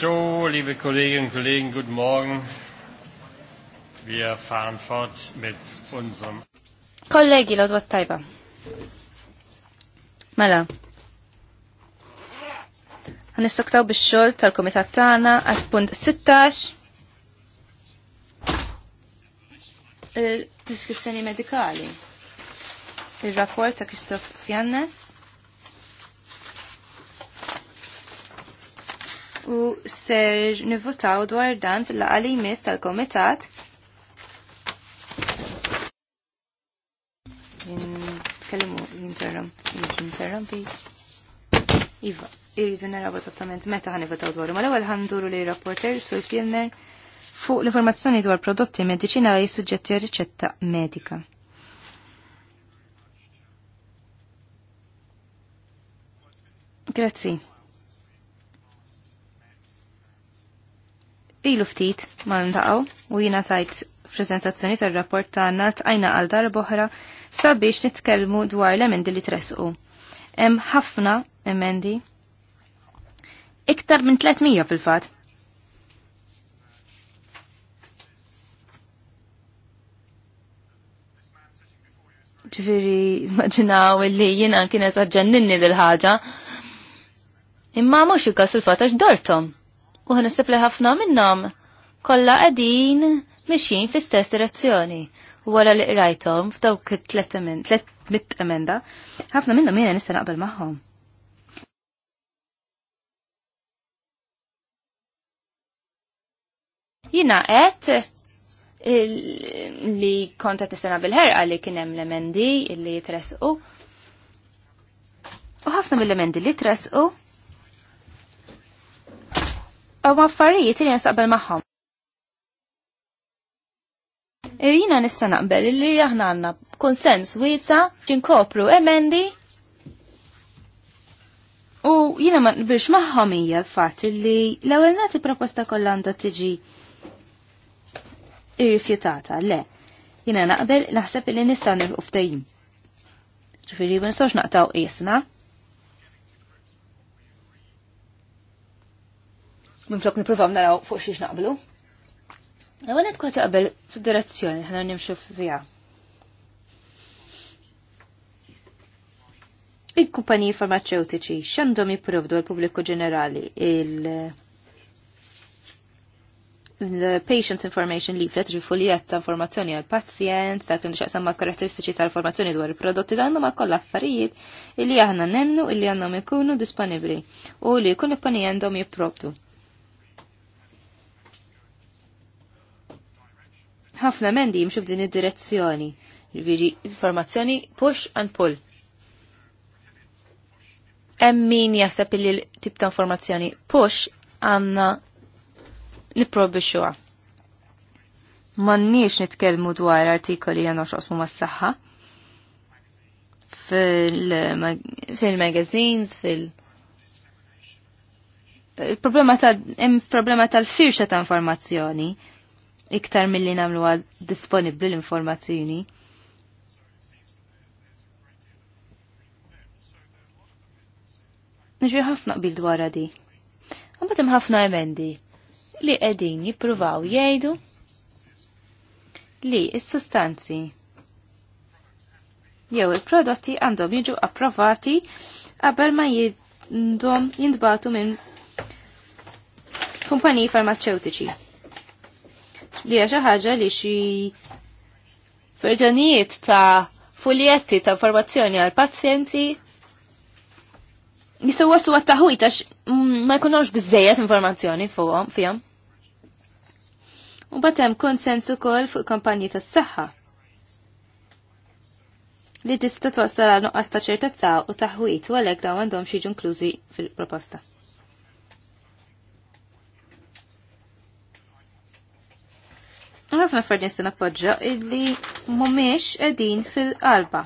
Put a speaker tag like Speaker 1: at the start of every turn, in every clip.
Speaker 1: So, liebe Kolleginnen und Kollegen, guten Morgen. Wir fahren fort
Speaker 2: mit unserem... Kollegi, l-odwa tajba. Mela. Għanistaktaw bix xol tal-komitat tana għal punt 16. Il-diskrizzjoni medikali. Il-rapport ta' Kristof Fjannes. u ser nivvotaw dwar dan fil-laqali mis tal-komitat. Kellimu jinterrompi. Iva, irridu naraw eżattament meta ħan votaw dwar. Ma l-ewwel ħanduru li rapporter sul Filner fuq l-informazzjoni dwar prodotti medicinali suġġetti għal riċetta medika. Grazzi. ilu ftit ma ndaqaw u jina tajt prezentazzjoni tal-rapport tagħna tqajna għal darboħra sabiex nitkellmu dwar l-emendi li tresqu. Hemm ħafna emendi iktar minn 300 fil-fatt. ġifiri zmaġinaw illi jina kienet għagġanninni dil-ħagġa. Imma mux il-kas il-fatax dortom u ħanisib li ħafna minnhom kollha qegħdin mixjin fl-istess direzzjoni. u Wara li rajtom f'dawk it-tlet emenda, ħafna minnhom jena nista' naqbel magħhom. Jina għet li konta t-istana bil-ħerqa li kienem l-emendi li jitresqu. U ħafna mill-emendi li jitresqu U affarijiet li nistaqbel maħħom. Irina e nista naqbel li aħna għanna konsens wisa ġinkopru emendi u jina ma nbirx maħħom hija l-fatt li l-ewwel nagħti proposta kollha għandha tiġi irrifjutata, le. Jina naqbel naħseb li nista' nil-uftajim. Ġifieri ma nistgħux naqtaw qiesna. minflok nippruvaw naraw fuq xiex naqblu. Għanet kwa taqbel fil-direzzjoni, ħana nimxu fija. Il-kumpaniji farmaceutiċi xandom jiprovdu għal-pubbliku ġenerali il- patient information leaflet fulijiet ta' informazzjoni għal pazjent ta' kundi xaqsam ma' karakteristiċi ta' informazzjoni dwar il-prodotti għandu ma' kollha affarijiet illi aħna nemnu illi għandhom ikunu disponibli u li kull kumpanija għandhom jipprovdu. ħafna mendi jimxu f'din id-direzzjoni. Viri, informazzjoni push and pull. Emmin jasab li l-tip ta' informazzjoni push għanna niprobi xuwa. Mannix nitkelmu dwar artikoli għanna xosmu ma' s-saxħa. Fil-magazines, fil-, il-problema ta' problema tal-firxa ta' informazzjoni iktar mill-li għad disponibli l-informazzjoni. Nġri ħafna qbil dwar di. Għambatim ħafna emendi li qegħdin jippruvaw jgħidu li s-sustanzi jew il-prodotti għandhom jiġu approvati qabel ma jindbatu minn kumpaniji farmaceutiċi li għaxa xi ħaġa li xi verżjonijiet ta' fuljetti ta' informazzjoni għal pazjenti jistgħu waslu għat-taħwit mm, ma jkunux bizzejet informazzjoni fuqhom fjom. U batem konsens ukoll fuq kampanji tas-saħħa li tista' twassal għal nuqqas ta' ċertezza u taħwit u għalhekk dawn għandhom xi inklużi fil-proposta. ħafna affarijiet nista' nappoġġa illi mhumiex qegħdin fil-qalba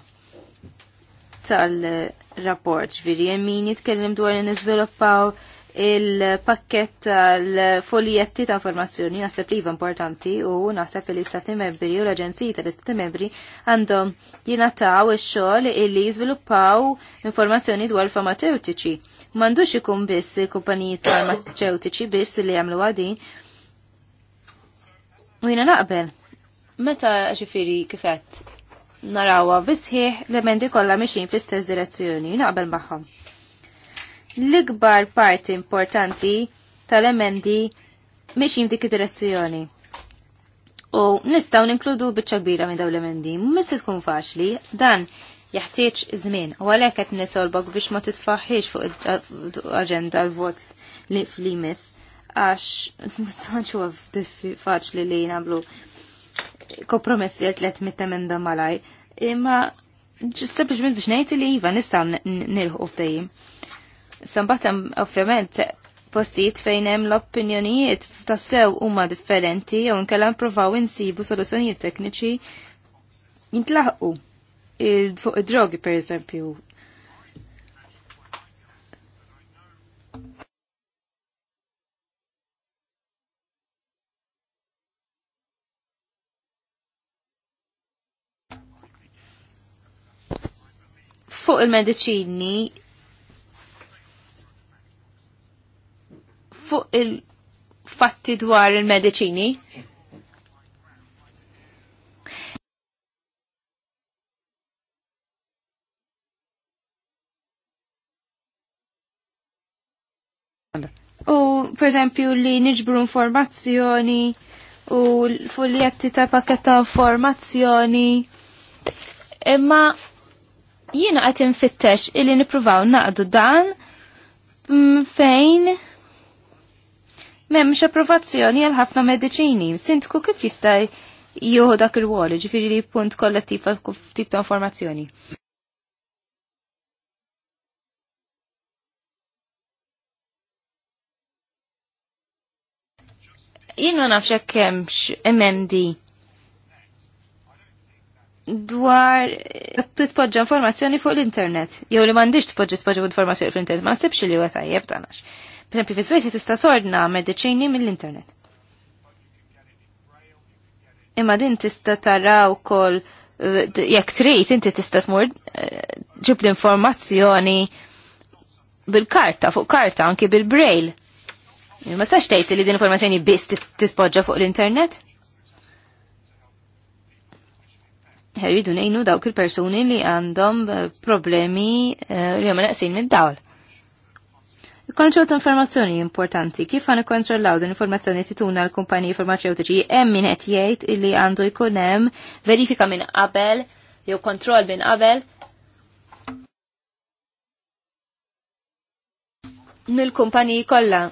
Speaker 2: tal-rapport ġviri min jitkellem dwar niżviluppaw il-pakket tal-folijetti ta' informazzjoni naħseb li iva importanti u naħseb li stati membri u l-Aġenziji tal-Istati membri għandhom jingħataw ix-xogħol illi jiżviluppaw informazzjoni dwar farmaceutiċi. M'għandux ikun biss il-kumpaniji farmaceutiċi biss li jagħmluha għadin, U jina naqbel, meta ġifiri kifet narawa bisħiħ l-emendi kollha mixin fl-istess direzzjoni, naqbel maħħom. L-ikbar parti importanti tal-emendi mixin dik direzzjoni. U nistaw ninkludu biċċa kbira minn daw l-emendi, mhux tkun faċli, dan jeħtieġ żmien u għalhekk qed nitolbok biex ma titfaħħiex fuq eh, aġenda l-vot li fl-imis għax mustanċu għaf faċli li jnablu kompromessi għal mit emenda malaj. Imma sempliċement biex ngħid li iva nistgħu nilħu f'dajim. Sambat ovvjament postijiet fejn hemm l-opinjonijiet tassew huma differenti jew inkella nippruvaw insibu soluzzjonijiet tekniċi jintlaħqu fuq id-drogi pereżempju fuq il medicini fuq il-fatti dwar il medicini U per esempio li niġbru informazzjoni u l-fuljetti ta' paketta informazzjoni imma jiena qed infittex illi nippruvaw naqdu dan fejn m'hemmx approvazzjoni għal ħafna mediċini. Sintku kif jista' jieħu dak il-wol, ġifiri li punt kollettiv għal tip ta' informazzjoni. jien nafxek nafx emendi dwar titpoġġa informazzjoni fuq l-internet. Jew li m'għandix tpoġġa tpoġġa informazzjoni fuq l-internet, ma nsibx li huwa tajjeb tagħnax. Pereżempju fi Svejsja tista' tordna mediċini mill-internet. Imma din tista' tara wkoll eh, jekk trid inti tista' tmur eh, ġib l-informazzjoni bil-karta, fuq karta anki bil-brail. Ma sax tgħid li din informazzjoni biss tispoġġa fuq l-internet? rridu nejnu dawk il-persuni li għandhom eh, problemi eh, li għom naqsin mid-dawl. Kontroll ta' informazzjoni importanti. Kif għan kontrollaw din informazzjoni tituna l kumpani farmaceutiċi hemm min qed jgħid illi għandu jkun hemm verifika minn qabel jew kontroll minn qabel mill-kumpaniji kollha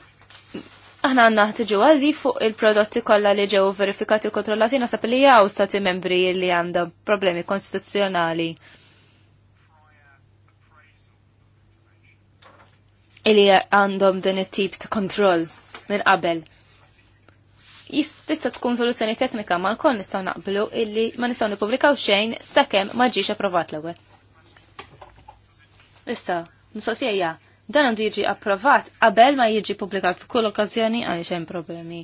Speaker 2: aħna għanna ħtiġu għalli fuq il-prodotti kollha li ġew verifikati u kontrollati nasab li jgħaw stati membri li għandhom problemi konstituzzjonali. Ili għandhom din it-tip ta' kontroll minn qabel. Jista tkun soluzzjoni teknika ma nkun nistgħu naqblu illi ma nistgħu nippubblikaw xejn sakemm ma ġiex approvat l-ewwel. Issa, mistoqsija dan għandu jiġi approvat qabel ma jiġi publikat f'kull okkażjoni għaliex hemm problemi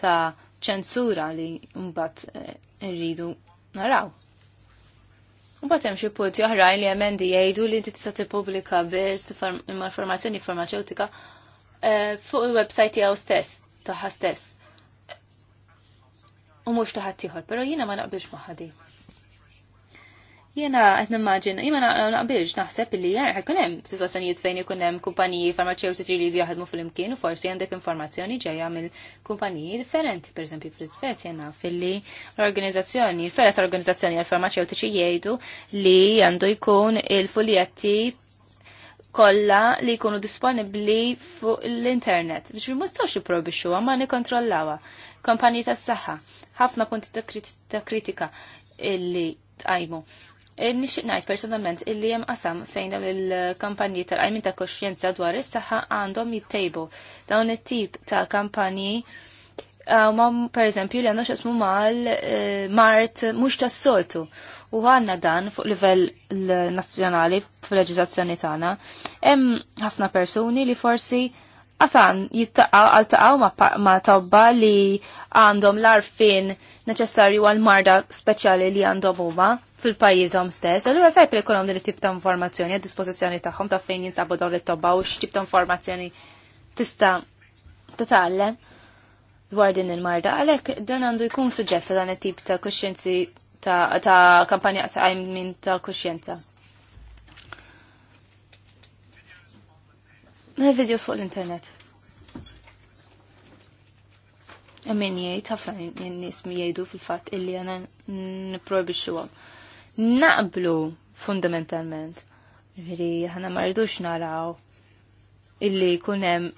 Speaker 2: ta' ċensura li mbagħad irridu eh, naraw. U hemm xi punti oħrajn li emendi jgħidu li inti t-sati tippubblika biss imma informazzjoni farmaceutika eh, fuq il-website tiegħu stess, tagħha stess. U mhux taħħa tiħor, però jiena ma naqbilx maħħadi. Jena qed nimmaġin, jiena naqbilġ naħseb li jena, ħekun hemm sitwazzjonijiet fejn ikun hemm kumpaniji farmaceutiċi li jahedmu fil imkien u forsi għandek informazzjoni ġejja mill kumpaniji differenti, fil fl jena fil li l-organizzazzjoni, l-fera l organizzazzjoni għal-farmaceutiċi jgħidu li għandu jkun il-fuljetti kolla li jkunu disponibli fuq l-internet. Biex mi mustawx jiprobixu, ma nikontrollawa. Kompanji tas saħħa ħafna punti ta' kritika illi tqajmu. Eh, nixtieq ngħid personalment illi hemm qasam fejn dawn il-kampanji tal għajmin ta' koxjenza dwar is-saħħa għandhom jittejbu. Dawn it-tip ta' kampanji eh, ma per eżempju li għandu xasmu mal eh, mart mux tas soltu u għanna dan fuq livell nazjonali fuq leġizazzjoni tagħna hemm ħafna persuni li forsi għasan jittaqaw għaltaqaw ma, ma tobba li għandhom l-arfin neċessarju għal-marda speċjali li għandhom huma fil-pajizom stess. Allura fej li ikonom din it-tip ta' informazzjoni għad dispożizzjoni tagħhom ta' fejn jinsabu dawn it-tobba u x'tip ta' informazzjoni tista' titgħallem dwar din il-marda. Għalhekk dan għandu jkun suġġett dan it-tip ta' kuxjenzi ta', kampanja ta' għajmin ta' kuxjenza. Videos fuq l-internet. E min jgħid ħafna n-nies jgħidu fil-fatt illi għana xuwa. Naqblu fundamentalment. Ġifieri aħna ma rridux naraw illi jkun hemm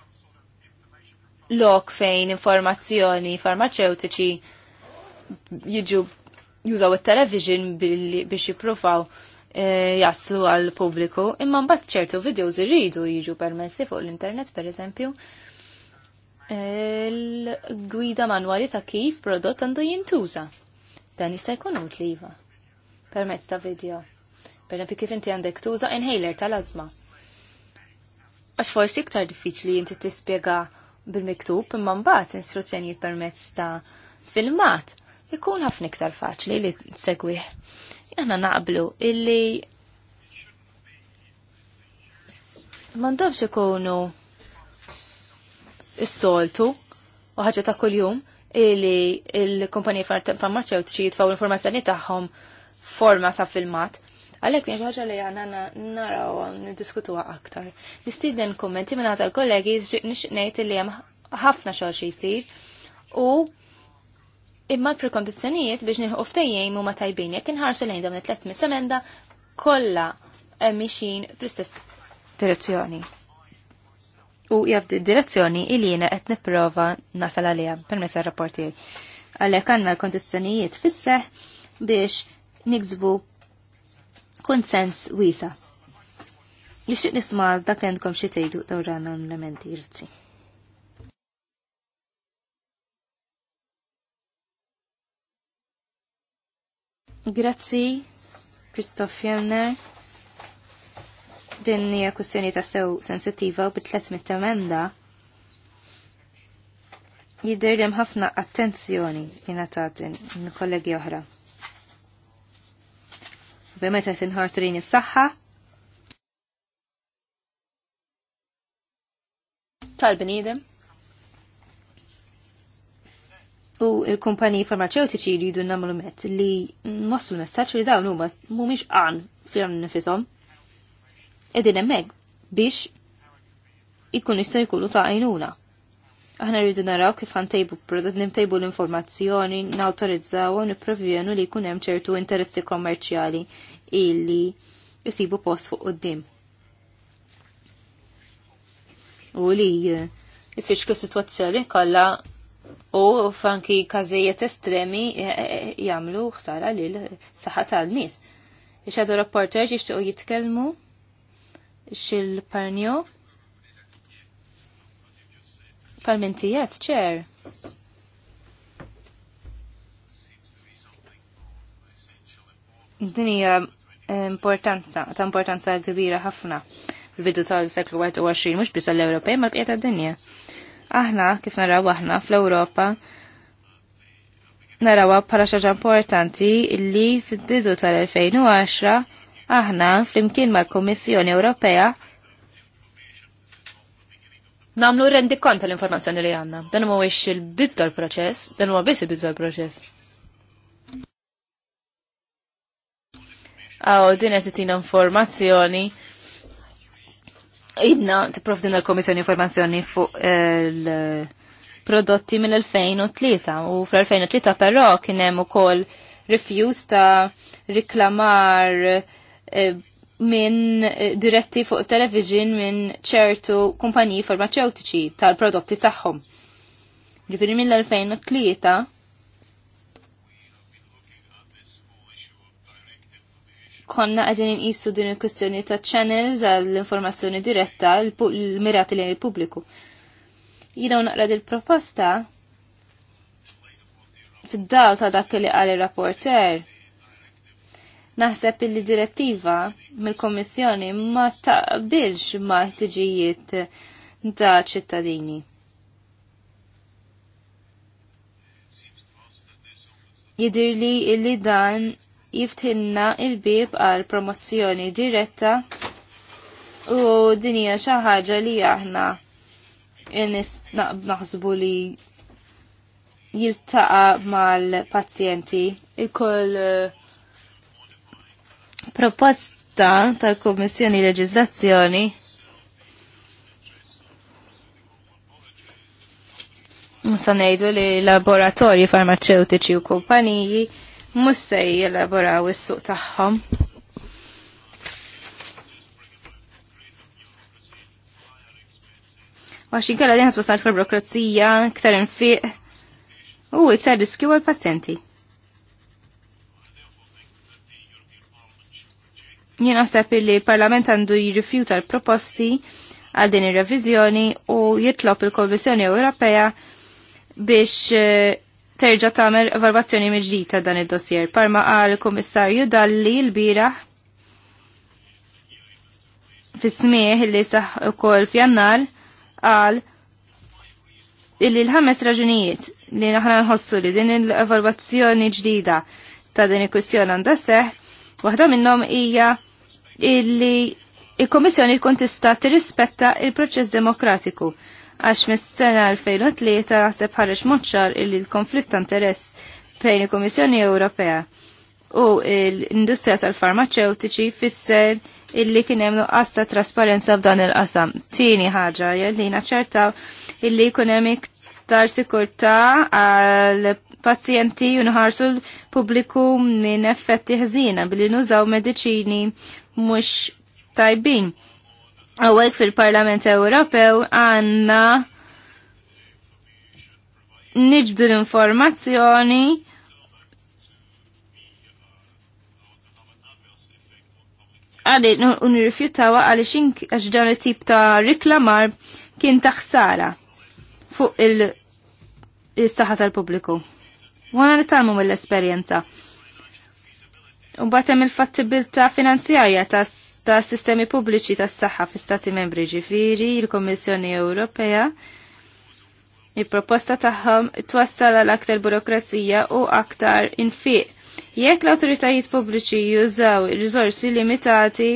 Speaker 2: lok fejn informazzjoni farmaceutiċi jiġu jużaw it-television biex jippruvaw jaslu għal pubbliku imma mbagħad ċertu videos irridu jiġu permessi fuq l-internet pereżempju il-gwida manwali ta' kif prodott għandu jintuża. Dan jista' jkun utli iva. Permezz ta' video. Per pi kif inti għandek tuża inhaler tal-azma. Għax forsi iktar diffiċli inti tispjega bil-miktub imma mbagħad instruzzjonijiet permezz ta' filmat ikun ħafna iktar faċli li segwih. Jana naqblu illi mandobx ikunu is-soltu u ħaġa ta' kuljum li il-kumpaniji farmaceutiċi jitfaw l-informazzjoni tagħhom forma ta' filmat. Għalhekk kien ħaġa li għandna naraw niddiskutuha aktar. Nistieden kummenti minn tal-kollegi ngħid li hemm ħafna xogħol xi jsir u imma l-prekondizzjonijiet biex nilħu ftejjejn huma tajbin jekk nħarsu lejn dawn it 300 mit-temenda mixin fl-istess direzzjoni u jabd direzzjoni il jina qed nipprova nasal għalija permezz rapporti għalhekk għandna l-kondizzjonijiet fisseħ biex niksbu konsens wiesa. Nixtieq nisma' dak għandkom xi tgħidu dawran l-elementi jirzi. Grazzi, Kristoff Fjellner. Din hija kwistjoni ta' sew sensittiva u bitlet mit-temenda jidderjem ħafna attenzjoni jingħatat minn kollegi oħra. Ovvjament qed inħartu lejn is-saħħa. Tal-bniedem. U il-kumpaniji farmaceutiċi jridu nagħmlu met li mossu nessaċ li dawn huma mhumiex qan sirhom nifisom edin emmek biex ikun jista' jkunu ta' għajnuna. Aħna rridu naraw kif ħantejbu prodot nimtejbu l-informazzjoni, nawtorizzaw u li jkun hemm ċertu interessi kommerċjali illi jisibu post fuq qoddim. U li eh, jifixku situazzjoni kollha u fanki każejjed estremi eh, eh, jagħmlu ħsara lil saħħa tal-nies. Ix-xadu rapporter u jitkellmu xil parnio Palmentijiet, ċer. Din hija importanza, ta' importanza kbira ħafna fil-bidu tal-seklu 21, mhux biss l-Ewropej, ma l dinja Aħna, kif naraw aħna fl-Ewropa, narawha bħala xaġa importanti illi fil-bidu tal-2010 aħna flimkien mal-Kummissjoni Ewropea namlu rendi kont tal-informazzjoni li għanna. Dan huwa wiex il-bidu tal-proċess, dan huwa biss il-bidu tal-proċess. Aw, din qed titina informazzjoni. Idna din l-Komissjoni informazzjoni fuq il-prodotti eh, minn 2003 u fl-2003 però kien hemm ukoll rifjus ta' riklamar Eh, minn eh, diretti fuq television minn ċertu kumpaniji farmaceutiċi tal-prodotti tagħhom. Ġifieri mill-2003 konna għedin nqisu din il-kwistjoni ta' channels għall-informazzjoni diretta l-mirati li il-pubbliku. Jina naqra il-proposta fid dal ta' dak li għal il-rapporter Naħseb il direttiva mill-Kommissjoni ma taqbilx ma ħtiġijiet ta' ċittadini. Jidirli illi dan jiftinna il-bib għal promozzjoni diretta u dinija xi ħaġa li aħna naħsbu li jiltaqa mal-pazjenti. Ikoll uh, proposta tal-Kummissjoni Leġislazzjoni Sanejdu li laboratorji farmaceutiċi u kumpaniji mhux se jelaboraw is-suq tagħhom. Għax inkella din ħatwasalt fil-burokrazija, iktar infiq u iktar riskju għal-pazjenti. Jien naħseb li l-Parlament għandu jirrifjuta l-proposti għal din ir-reviżjoni u jitlob il-Kommissjoni Ewropea biex eh, terġa' tagħmel evalwazzjoni miġdita dan id-dossier. Parma qal kummissarju Dalli l-bieraħ fis-smieħ li saħ ukoll f'jannar qal illi l-ħames raġunijiet li naħna nħossu li din l-evalwazzjoni ġdida ta' din il-kwistjoni għandha seħ Waħda minnhom hija illi il-Komissjoni kun tista' tirrispetta il-proċess demokratiku għax mis-sena 2003 naħseb ħareġ moċċar illi l-konflitt ta' interess bejn il-Komissjoni Ewropea u l-industrija tal-farmaceutiċi fisser illi kien hemm nuqqas ta' trasparenza f'dan il-qasam. Tieni ħaġa jellina ċertaw illi jkun hemm iktar sikurtà għal pazjenti u nħarsu l-pubbliku minn effetti ħżina billi nużaw mediċini mhux tajbin. Għawek fil-Parlament Ewropew għanna nġbdu l-informazzjoni għalli unirrifjutawa għalli xink għax tip ta' riklamar kien taħsara fuq il-saħħa tal-pubbliku. U għana nitalmu mill-esperienza. U batem il-fattibilta finanzjarja ta', sistemi pubbliċi ta' s-saxħa fi stati membri ġifiri, il-Kommissjoni Ewropea, il-proposta tagħhom twassal l aktar burokrazija u aktar infiq. Jekk l-autoritajiet pubbliċi jużaw il-rizorsi limitati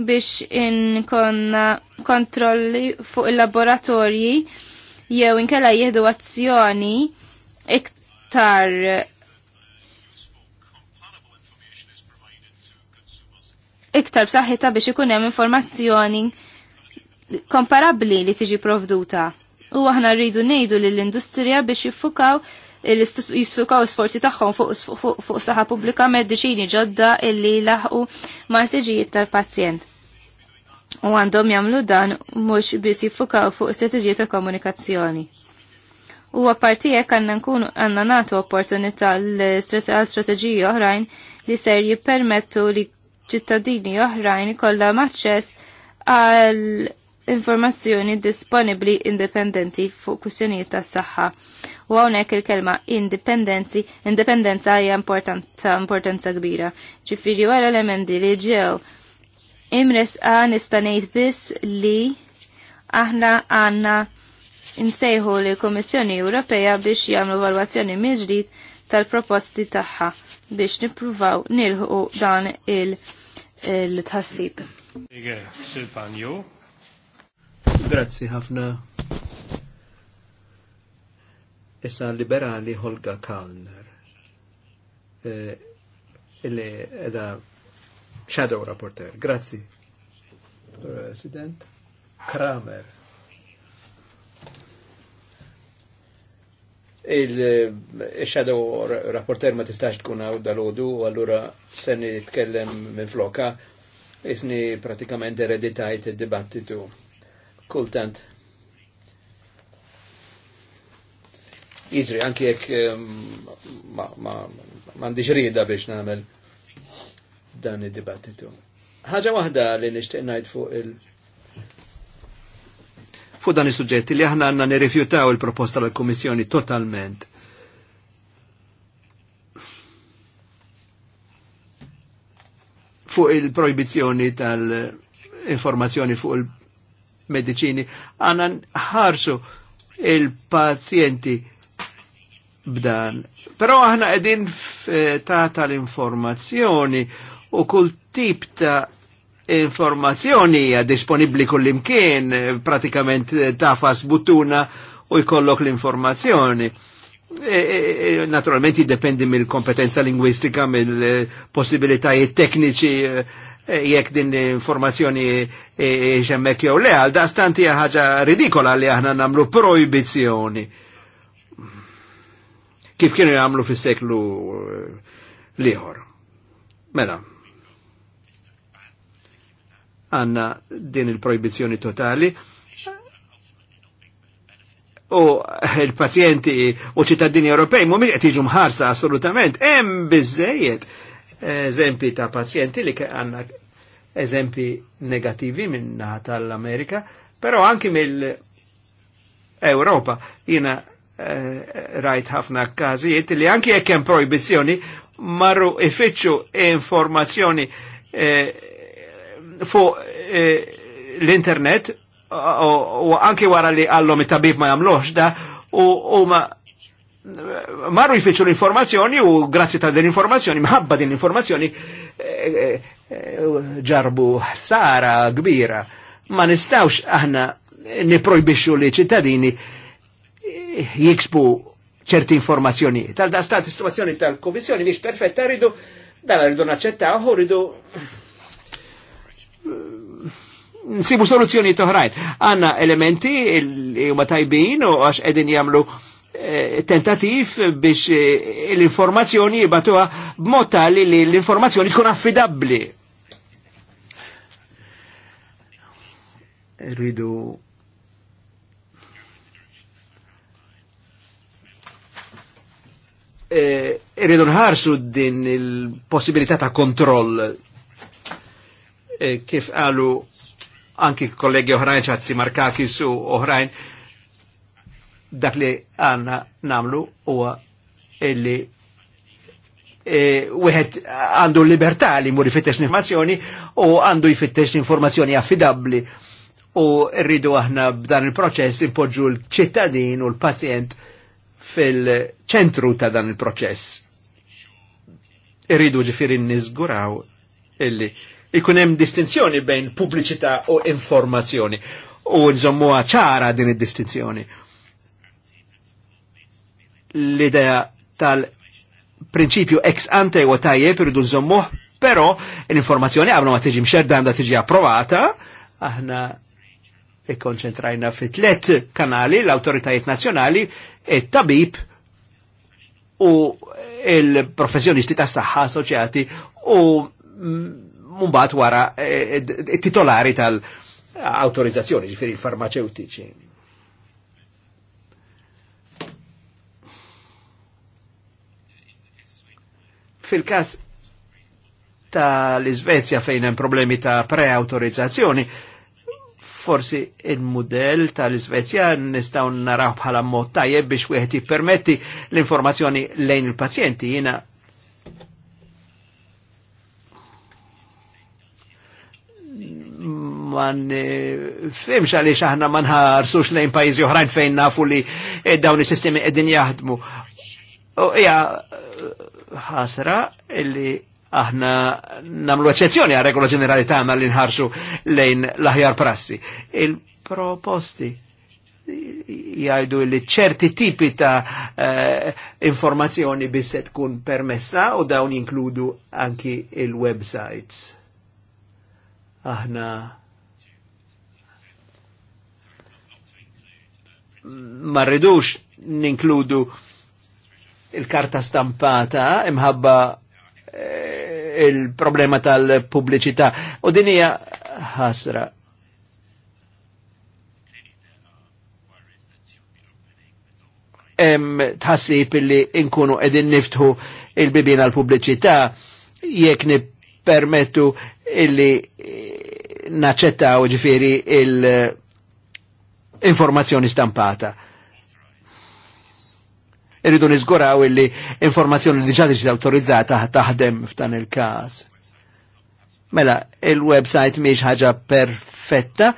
Speaker 2: biex inkonna kontrolli fuq il-laboratorji jew inkella jieħdu azzjoni aktar iktar b'saħħitha biex ikun hemm informazzjoni komparabbli li tiġi provduta. U aħna rridu ngħidu lill industrija biex jiffukaw jisfukaw sforzi tagħhom fuq saħħa pubblika mediċini ġodda illi laħqu martiġijiet tal-pazjent. U għandhom jagħmlu dan mhux biss jiffukaw fuq strateġijiet ta' komunikazzjoni u għapartijek għanna nkunu għanna natu opportunità l-strategiji oħrajn li ser jippermettu li ċittadini oħrajn kolla maċċess għal informazzjoni disponibli indipendenti fuq kwistjonijiet tas saħħa U hawnhekk il-kelma indipendenzi, indipendenza hija importanza, importanza kbira. Ġifieri wara l-emendi li ġew imres nista' ngħid biss li aħna għandna insejħu li Komissjoni Ewropeja biex jagħmlu valwazzjoni mill-ġdid tal-proposti tagħha biex nippruvaw nilħu dan il-tħassib.
Speaker 3: Grazzi ħafna. Issa liberali Holga Kalner e, illi edha shadow rapporter. Grazzi. President Kramer. il-shadow rapporter ma tistax tkun għaw dal-ħodu, għallura seni tkellem minn floka, jisni pratikament ereditajt il-dibattitu. Kultant. Iġri, anki jek ehm, ma, ma, mandiġ rida biex namel dan il-dibattitu. ħaġa wahda li nishtiq najt fuq il- fuq dan is-suġġetti li aħna għandna nirrifjutaw il-proposta tal-Kummissjoni totalment. Fuq il-projbizzjoni tal-informazzjoni fuq il-medicini, għandna ħarsu il-pazjenti b'dan. Però aħna qegħdin eh, ta' tal-informazzjoni u kull tip ta' informazzjoni hija disponibbli kullimkien, eh, pratikament eh, tafas buttuna u jkollok l-informazzjoni. E, e, e, naturalment jiddependi mill-kompetenza lingwistika, mill-possibilitajiet tekniċi eh, jekk din informazzjoni ġemmek e, jew le, għal daqstant hija ħaġa ridikola li aħna namlu proibizzjoni. Kif kienu jagħmlu fis-seklu liħor. Mela, għanna din il-projbizjoni totali u il-pazjenti u ċittadini Ewropej mhumiex qed jiġu mħarsa assolutament, Em bizzejiet eżempi ta' pazjenti li għanna eżempi negativi minna tal-Amerika, pero anki mill-Europa jina eh, rajt ħafna kazijiet li anki jekk hemm projbizzjoni marru ifittxu informazzjoni eh, fuq eh, l-internet u anki wara li għallom it-tabib ma jamloħx da u ma eh, marru jfittxu l-informazzjoni u grazzi ta' din informazzjoni, mħabba din informazzjoni eh, ġarbu sara kbira. Ma nistawx aħna niprojbixxu li ċittadini jiksbu ċerti informazzjoni. Tal-da stat situazzjoni tal-Komissjoni miex perfetta rridu dan rridu naċċettaw u rridu nsibu soluzzjoni toħrajn. Għanna elementi li huma tajbin u għax qegħdin jagħmlu eh, tentativ biex eh, l-informazzjoni jibatuha b'mod tali li l-informazzjoni tkun affidabbli. Rridu eh, Rridu nħarsu din il-possibilità ta' kontroll kif għalu anki kollegi oħrajn ċazzi Markakis u oħrajn dak li għanna namlu huwa illi E, wieħed għandu libertà li mur fittex informazzjoni u għandu jfittex informazzjoni affidabbli. U rridu aħna b'dan il-proċess impoġġu l-ċittadin u l-pazjent fil-ċentru ta' dan il-proċess. Irridu ġifiri nizguraw illi ikun hemm distinzjoni bejn pubbliċità u informazzjoni u nżommu ċara din id-distinzjoni. L-idea tal-prinċipju ex ante u tajje irridu nżommu, però l-informazzjoni għabna ma tiġi mxerda għandha tiġi approvata, aħna ikkonċentrajna fi tlet kanali, l-autoritajiet nazjonali, il-tabib u il-professjonisti tas saħħa soċjati u mumbat wara e, e, e, titolari tal-autorizzazzjoni, ġifiri l-farmaceutiċi. Fil-każ tal izvezja fejn hemm problemi ta' preautorizzazzjoni, forsi il-modell tal-Svezja nistaw naraw bħala mod tajjeb biex wieħed jippermetti l-informazzjoni lejn il-pazjenti. Jiena man nifimx eh, għaliex aħna ma nħarsux lejn pajjiżi uħrajn fejn nafu li eh, dawn is-sistemi edin jahdmu. U hija ħasra illi aħna namlu eccezzjoni għal regola ġenerali ta' tagħna li nħarsu lejn laħjar prassi. Il-proposti jgħidu li ċerti tipi ta' eh, informazzjoni biss se tkun permessa u dawn jinkludu anki il-websites. Aħna ma rridux ninkludu il-karta stampata imħabba eh, il-problema tal-pubbliċità. U dinija ħasra. tħassib illi inkunu edin niftħu il-bibin għal-pubbliċità jekk permettu illi eh, naċċettaw ġifiri il- informazzjoni stampata. Irridu nizguraw illi informazzjoni li diġa autorizzata taħdem f'dan il kas Mela, il-website miex ħaġa perfetta,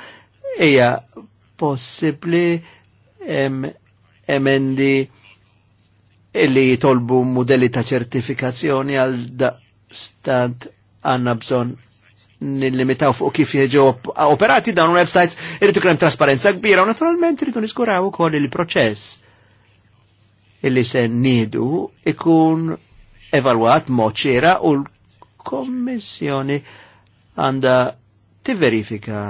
Speaker 3: hija possibli emendi illi jitolbu modelli ta' ċertifikazzjoni għal da' stant għanna bżon nillimitaw fuq kif jieġu operati dawn websites, irridu krem trasparenza kbira u naturalment irridu niskuraw ukoll il-proċess illi se nidu ikun evalwat moċira u l-Kommissjoni għanda tiverifika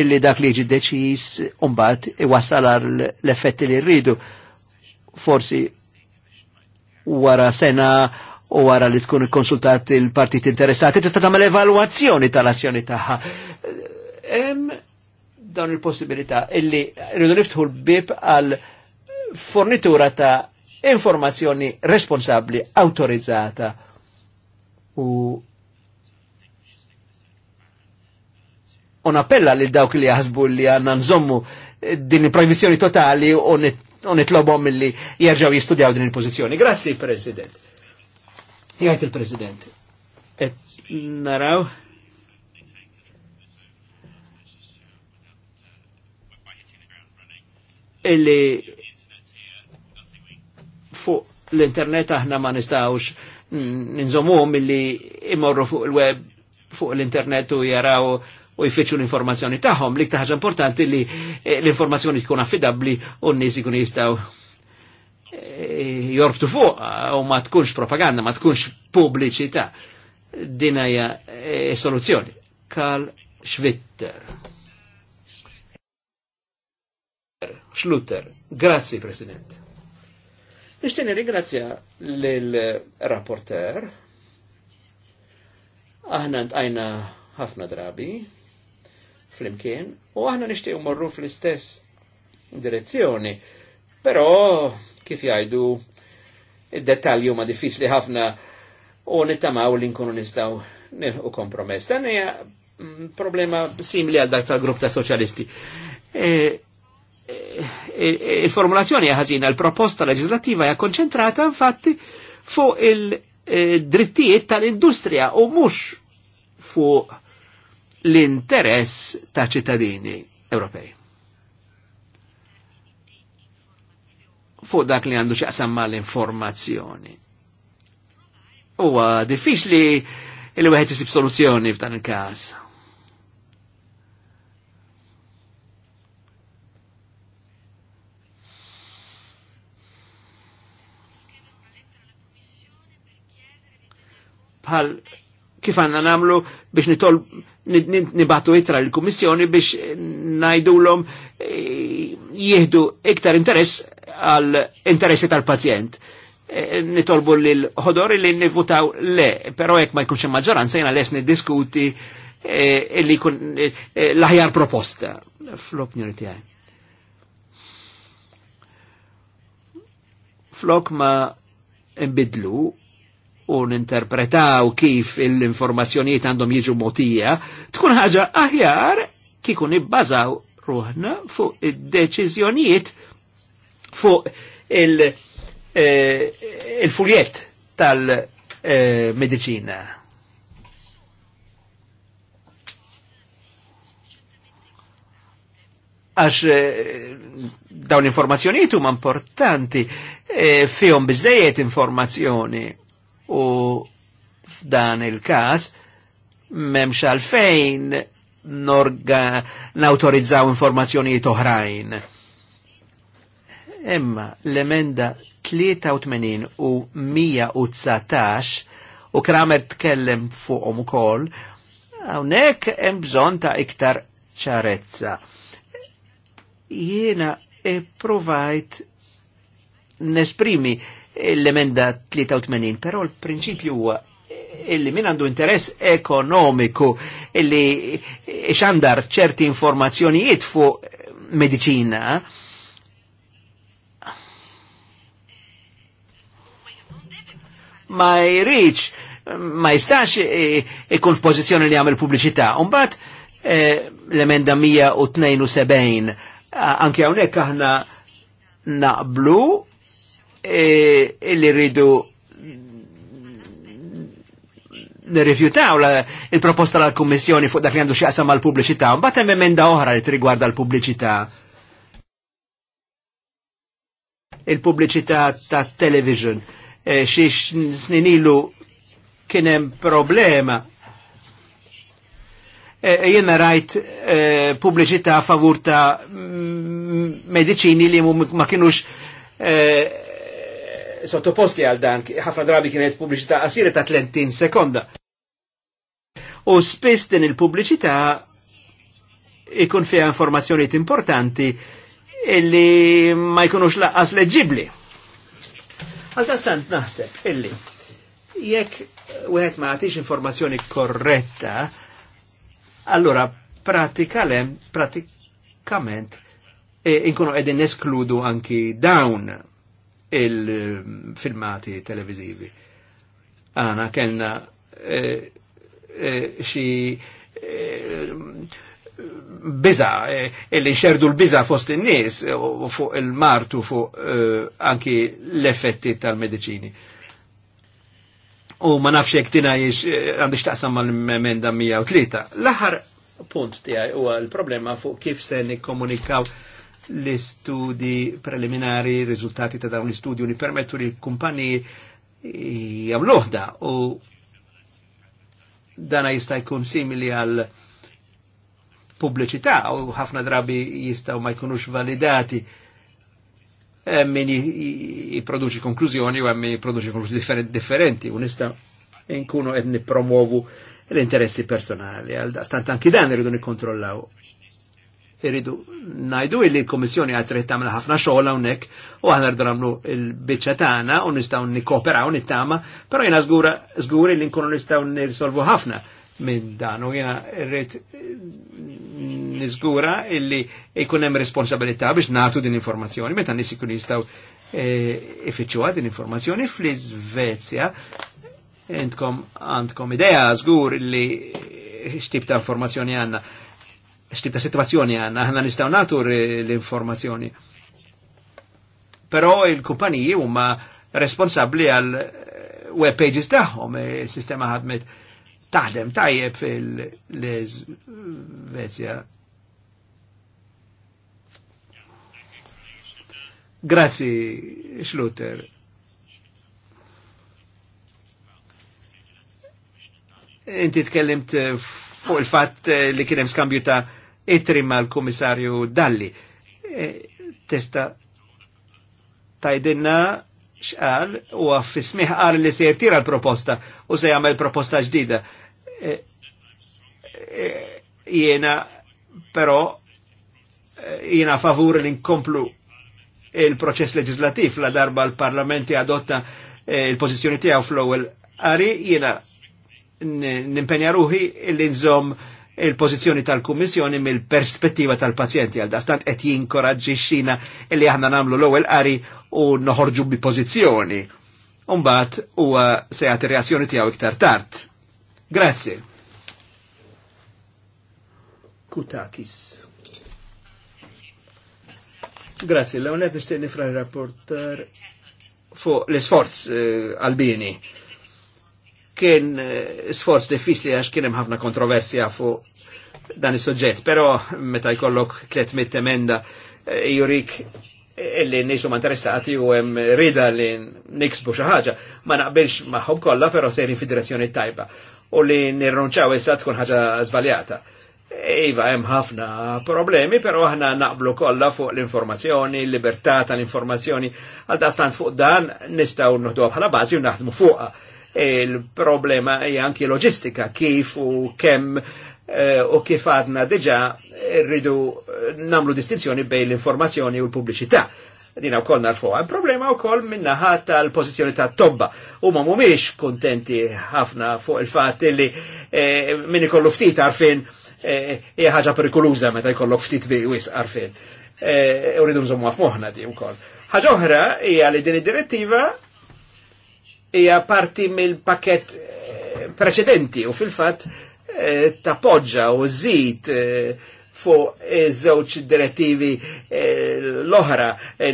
Speaker 3: illi dak li ġi deċis i wasalar l-effetti li rridu. Forsi wara sena u wara li tkun konsultat il-partit interessati, tista' tagħmel evalwazzjoni tal-azzjoni tagħha. Hemm dawn il-possibilità illi rridu niftħu l-bib għal fornitura ta' informazzjoni responsabbli autorizzata u un appella li dawk li jaħsbu li għanna nżommu din il-proibizjoni totali u Non nitlobhom illi jerġaw jistudjaw din il pozizjoni Grazzi, President. Jgħajt il-President. Et naraw. Illi fuq l-internet aħna ma nistawx ninżomu illi imorru fuq il-web fuq l-internet u jaraw u jfittxu l-informazzjoni tagħhom. li iktar importanti li eh, l-informazzjoni tkun affidabbli u n-nies ikun jistgħu eh, jorbtu fuq eh, u ma tkunx propaganda, ma tkunx pubbliċità. Din hija soluzzjoni. Karl Schwitter. Schlutter. Grazzi, President. Nishtini ringrazzja l-rapporter. Aħna ntajna ħafna drabi fl-imkien u aħna nishtiq morru fl-istess direzzjoni. Però kif jajdu id-dettalji huma diffiċli ħafna u nittamaw li nkunu nistaw nilħu kompromess. Dan hija mm, problema simili għal dak tal-grupp ta' soċjalisti. E, e, e, il-formulazzjoni ħażina, l-proposta legislativa hija konċentrata infatti fuq il-drittijiet tal-industrija u mhux fuq l-interess ta' ċittadini Ewropej. Fuq dak li għandu ċaqsam ma' l-informazzjoni. U diffiċli li wieħed isib soluzzjoni f'dan il-każ. Bħal kif għanna namlu biex nitol nibatu itra l-Kummissjoni biex najdulhom eh, jieħdu iktar interess għal interessi tal-pazjent. Eh, nitolbu l-ħodor li nivutaw le, pero jekk ma jkunx maġġoranza jena les diskuti eh, li kun l-ħjar proposta fl-opinjoni tiegħi. Flok ma nbidlu u ninterpretaw kif l informazzjoniet għandhom jiġu motija, tkun ħaġa aħjar kikun nibbażaw ruħna fuq id-deċiżjonijiet fuq eh, il-fuljet tal-medicina. għax eh, dawn l-informazzjonijiet huma importanti eh, fihom bizzejiet informazzjoni u f'dan il-kas memx għalfejn norga nautorizzaw informazzjonijiet oħrajn. Emma l-emenda 83 u 119 u Kramer tkellem fuqhom ukoll, hawnhekk hemm bżonn ta' iktar ċarezza. Jiena e provajt nesprimi l-emenda 83, però l-prinċipju huwa illi min għandu interess ekonomiku illi xandar ċerti informazzjonijiet fuq medicina ma jriċ ma jistax ikun f'pożizzjoni li għamil pubbliċità. Umbat e, eh, l-emenda 172 anke hawnhekk aħna naqblu E, illi rridu nirrifjutaw il-proposta l-Kommissjoni fuq dak li għandu xaqsam mal pubbliċità un batem emenda oħra li trigwarda l-pubbliċità. Il-pubbliċità ta' television. E, Xiex sninilu kienem problema e, Jena rajt eh, pubbliċità favur ta' medicini li ma kienux sottoposti għal dan, ħafna drabi kienet pubbliċità qasira ta' 30 sekonda. U spiss din il-pubbliċità ikun fiha informazzjonijiet importanti illi ma jkunux laqas leġibli. Għal-tastant naħseb illi jekk wieħed ma għatix informazzjoni korretta, allora pratikament eh, inkunu qegħdin neskludu anki dawn il-filmati televizivi. Għana kellna eh, eh, xi eh, biza, illi xerdu l-biza fost in-nies u fuq il-martu fuq anki l-effetti tal-medicini. U ma nafx jek tina jiex għandix taqsam mal-memenda 103. L-aħħar punt tijaj huwa l-problema fuq kif se nikkomunikaw komunikaw l-istudi preliminari, rizultati ta' dawn l istudi li permettu li kumpani jamluħda u dana jista' jkun simili għal pubbliċità u ħafna drabi jistaw ma jkunux validati e min jiproduċi konklużjoni u min jiproduċi konklużjoni differenti u nista nkunu edni nippromovu l-interessi personali. Għal stant anki dan irridu nikontrollaw irridu najdu illi l-Komissjoni għad trid tagħmel ħafna xogħol hawnhekk u aħna rridu nagħmlu l-biċċa tagħna u nistgħu nikkooperaw nittama, però jiena żgura żgur illi nkunu nistgħu nirsolvu ħafna minn dan u jiena rrid niżgura illi jkun hemm responsabilità biex nagħtu din informazzjoni meta nies ikun jistgħu e, ifittxuha din informazzjoni fl-Iżvezja għandkom idea żgur illi x'tip ta' informazzjoni għandna x'tib ta' situazzjoni għanna, għanna nistaw nagħtu l-informazzjoni. Pero il-kumpaniji huma responsabli għal eh, web pages taħħom, is-sistema eh, ħadmet taħdem tajjeb fil-Svezja. Grazzi, Schluter. Inti tkellimt eh, fuq il fat li kienem skambju ta' itri l komissarju Dalli. E, testa tajdinna xqal u għaffismiħ qal li se jirtira l-proposta u se jgħamil proposta ġdida. E, e, jena pero, e, jena favur li nkomplu il-proċess leġislativ la darba l-parlamenti adotta e, il-pozizjoni tijaw fl ewel qari jena, nimpenja il-inżom. nżomm il-pozizjoni tal-Kummissjoni mill-perspettiva tal-pazjenti għal dastant qed xina li aħna nagħmlu l-ewwel qari u noħorġu bi pożizzjoni. Umbat huwa se jagħti reazzjoni tiegħu iktar tard. Grazzi. Kutakis. Grazie, l-għonet nishtiq nifra il-rapporter fuq l-sforz għalbini. Eh, uh, Kien eh, sforz diffiċli għax kien hemm ħafna kontroversja fuq dan is-suġġett, pero meta jkollok 300 emenda eh, jurik eh, illi n interessati u hemm rida li niksbu xi ħaġa, ma naqbilx magħhom kollha però sejri federazzjoni direzzjoni tajba u li nirronċaw issa tkun ħaġa żbaljata. Iva, hemm ħafna problemi, però aħna naqblu kollha fuq l-informazzjoni, l-libertà tal-informazzjoni, għal stant fuq dan nistgħu nuħduha bħala bażi u naħdmu fuqha Il-problema hija anki loġistika kif u kemm eh, u kif għadna deġa rridu eh, namlu distinzjoni bejn l-informazzjoni u l-pubbliċità dina u koll narfuqa. Problema u koll minnaħa tal-pozizjoni ta' tobba. U ma mumiex kontenti ħafna fuq il-fat li eh, min ikollu ftit għarfin e eh, ħaġa perikoluża meta jkollok ftit bi wis għarfin. Eh, u rridu nżommu għaf di u koll. ħaġa oħra hija li din id-direttiva hija parti mill-pakett eh, preċedenti u fil-fatt eh, tappoġġa u żid eh, fuq iż-żewġ direttivi l-oħra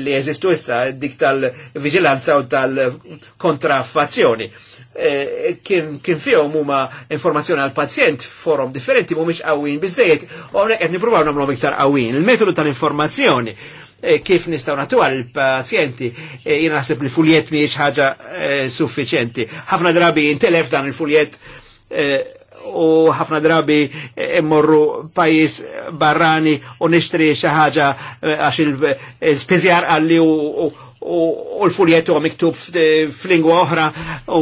Speaker 3: li jeżistu issa dik tal-viġilanza u tal-kontraffazzjoni. Kien fihom huma informazzjoni għal pazjent forum differenti mhumiex qawwin biżejjed u hawnhekk qed nippruvaw nagħmlhom iktar qawwin. Il-metodu tal-informazzjoni Eh, kif nistaw natu għal-pazjenti eh, jina għasib li fuljet miex ħaġa eh, suffiċenti. ħafna drabi intelef dan il-fuljet u ħafna drabi immorru pajis barrani u nishtri xaħġa għax il-spizjar għalli u l-fuljet u miktub f'lingwa oħra u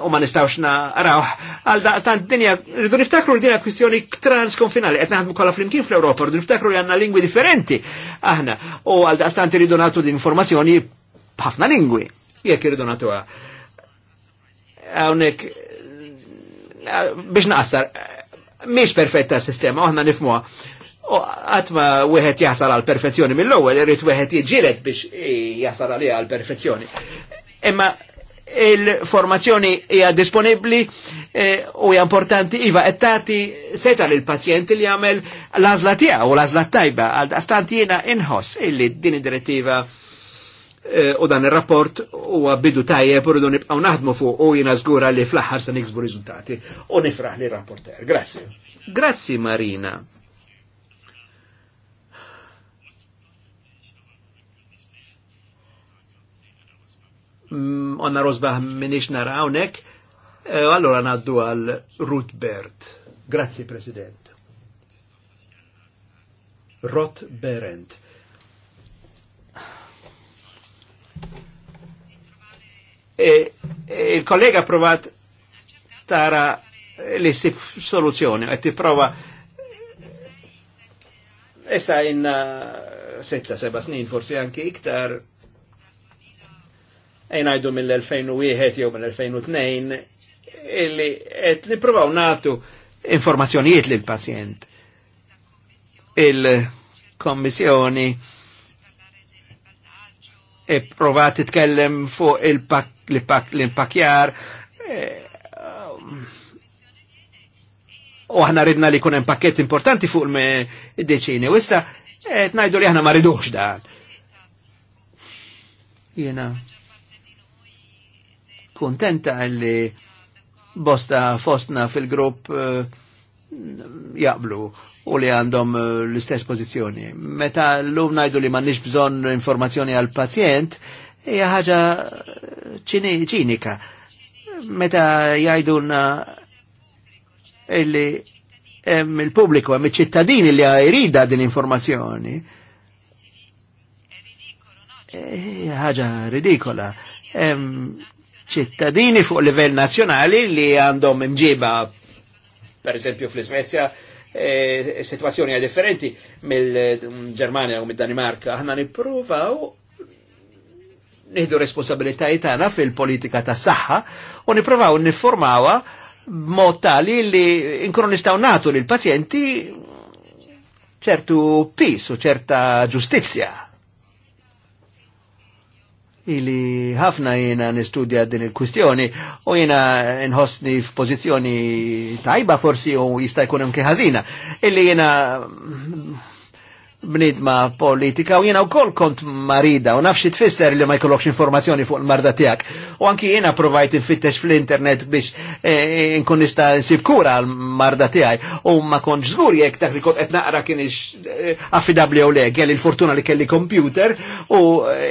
Speaker 3: u ma nistawx naraw għal daqstan dinja, rridu niftakru li dinja kwistjoni transkonfinali, qed għadmu kolla flimkien fl europa rridu niftakru li għanna lingwi differenti aħna u għal daqstan rridu natu din informazzjoni b'ħafna lingwi jekk irridu nagħtuha. Għawnek, biex naqsar, miex perfetta s-sistema, aħna nifmuha. U għatma wieħed jasal għal perfezzjoni mill-ewwel, irrid għet jġiret biex jasal għal perfezzjoni. Imma il-formazzjoni hija disponibbli eh, u hija importanti iva qed tagħti seta lil pazjenti li jagħmel l-għażla tiegħu u l-għażla tajba għal daqstant jiena inħoss illi din id-direttiva eh, u dan il-rapport u bidu tajjeb u rridu nibqgħu naħdmu fuq u jiena żgura li fl-aħħar se niksbu riżultati u nifraħ li rapporter. Grazzi. Grazzi Marina. Onna mm, Rosbach minix nara hawnhekk, e, allora naddu għal Ruth Bert. Grazzi President. Rot Berend. E, e, il-kollega provat tara li si soluzjoni, għet ti prova essa in eh, setta, seba snin, forsi anki iktar, jnajdu mill-2001 jew mill-2002 illi qed nippruvaw natu informazzjonijiet lil pazjent il-kommissjoni e provat titkellem fuq l-impakjar eh, um, u ħna ridna li kunem pakket importanti fuq il-deċini. U issa, najdu li ħna ma ridux dan. Jena. You know kontenta li bosta fostna fil-grupp uh, jaqblu u li għandhom uh, l-istess pozizjoni. Meta l-lum najdu li mannix bżon informazzjoni għal pazjent hija ħaġa eh, ċinika. Meta jgħidulna illi hemm il-pubbliku hemm iċ-ċittadini li jrida din informazzjoni. Hija ħaġa ridikola ċittadini fuq livell nazzjonali li għandhom imġiba, per eżempju fl-Svezja, e, e, situazzjoni differenti mill-Germania u mill-Danimarka. ħna nipruvaw nieħdu responsabilitajiet tagħna fil-politika ta' saħħa u nippruvaw niformawa b'mod tali li inkunu nistgħu nagħtu lill pazjenti ċertu pis u ċerta ġustizzja ili ħafna jena nistudja din il kustjoni u jena nħossni f'pożizzjoni tajba forsi u jista' jkun hemm ħażina. Illi jena bnidma politika u jena u kol kont marida u nafxie tfisser li ma jkollokx informazzjoni fuq il-marda tijak. U anki jena provajt infittex fl-internet biex eh, eh, nkun nista nsib kura għal-marda tijaj u ma konġ zgur jek dak li kont etnaqra kien eh, affidabli u leg kelli l-fortuna li kelli kompjuter u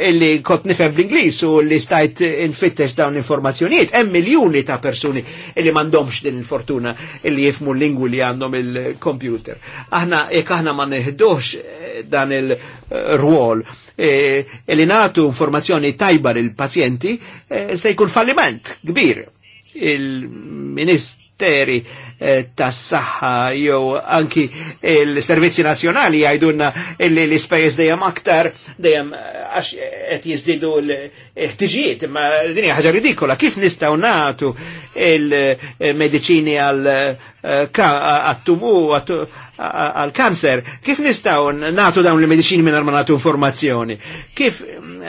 Speaker 3: illi eh, kont nifem bl-Inglis u li stajt infittex dawn informazzjonijiet. Hemm miljoni ta' persuni illi mandomx din il-fortuna illi jifmu l lingu li għandhom il-kompjuter. Aħna, jek aħna ma neħdux dan il eh, ruol E, e natu informazzjoni tajba il-pazjenti eh, se jkun falliment kbir. Il-ministeri eh, tas saħħa jew anki il-servizzi Nazzjonali jgħidunna li l-ispejjeż dejjem aktar dejjem għax qed jiżdiedu l-ħtiġijiet, ma din hija ħaġa ridikola. Kif nistgħu nagħtu il-mediċini għal tumu għal-kanser, kif nistaw natu dawn l-medicini minn ma natu informazzjoni? Kif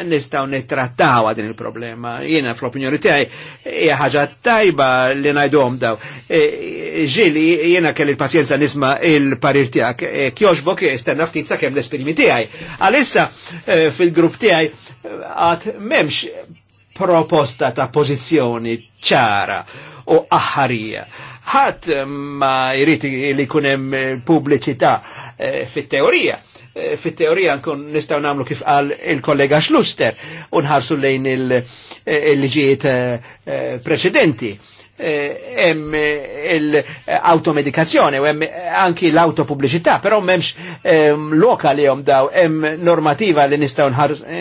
Speaker 3: nistaw nittrattaw din il-problema? Jena fl-opinjoni tijaj, hija tajba li najdom daw. E, Ġili, jena kelli l-pazjenza nisma il-parir tijak, e, kjoġbok jistenna e, ftit kem l-esprimi tijaj. Għalissa fil-grupp tijaj għat memx proposta ta' pozizjoni ċara u aħħarija. Ħadd ehm, ma jrid li jkun hemm eh, pubbliċità eh, fit-teorija eh, fit-teorija nkun nistaw namlu kif qal il-kollega Schluster unħarsu lejn il-liġijiet preċedenti. Hemm il automedikazzjoni u hemm anki l-autopubbliċità, però m'hemmx ehm, loka li hemm daw hemm normativa li nistgħu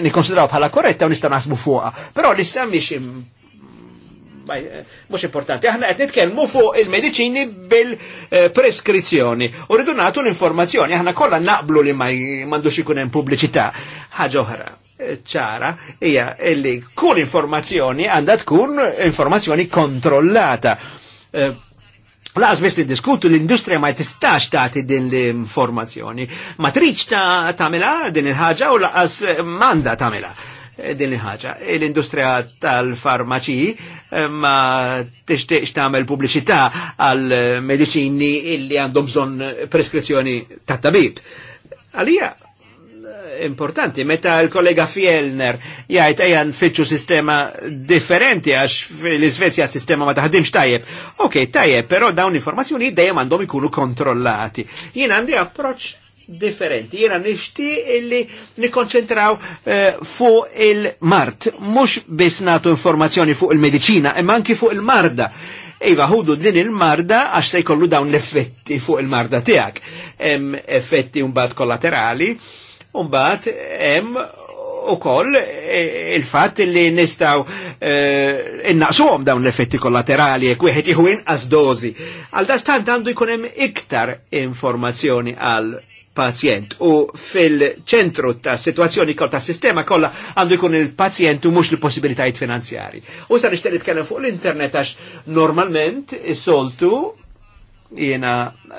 Speaker 3: nikkonsidraw bħala korretta u nistgħu naħsbu fuqha. Però li mhix Eh, mhux importanti. Aħna qed nitkellmu fuq il-mediċini bil-preskrizzjoni. U rridu nagħtu l-informazzjoni, aħna kollha naqblu li ma m'għandux ikun hemm pubbliċità. Ħaġa oħra eh, ċara hija li kull informazzjoni għandha tkun informazzjoni kontrollata. Eh, laqas biss niddiskutu l-industrija ma tistax tagħti din l-informazzjoni. Ma ta' tagħmilha din il-ħaġa u laqas m'għandha tagħmilha Eh, din il-ħaġa. L-industrija tal farmaċi eh, ma tixtieqx tagħmel pubbliċità għal mediċini illi għandhom bżonn preskrizzjoni ta' tabib. Għalija eh, importanti, meta l-kollega Fjellner jgħid ejja fitxu sistema differenti għax l-Svezja sistema ma taħdimx tajjeb. Ok, tajjeb, però dawn informazzjoni dejjem għandhom ikunu kontrollati. Jien għandi approċċ differenti. Jena nishti illi nikonċentraw eh, fuq il-mart, mux bis natu informazzjoni fuq il-medicina, imma anki fuq il-marda. Iva, hudu din il-marda għax se jkollu dawn l-effetti fuq il-marda tijak. Em effetti un kollaterali, un-bat em u koll eh, il-fat li nistaw eh, innaqsuhom dawn l-effetti kollaterali e wieħed jħu inqas dozi. Għal dastant għandu jkunem iktar informazzjoni għal pazjent u fil-ċentru ta' situazzjoni kol ta' sistema kolla għandu jkun il-pazjent u mux l-possibilitajiet finanzjari. U sa' nishtel itkellem fuq l-internet għax normalment is-soltu jena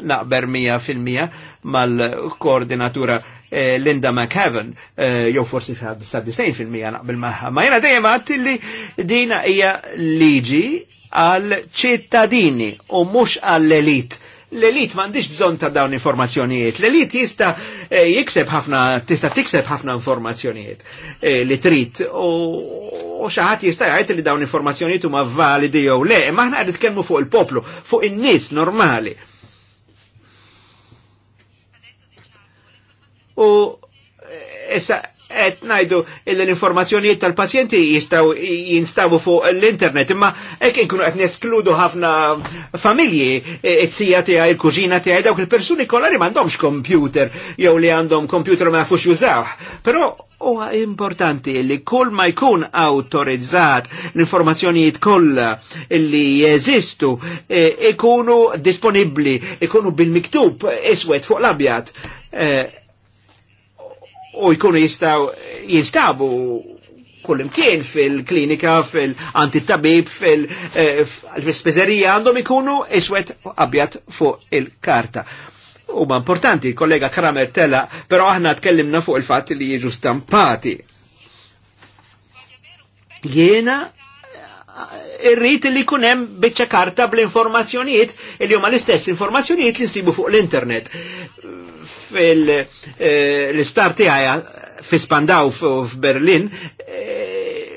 Speaker 3: naqber 100% mal-koordinatura eh, Linda McHaven, eh, jew forsi sa' 90% naqbel maħħa. Ma jena dejjem għat li dina hija liġi għal ċittadini u mux għall-elit l-elit mandiġ bżon ta' dawn informazzjonijiet. L-elit jista eh, jikseb ħafna, tista tikseb ħafna informazzjonijiet eh, li trid u xaħat jista jgħajt li dawn informazzjonijiet huma validi jew le, ma aħna qed nitkellmu fuq il-poplu, fuq in-nies normali. U eh, issa et ngħidu l-informazzjonijiet tal-pazjenti jistgħu jinstabu fuq l-internet, imma hekk inkunu qed neskludu ħafna familji it-sija e, e, il-kuġina tija, dawk il-persuni kollari li m'għandhomx kompjuter jew li għandhom kompjuter ma fux jużaw. Però huwa importanti li kull ma jkun autorizzat l-informazzjonijiet kollha li jeżistu e, ikunu disponibbli, ikunu bil-miktub iswed fuq l-abjad u jkunu jistaw jinstabu kullimkien fil-klinika, fil-antitabib, eh, fil-spezerija għandhom ikunu iswet abjat fuq il-karta. U ma importanti, kollega Kramer tella, pero aħna tkellimna fuq il-fat li jiġu stampati. Jena irrit li kunem bieċa karta bl-informazzjonijiet li huma l-istess informazzjonijiet li nsibu fuq l-internet. Fil-istar eh, e, tiegħi fi Spandaw f'Berlin eh,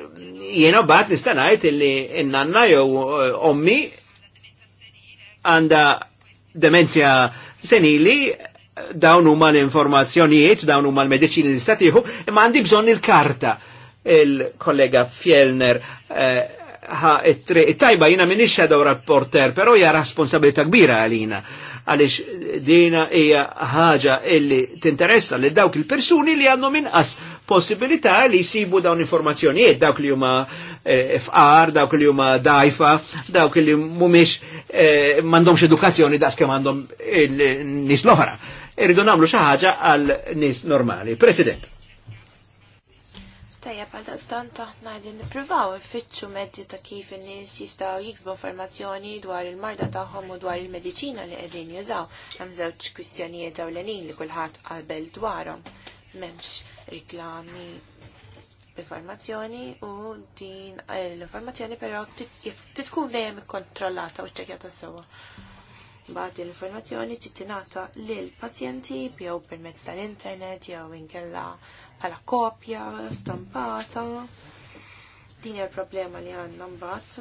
Speaker 3: jiena bat nistanajt ngħid illi n-nanna jew eh, ommi għanda demenzja senili dawn huma l-informazzjonijiet, dawn huma l medicini l-istatiħu, imma għandi bżonn il-karta il-kollega Fjellner eh, tajba jina minix shadow rapporter, pero hija responsabilità kbira għalina għalix dina hija ħaġa illi tinteressa li dawk il-persuni li għandhom inqas possibilità li jsibu dawn informazzjonijiet, dawk li huma fR, eh, fqar, dawk li huma dajfa, dawk li mumiex eh, m'għandhomx edukazzjoni daqs kemm għandhom nies l-oħra. Irridu nagħmlu xi ħaġa għal nies normali. President.
Speaker 1: Tajja għal stant taħna għedin niprivaw ifittxu medzi ta' kif in-nies jistgħu jiksbu informazzjoni dwar il-marda tagħhom u dwar il-mediċina li qegħdin jużaw. Hemm żewġ kwistjonijiet ewlenin li kulħadd qabel dwarhom. M'hemmx riklami informazzjoni u din eh, l-informazzjoni però titkun dejjem ikkontrollata u ċċekjata sewwa. Bad l-informazzjoni titinata l pazjenti jew permezz tal-internet jew inkella bħala kopja, stampata. Din hija l-problema li għandna mbagħad.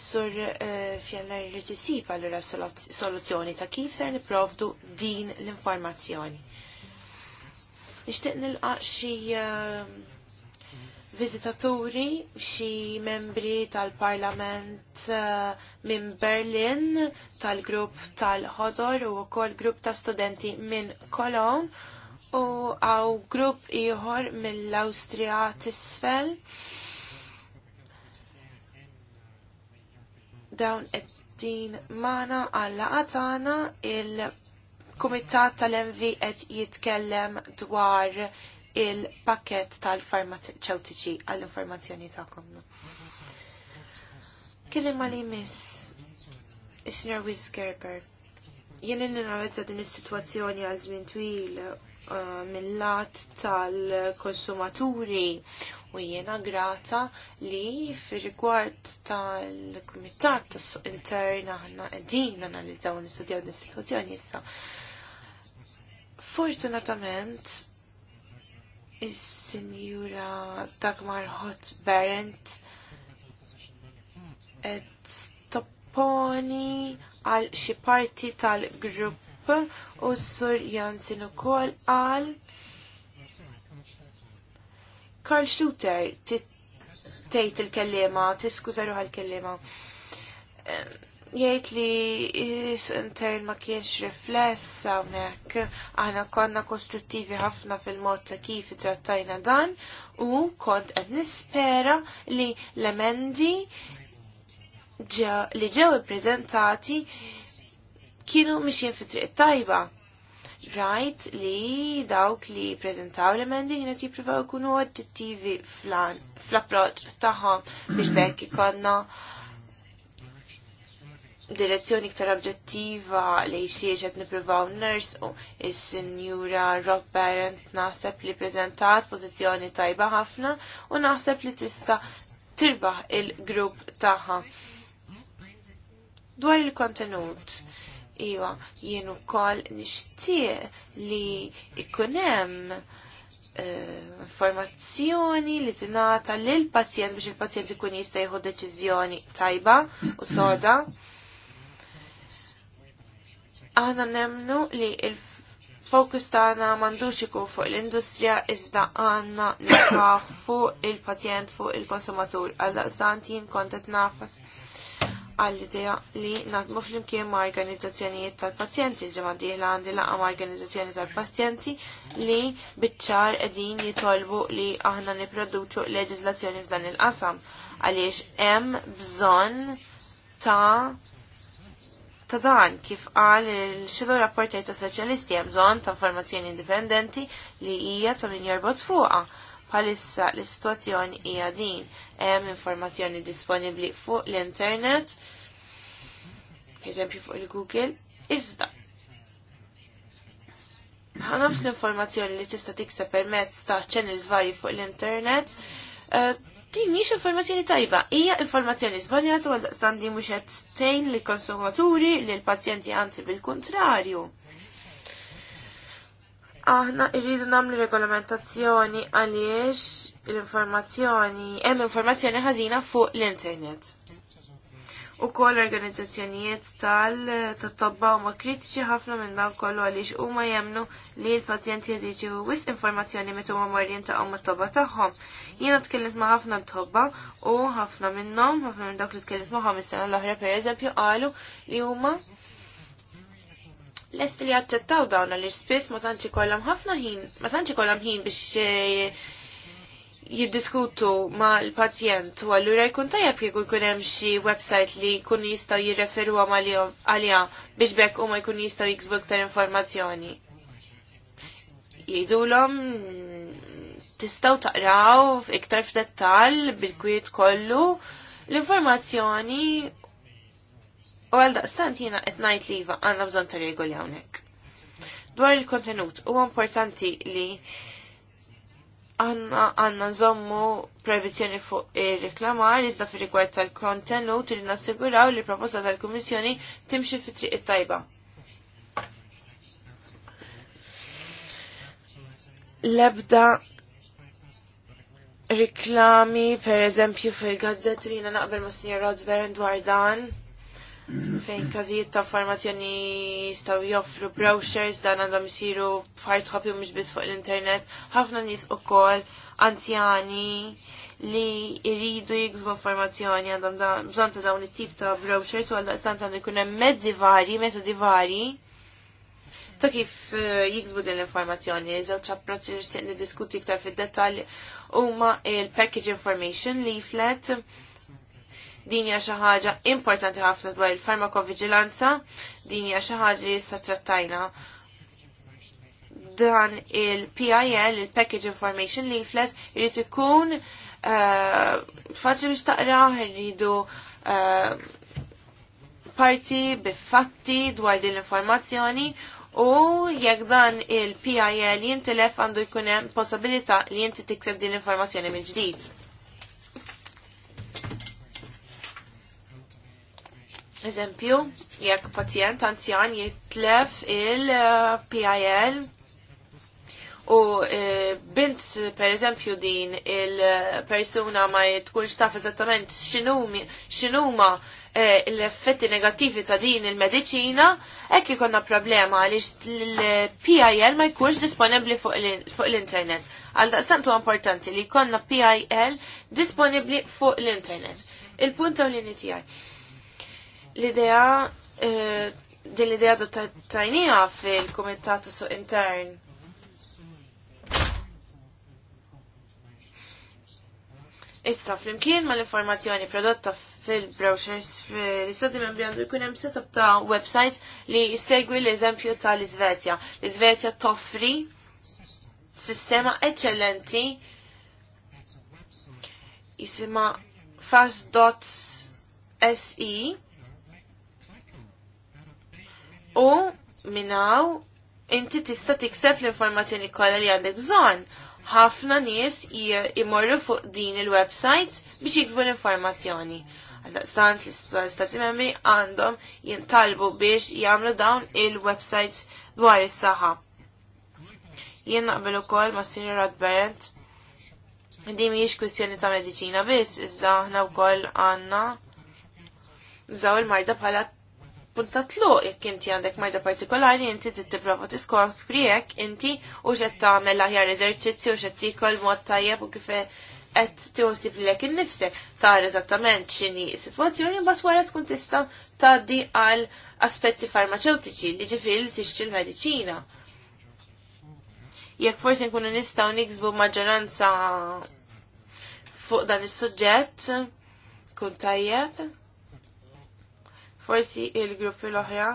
Speaker 1: Sur eh, fjallar irrid isib allura soluzzjoni ta' kif ser niprovdu din l-informazzjoni. Nixtieq nilqa' eh, vizitaturi xi membri tal-Parlament eh, minn Berlin, tal-grupp tal-ħodor u wkoll grupp ta' studenti minn Cologne u għaw grupp ieħor mill-Awstrija tisfel. Dawn qegħdin mana għal tagħna il-Kumitat tal-Envi qed jitkellem dwar il-pakket tal-farmaceutiċi għall-informazzjoni ta' Kelli ma li miss, is-Sinjor Wiz Gerber, jien n-analizza din is-sitwazzjoni għal żmien twil uh, mill-lat tal-konsumaturi u jiena grata li fir-rigward tal-Kumitat tas-Suq Intern għanna qegħdin analizzaw nistudjaw din is-sitwazzjoni issa. Fortunatament Is-Sinjura Dagmar Hot Barent et topponi għal xi parti tal-grupp u s-sur Jansin ukoll għal Karl Schluter tejt il-kellima, tiskuzaru għal-kellima. Uh, jgħid li s-intern ma kienx rifless hawnhekk aħna konna kostruttivi ħafna fil-mod ta' kif trattajna dan u kont qed nispera li l-emendi li ġew ippreżentati kienu mixjin fi triq tajba. Rajt li dawk li preżentaw l-emendi kienu jippruvaw ikunu oġġettivi fl-approċċ taħħom biex bekk ikonna direzzjoni iktar obġettiva li xiex qed nippruvaw nurs u il sinjura Rob Barrett naħseb li prezentat pożizzjoni tajba ħafna u naħseb li tista' tirbaħ il-grupp tagħha. Dwar il-kontenut, iwa, jienu kol nishtie li ikunem eh, informazzjoni li tinata l-pazjent biex il-pazjent ikun jista' jieħu deċiżjoni tajba u soda. Aħna nemnu li il-fokus tagħna m'għandux ikun fuq l-industrija iżda għandna nisbaħ fuq il-pazjent fuq il-konsumatur. Għalla żdant jien qed nafas għall-idea li naħdmu flimkien ma' organizzazzjonijiet tal-pazjenti ġemma diħla għandi laqa ma' organizzazzjoni tal-pazjenti li bitċar edin jitolbu li aħna niproduċu leġizlazzjoni f'dan il-qasam għaliex hemm bżonn ta' ta' dan kif għal il-xilu rapporter ta' soċjalisti hemm bżonn ta' informazzjoni indipendenti li hija ta' min jorbot fuqha. Bħalissa l-istituzzjoni hija din hemm informazzjoni disponibbli fuq l-internet, eżempju fuq il-Google, iżda Għanobs l-informazzjoni li tista' tikseb permezz ta' ċenil żvarji fuq l-internet eh, Din miex informazzjoni tajba, hija informazzjoni żbaljata u għaldaqstandi mhux qed tgħin lill-konsumaturi li l pazjenti anzi bil-kuntrarju. Aħna irridu nagħmlu regolamentazzjoni għaliex l-informazzjoni hemm informazzjoni ħażina fuq l-internet u kol organizzazzjonijiet tal-tobba u ma kritiċi ħafna minn dan kollu għaliex u ma jemnu li l-pazjenti jiġu wis informazzjoni metu ma morjin ta' ma tobba taħħom. Jena tkellimt ma ħafna tobba u ħafna minnom, ħafna minn dak li tkellimt magħhom is-sena l-oħra per eżempju għalu li huma lest li jaċċettaw dawn li spiss ma tantx ikollhom ħafna ħin, ma tantx ikollhom ħin biex eh, jiddiskutu ma l-pazjent u għallura jkun tajab kieku jkun hemm xi website li jkun jistgħu jirreferu għalija biex bekk huma jkun jistgħu jiksbu iktar informazzjoni. Jgħidulhom tistgħu taqraw iktar f'dettall bil-kwiet kollu l-informazzjoni u għal daqstant jiena qed ngħid li iva, għandna bżonn ta' regoli hawnhekk. Dwar il-kontenut huwa importanti li għanna għanna nżommu proibizjoni fuq ir-reklamar iżda fir rigward tal-kontenut li nassiguraw li proposta tal-Kummissjoni timxi fi triq it-tajba. Lebda riklami per eżempju fil gazzetri jina naqbel ma' Sinjor Rodsberg dwar dan fejn każijiet ta' informazzjoni staw joffru browsers dan għandhom isiru f'hard copy mhux biss fuq l-internet, ħafna nies ukoll anzjani li jridu jiksbu informazzjoni għandhom bżonn ta' dawn it-tip ta' browsers u għaldaqstant għandu jkun hemm mezzi vari, metodi vari ta' kif eh, jiksbu din l-informazzjoni, żewġ approċċi nixtieq niddiskuti iktar fid-dettall huma il-package information leaflet din hija xi ħaġa importanti ħafna dwar il-farmakovigilanza, din hija xi ħaġa li issa trattajna dan il-PIL, il-Package Information Leaflet, irid ikun eh, faċli biex taqra, irridu eh, parti bifatti dwar din l-informazzjoni U jekk dan il-PIL jintilef għandu jkun hemm possibilità li inti tikseb din l-informazzjoni mill ġdid. Eżempju, jekk pazjent anzjan jitlef il-PIL u e, bint per eżempju din il-persuna ma jitkunx taf eżattament x'inhuma e, l-effetti negattivi ta' din il-medicina, hekk ikonna problema għaliex l-PIL ma jkunx disponibbli fuq l-internet. Għal santu importanti li jkollna PIL disponibbli fuq l-internet. Il-punt u l-initijaj L-idea eh, din l-idea do tajnija fil-komitatu su intern. Issa, flimkien ma l-informazzjoni prodotta fil browsers fil-istati membri għandu jkun hemm setup ta' website li segwi l-eżempju ta' l iżvezja l iżvezja toffri sistema eccellenti jisima fast.se u minnaw inti tista' tikseb l-informazzjoni kollha li għandek bżonn. Ħafna nies imorru fuq din il-website biex jiksbu l-informazzjoni. Għal-daqstant l-istati membri għandhom jintalbu biex jagħmlu dawn il-websites dwar is-saħħa. Jien naqbel ukoll ma' Sir Rodberent Di miex kwestjoni ta' medicina biss, iżda aħna wkoll għandna nżaw il-marda bħala punta tlu jekk inti għandek marda partikolari inti trid tipprova tiskopri jekk inti u xed tagħmel aħjar eżerċizzju xed tikol mod tajjeb u kif qed tiħossib lilek innifsek tara eżattament x'inhi s-sitwazzjoni mbagħad wara tkun tista' tgħaddi għal aspetti farmaceutiċi li ġifieri li tixtri l-mediċina. Jekk forsi nkunu nistgħu niksbu maġġoranza fuq dan is-suġġett kun tajjeb. Forsi il-gruppi l-oħra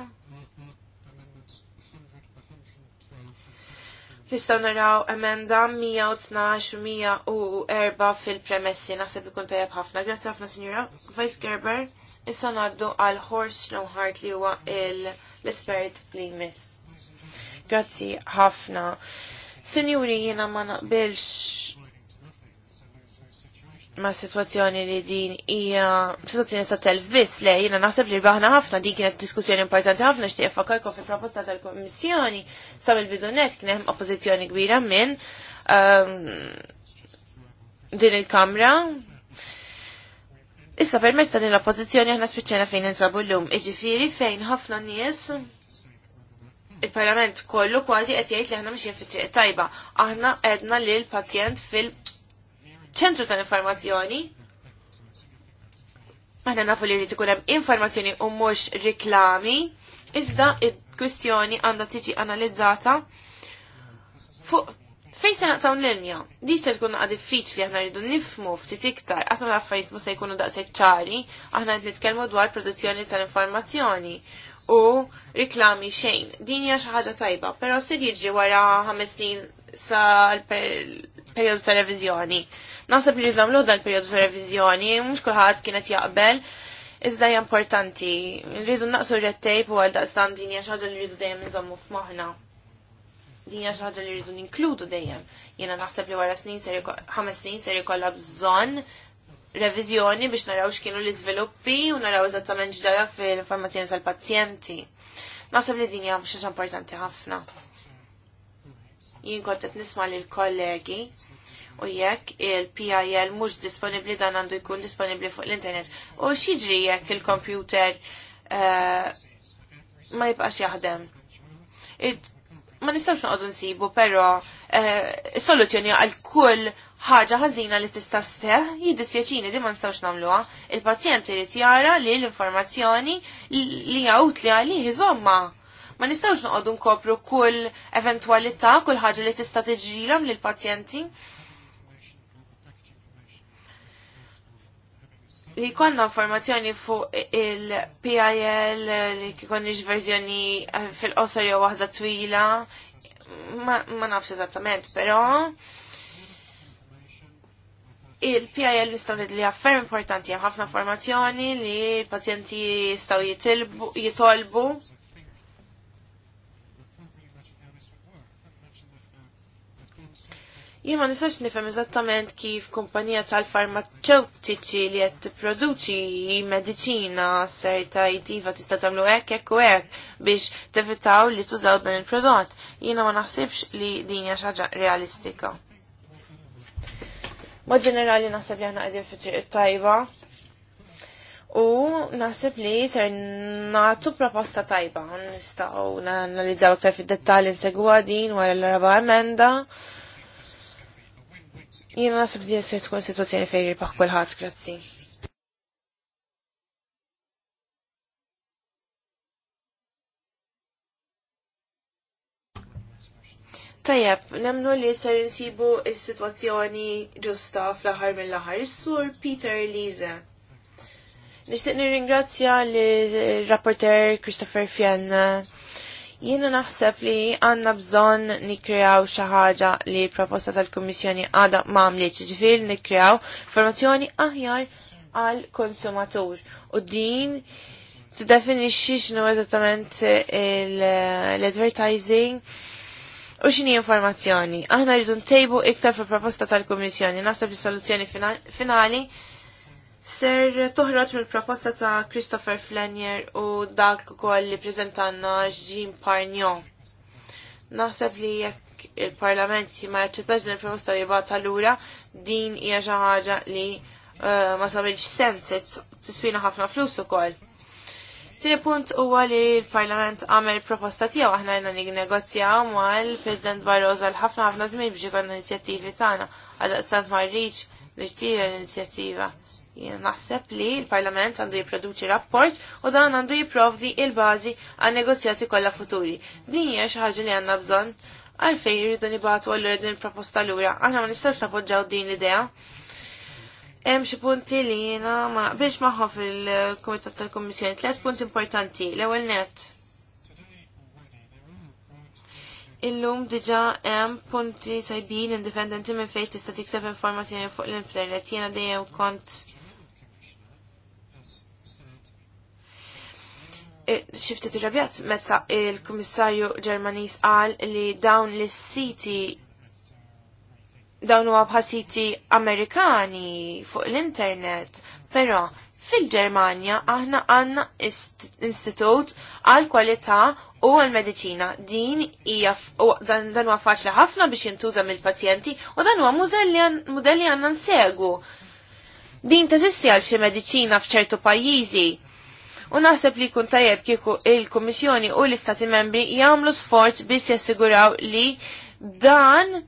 Speaker 1: Nistaw naraw emenda 112 u 104 fil-premessi, naħseb ikun tajab ħafna. Grazie ħafna, signora. Vice Gerber, issa naddu għal Horst Schnauhart li huwa l esperit li jmiss. Grazie ħafna. Signori, jena ma naqbilx ma situazzjoni li din hija situazzjoni ta' telf biss le jiena naħseb li rbaħna ħafna din kienet diskussjoni importanti ħafna xtieq fakkarkom fil-proposta tal-Kommissjoni sa mill-bidunet kien hemm oppożizzjoni kbira minn um, din il-Kamra Issa permess ta' din l-oppożizzjoni aħna spiċċena fejn insabu llum, iġifieri fejn ħafna nies il-Parlament kollu kważi qed jgħid li aħna mxin fit tajba. Aħna qedna lil pazjent fil- ċentru tal-informazzjoni. Aħna nafu li rrid ikun hemm informazzjoni u mhux riklami, iżda il-kwistjoni għandha tiġi analizzata fuq fejn se naqsaw linja, Dix se tkun naqa diffiċli aħna rridu nifmu ftit iktar, aħna l-affarijiet se jkunu daqshekk ċari, aħna qed nitkellmu dwar produzzjoni tal-informazzjoni u riklami xejn. Din hija xi ħaġa tajba, però se jiġri wara ħames snin sa periodu ta' revizjoni. Naħseb li ġidlam l-għoda l-periodu ta' revizjoni, mux kullħat kienet jaqbel, iżda importanti. Rridu naqsu r tape u għal stan din xaġa li rridu dejjem nżommu f'maħna. Din xaġa li rridu ninkludu dejjem. Jena naħseb li wara snin ħames snin ser kolla bżonn revizjoni biex naraw x'kienu l-iżviluppi u naraw eżattament ġdara fil-informazzjoni tal-pazjenti. Naħseb li din hija xi importanti ħafna jien kont qed nisma' lill-kollegi u jekk il-PIL mhux disponibbli dan għandu jkun disponibbli fuq l-internet. U x'jiġri jekk il-kompjuter eh, ma jibqax jaħdem. Ma nistgħux noqogħdu nsibu, però uh, soluzzjoni għal kull ħaġa ħażina li tista' steħ, jiddispjaċini li ma nistgħux nagħmluha. Il-pazjent irid jara li l-informazzjoni li hija utli għalih iżomma. Ma nistawx noqogħdu nkopru kull eventwalità, kull ħaġa li tista' tiġrilhom lil pazjenti. Li konna informazzjoni fuq il-PIL li kikonniex verżjoni eh, fil-qosor jew waħda twila, ma, nafx eżattament, però il-PIL nistaw li għaffer importanti, ħafna informazzjoni li l-pazjenti jistaw jitolbu Jien ma nistax nifhem eżattament kif kumpanija tal-farmaceutiċi li qed tipproduċi mediċina ser ta' iva tista' tagħmlu hekk hekk u hekk biex tevitaw li tużaw dan il-prodott. Jiena ma naħsibx li din hija xi ħaġa realistika. M'a ġenerali naħseb li aħna qegħdin fi triq tajba u naħseb li ser nagħtu proposta tajba nistgħu nanalizzaw aktar fid-dettalji segwa din wara l-raba emenda. Jiena nasib di se tkun situazzjoni fejri paħ kulħadd, grazzi. Tajab, nemnu li ser insibu il sitwazzjoni ġusta fl-aħħar mill-aħħar. Is-sur Peter Lise. Nixtieq nirringrazzja li rapporter Christopher Fianna Jiena naħseb li għanna bżon nikrijaw xaħġa li proposta tal-Kommissjoni għada mamliċ ġifil nikrijaw formazzjoni aħjar għal konsumatur. U din t-definixi xinu eżattament l-advertising u xini informazzjoni. Aħna rridu ntejbu iktar fil proposta tal-Kommissjoni. Naħseb li soluzzjoni finali, finali ser toħroġ mill-proposta ta' Christopher Flanier u dak ukoll li prezentanna Jean Parnion. Naħseb li jekk il-Parlament ma jaċċettax din il-proposta li jibgħatha lura, din hija xi ħaġa li uh, ma sabilx sens tiswina ħafna flus ukoll. Tieni punt huwa li l-Parlament għamel proposta tiegħu aħna għandna ma' mal-President Barroso għal ħafna ħafna żmien biex l inizjattivi tagħna għal stant ma rridx li l-inizjattiva Jien naħseb li l-Parlament għandu jipproduċi rapport u dan għandu jipprovdi il-bażi għal negozjati kollha futuri. Din hija xi ħaġa li għandna bżonn għalfejn jridu nibatu għallu din il-proposta lura. Aħna ma nistgħux napoġġaw din l-idea. Hemm xi punti li jiena ma naqbilx magħhom fil-Kumitat tal-Kummissjoni. Tliet punti importanti. L-ewwel net. Illum diġa hemm punti tajbin indipendenti minn fejn tista' tikseb informazzjoni fuq l-internet. Jiena dejjem kont xiftet irrabjat meta il-Kummissarju Ġermanis qal li dawn l-siti dawn huwa siti Amerikani fuq l-internet, però fil-Ġermanja aħna għanna istitut għal kwalità u għal medicina Din hija dan huwa faċli ħafna biex jintuża mill-pazjenti u dan huwa mudelli għandna nsegu. Din teżisti għal xi mediċina f'ċertu pajjiżi, u naħseb li kun tajjeb kieku il komissjoni u l-Istati membri jagħmlu sforz biex jassiguraw li dan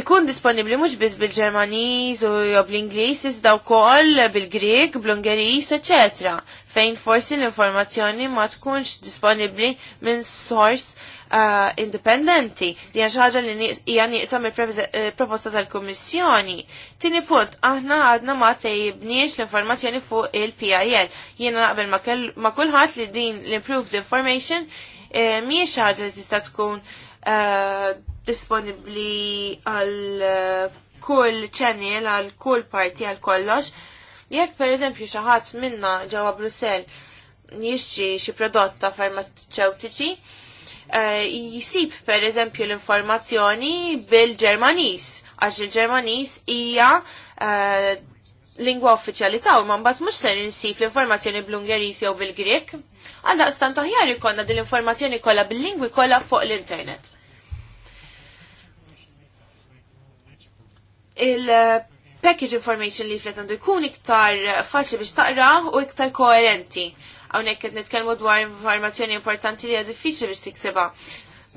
Speaker 1: ikun disponibli mhux biss bil-Ġermaniż u jew bl-Ingliż iżda wkoll bil-Grieg, bl ungeriż eċetera, fejn forsi l-informazzjoni ma tkunx disponibbli minn sors Uh, indipendenti. Di għan xaħġa li hija nieqsam il-proposta eh, tal-Kummissjoni. Tini punt, aħna għadna ma tejbniex l-informazzjoni fuq il-PIL. Jiena naqbel ma kulħadd li din l-improved information eh, mi ħaġa li tista' tkun eh, disponibli għal kull channel, għal kull parti, għal kollox. Jekk per eżempju xaħat minna ġewwa Brussel jixxi xi prodotta farmaceutiċi, Eh, jisib per eżempju l-informazzjoni bil-Ġermanis, għax il-Ġermanis hija eh, lingwa uffiċjali taw, ma mbagħad mhux ser insib l-informazzjoni bl ungeriż jew bil-Grek. Għal aħjar ikollna din l-informazzjoni kollha bil-lingwi kollha fuq l-internet. Il-package information leaflet għandu jkun iktar faċli biex taqra u iktar koerenti Hawnhekk qed nitkellmu dwar informazzjoni importanti li hija diffiċli biex tikseba.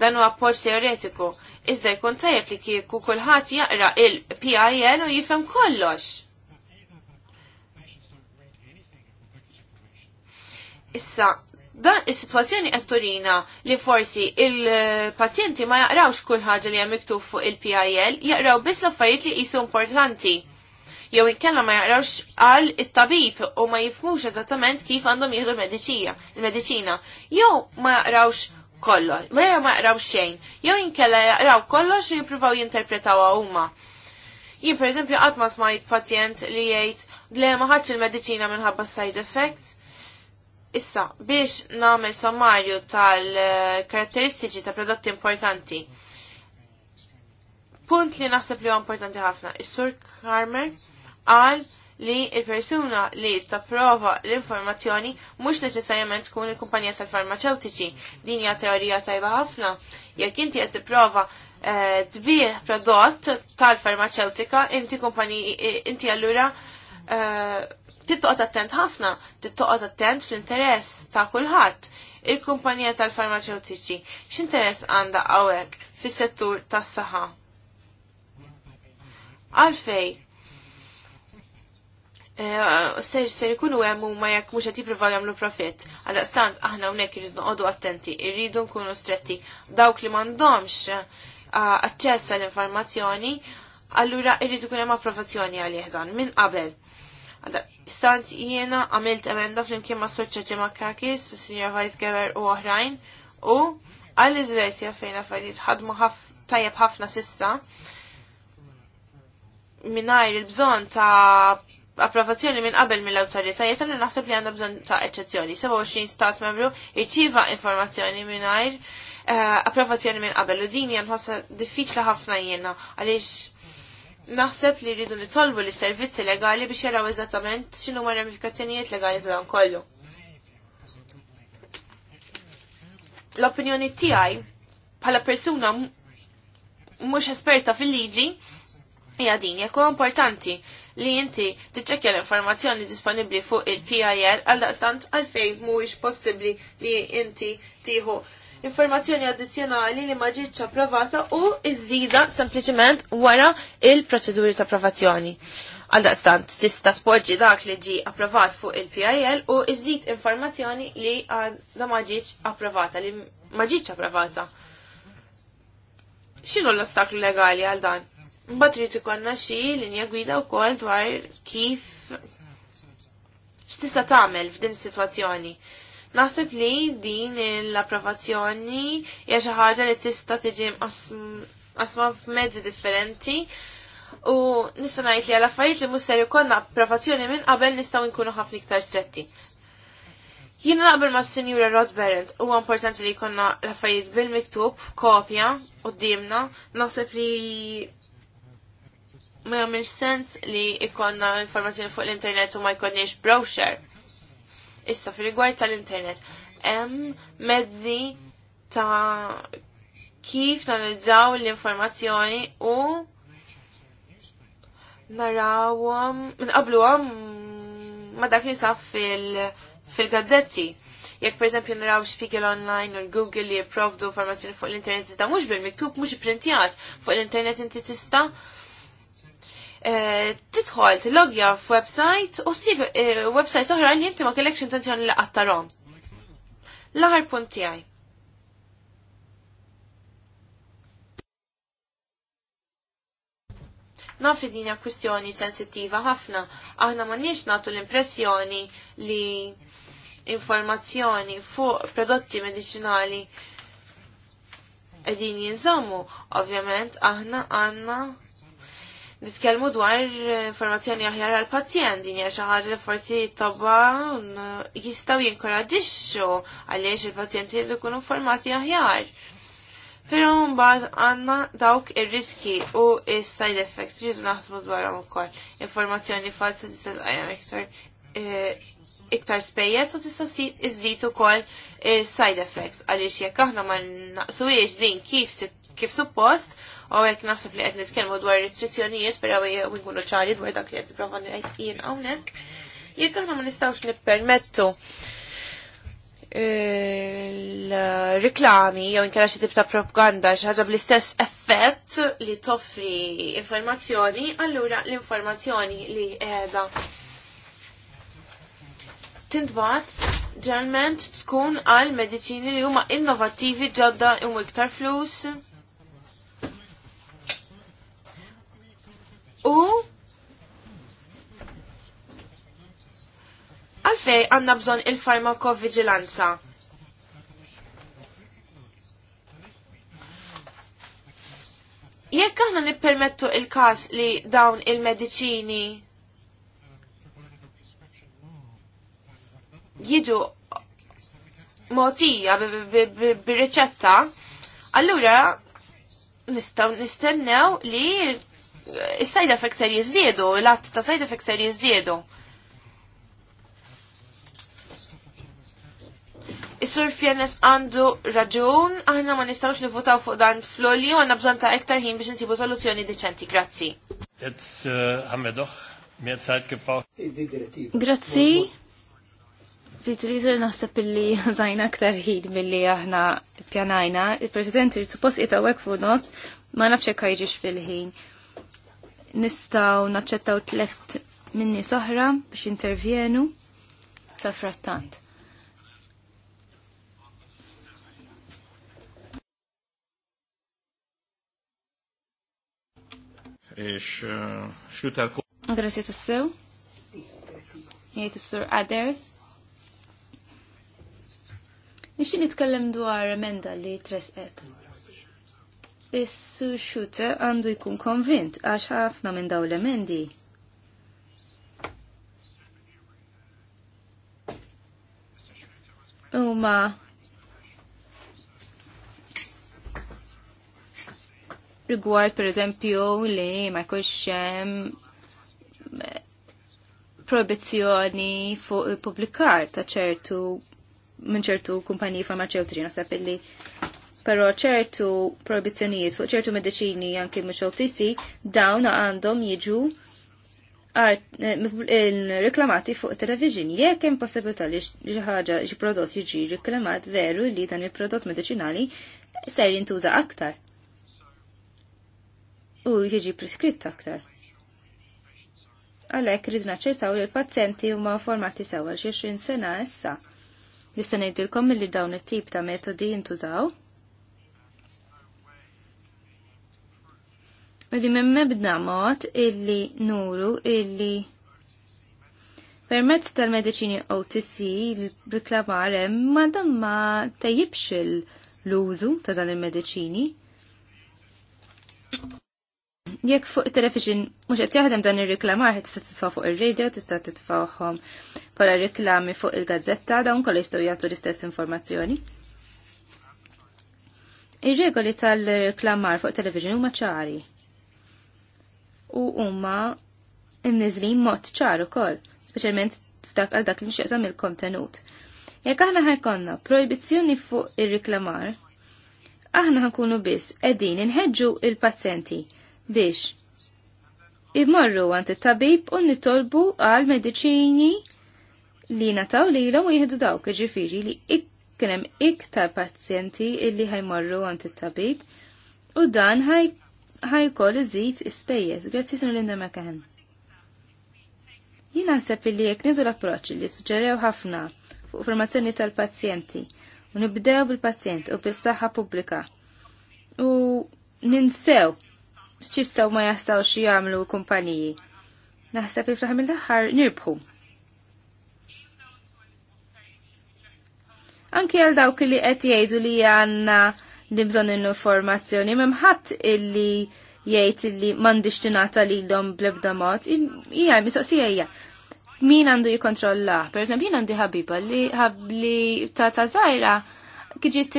Speaker 1: Dan huwa appoġġ teoretiku. Iżda jkun tajjeb li kieku kulħadd jaqra il pil u jifhem kollox. Issa, dan is-sitwazzjoni qed turina li forsi il-pazjenti ma jaqrawx kull ħaġa li hemm miktub fuq il-PIL, jaqraw biss l-affarijiet li qisu importanti jew inkella ma jaqrawx għal it-tabib u ma jifmux eżattament kif għandhom jieħdu l-mediċija, il-mediċina. Jew ma jaqrawx kollox, ma jew ma jaqraw xejn, jew inkella jaqraw kollox u jippruvaw jinterpretaw huma. Jien pereżempju qatt ma smajt pazjent li jgħid le ma ħadx il-mediċina minħabba side effects. Issa, biex nagħmel sommarju tal-karatteristiċi ta' prodotti importanti punt li naħseb li huwa importanti ħafna. Is-Sur Karmer qal li il-persuna li taprova l-informazzjoni mhux neċessarjament tkun il-kumpanija tal-farmaceutiċi. Din hija teorija tajba ħafna. Jekk inti qed tipprova eh, tbih prodott tal-farmaceutika, inti kumpani inti allura eh, tittoqgħod attent ħafna, tittoqgħod attent fl-interess ta' kulħadd. Il-kumpanija tal-farmaceutiċi x'interess għandha hawnhekk fis-settur tas-saħħa? Għalfej, Eh, ser ser ikunu hemm huma jekk mhux qed jippruvaw jagħmlu profitt. Għaldaqstant aħna hawnhekk irridu noqogħdu attenti, irridu nkunu stretti dawk li m'għandhomx eh, aċċess għall-informazzjoni, allura irridu ikun hemm approvazzjoni għalih minn qabel. Stant jiena għamilt emenda fl-imkien ma' Soċċa Ġema Kakis, Sinjor Weisgeber u oħrajn, u għall-Izvezja fejn affarijiet ħadmu tajjeb ħafna sissa, minnajr il-bżon ta' approvazzjoni minn qabel mill-awtoritajiet li naħseb li għandha bżonn ta' eċċezzjoni. 27 stat membru jirċiva informazzjoni mingħajr eh, approvazzjoni minn qabel u din hija nħossha diffiċli ħafna jiena għaliex naħseb li rridu nitolbu li servizzi legali biex jaraw eżattament x'inhu ma ramifikazzjonijiet legali ta' dan kollu. L-opinjoni tiegħi bħala persuna mhux esperta fil-liġi hija din jekk importanti li inti tiċċekkja l-informazzjoni disponibbli fuq il-PIR għal daqstant għalfejn mhuwiex possibbli li inti tieħu informazzjoni addizzjonali li ma ġietx approvata u iżida sempliċement wara il-proċeduri ta' approvazzjoni. Għal daqstant tista' spoġġi dak li ġi approvat fuq il-PIL u iżid informazzjoni li għadha ma ġietx approvata, li ma ġietx approvata. X'inhu l-ostaklu legali għal dan? Mbagħad trid ikollna xi linja gwida wkoll dwar kif x'tista' tagħmel f'din is-sitwazzjoni. Naħseb li din l-approvazzjoni hija xi ħaġa li tista' tiġi qasma f'mezzi differenti u nista' ngħid li għal affarijiet li mhux ser ikollna approvazzjoni minn qabel nistgħu nkunu ħafna iktar stretti. Jiena naqbel ma' Sinjura Rodberent, huwa importanti li jkollna l-affarijiet bil-miktub, kopja, u d-dimna, naħseb li ma jagħmilx sens li ikonna informazzjoni fuq l-internet u ma jkonniex browser. Issa fil-rigward tal-internet, hemm mezzi ta' kif nanizzaw l-informazzjoni u narawhom nqabluhom ma dak li saf fil-gazzetti. Jekk eżempju naraw Spiegel Online u Google li jiprovdu informazzjoni fuq l-internet zda mhux bil-miktub mhux ipprintjat fuq l-internet inti tista' Eh, tidħol f f'website u ssib eh, website oħra li inti ma kellekx intenzjoni li għattarom. L-aħar punt tiegħi. Naf li din kwistjoni sensittiva ħafna, aħna ma nix nagħtu l-impressjoni li informazzjoni fuq prodotti medicinali edin jinżammu. Ovvjament aħna għanna nitkellmu dwar eh, informazzjoni aħjar għal pazjent din hija xi ħaġa li forsi tobba eh, jistgħu jinkoraġixxu għaliex il-pazjenti jrid ikunu informati aħjar. Però mbagħad għandna dawk ir-riski u s-side effects jridu naħsbu dwarhom ukoll. Informazzjoni falsa tista' tqajjem iktar eh, iktar spejjeż u tista' iżżid ukoll side effects għaliex jekk aħna ma naqsuhiex din kif kif suppost U għek naħseb li għed nitkelmu dwar restrizzjonijiet, pero għu nkunu ċari dwar dak li għed niprofa għed jien għawnek. Jek aħna ma nistawx nippermettu il-reklami e, jew inkella xi tip ta' propaganda xi ħaġa bl-istess effett li toffri informazzjoni, allura l-informazzjoni li qiegħda tintbat ġalment tkun għal mediċini li huma innovattivi ġodda u iktar flus U għalfej għanna bżon il-farmakovigilanza. Jekk aħna nippermettu il-każ li dawn il-mediċini jiġu motija bir-riċetta, allura nistaw nistennew li is-side effects ser jiżdiedu, l-att ta' side effects ser jizdiedu. Is-sur Fjernes għandu raġun, aħna ma nistawx nivutaw fuq dan fl-olju, għanna bżon ta' ektar ħin biex nsibu soluzzjoni deċenti, grazzi.
Speaker 2: Äh, grazzi. Fitriżu naħseb illi zajna aktar ħin billi aħna pjanajna, il-President il-suppost jitawek fuq nofs, ma nafxek ħajġiġ fil-ħin nistaw naċċettaw tlet minni soħra biex intervjenu sa frattant.
Speaker 1: Ix, xuta l-ku.
Speaker 2: Grazie tassew. Jiet s-sur għader. Nixin nitkellem dwar emenda li tresqet. Issu xuta għandu jkun konvint għax ħafna minn daw l-emendi. Uma rigward per eżempju li ma jkunx hemm eh, proibizzjoni fuq il-publikar ta' ċertu minn ċertu kumpaniji farmaceutiċi nasab illi Pero ċertu proibizzjonijiet fuq ċertu mediċini anki mxoltisi dawn għandhom jiġu eh, reklamati fuq television. Jekk hemm possibilità li xi ħaġa xi prodott jiġi reklamat veru li dan il-prodott mediċinali ser jintuża aktar. U jiġi preskritt aktar. Għalhekk rridu naċċertaw li l-pazzenti huma formati sewa xi 20 sena issa. Nista' ngħidilkom milli dawn it-tip ta' metodi jintużaw U minn mibda mod illi nuru illi permezz tal-medicini OTC l-riklamar ma dan ma tajjibx l-użu ta' dan il-medicini. Jekk fuq television mhux qed jaħdem dan ir-riklamar għet tista' titfa' fuq ir-radio, tista' titfawhom bħala riklami fuq il-gazzetta dawn kollha jistgħu jagħtu l-istess informazzjoni. Ir-regoli tal-riklamar fuq television huma ċari u huma imniżlin mod ċar ukoll, speċjalment f'dak għal dak li nxieqsam il-kontenut. Jekk aħna ħajkonna proibizzjoni fuq ir-riklamar, aħna ħankunu biss qegħdin inħeġġu il pazzenti biex imorru għand it-tabib u nitolbu għal mediċini li nataw li l u jihdu dawk ġifiri li ikkrem iktar pazjenti illi ħajmorru għand it-tabib u dan ħaj ħajkol iżid ispejjeż. Grazzi sunu Linda McCann. Jina nseb li jekk nidu l-approċċ li suġġerew ħafna fuq formazzjoni tal-pazjenti u nibdew bil-pazjent u bil-saħħa pubblika u ninsew x'jistgħu ma xi jagħmlu kumpaniji. Naħseb li fl aħħar nirbħu. Anki għal dawk li qed jgħidu li għandna li bżon informazzjoni memħat illi jgħid illi m'għandix tingħata lilhom bl-ebda mod. Hija mistoqsija hija. Min għandu jikontrolla? Per esempio, jien għandi ħabiba li ħabli ta' ta' żgħira kiġiet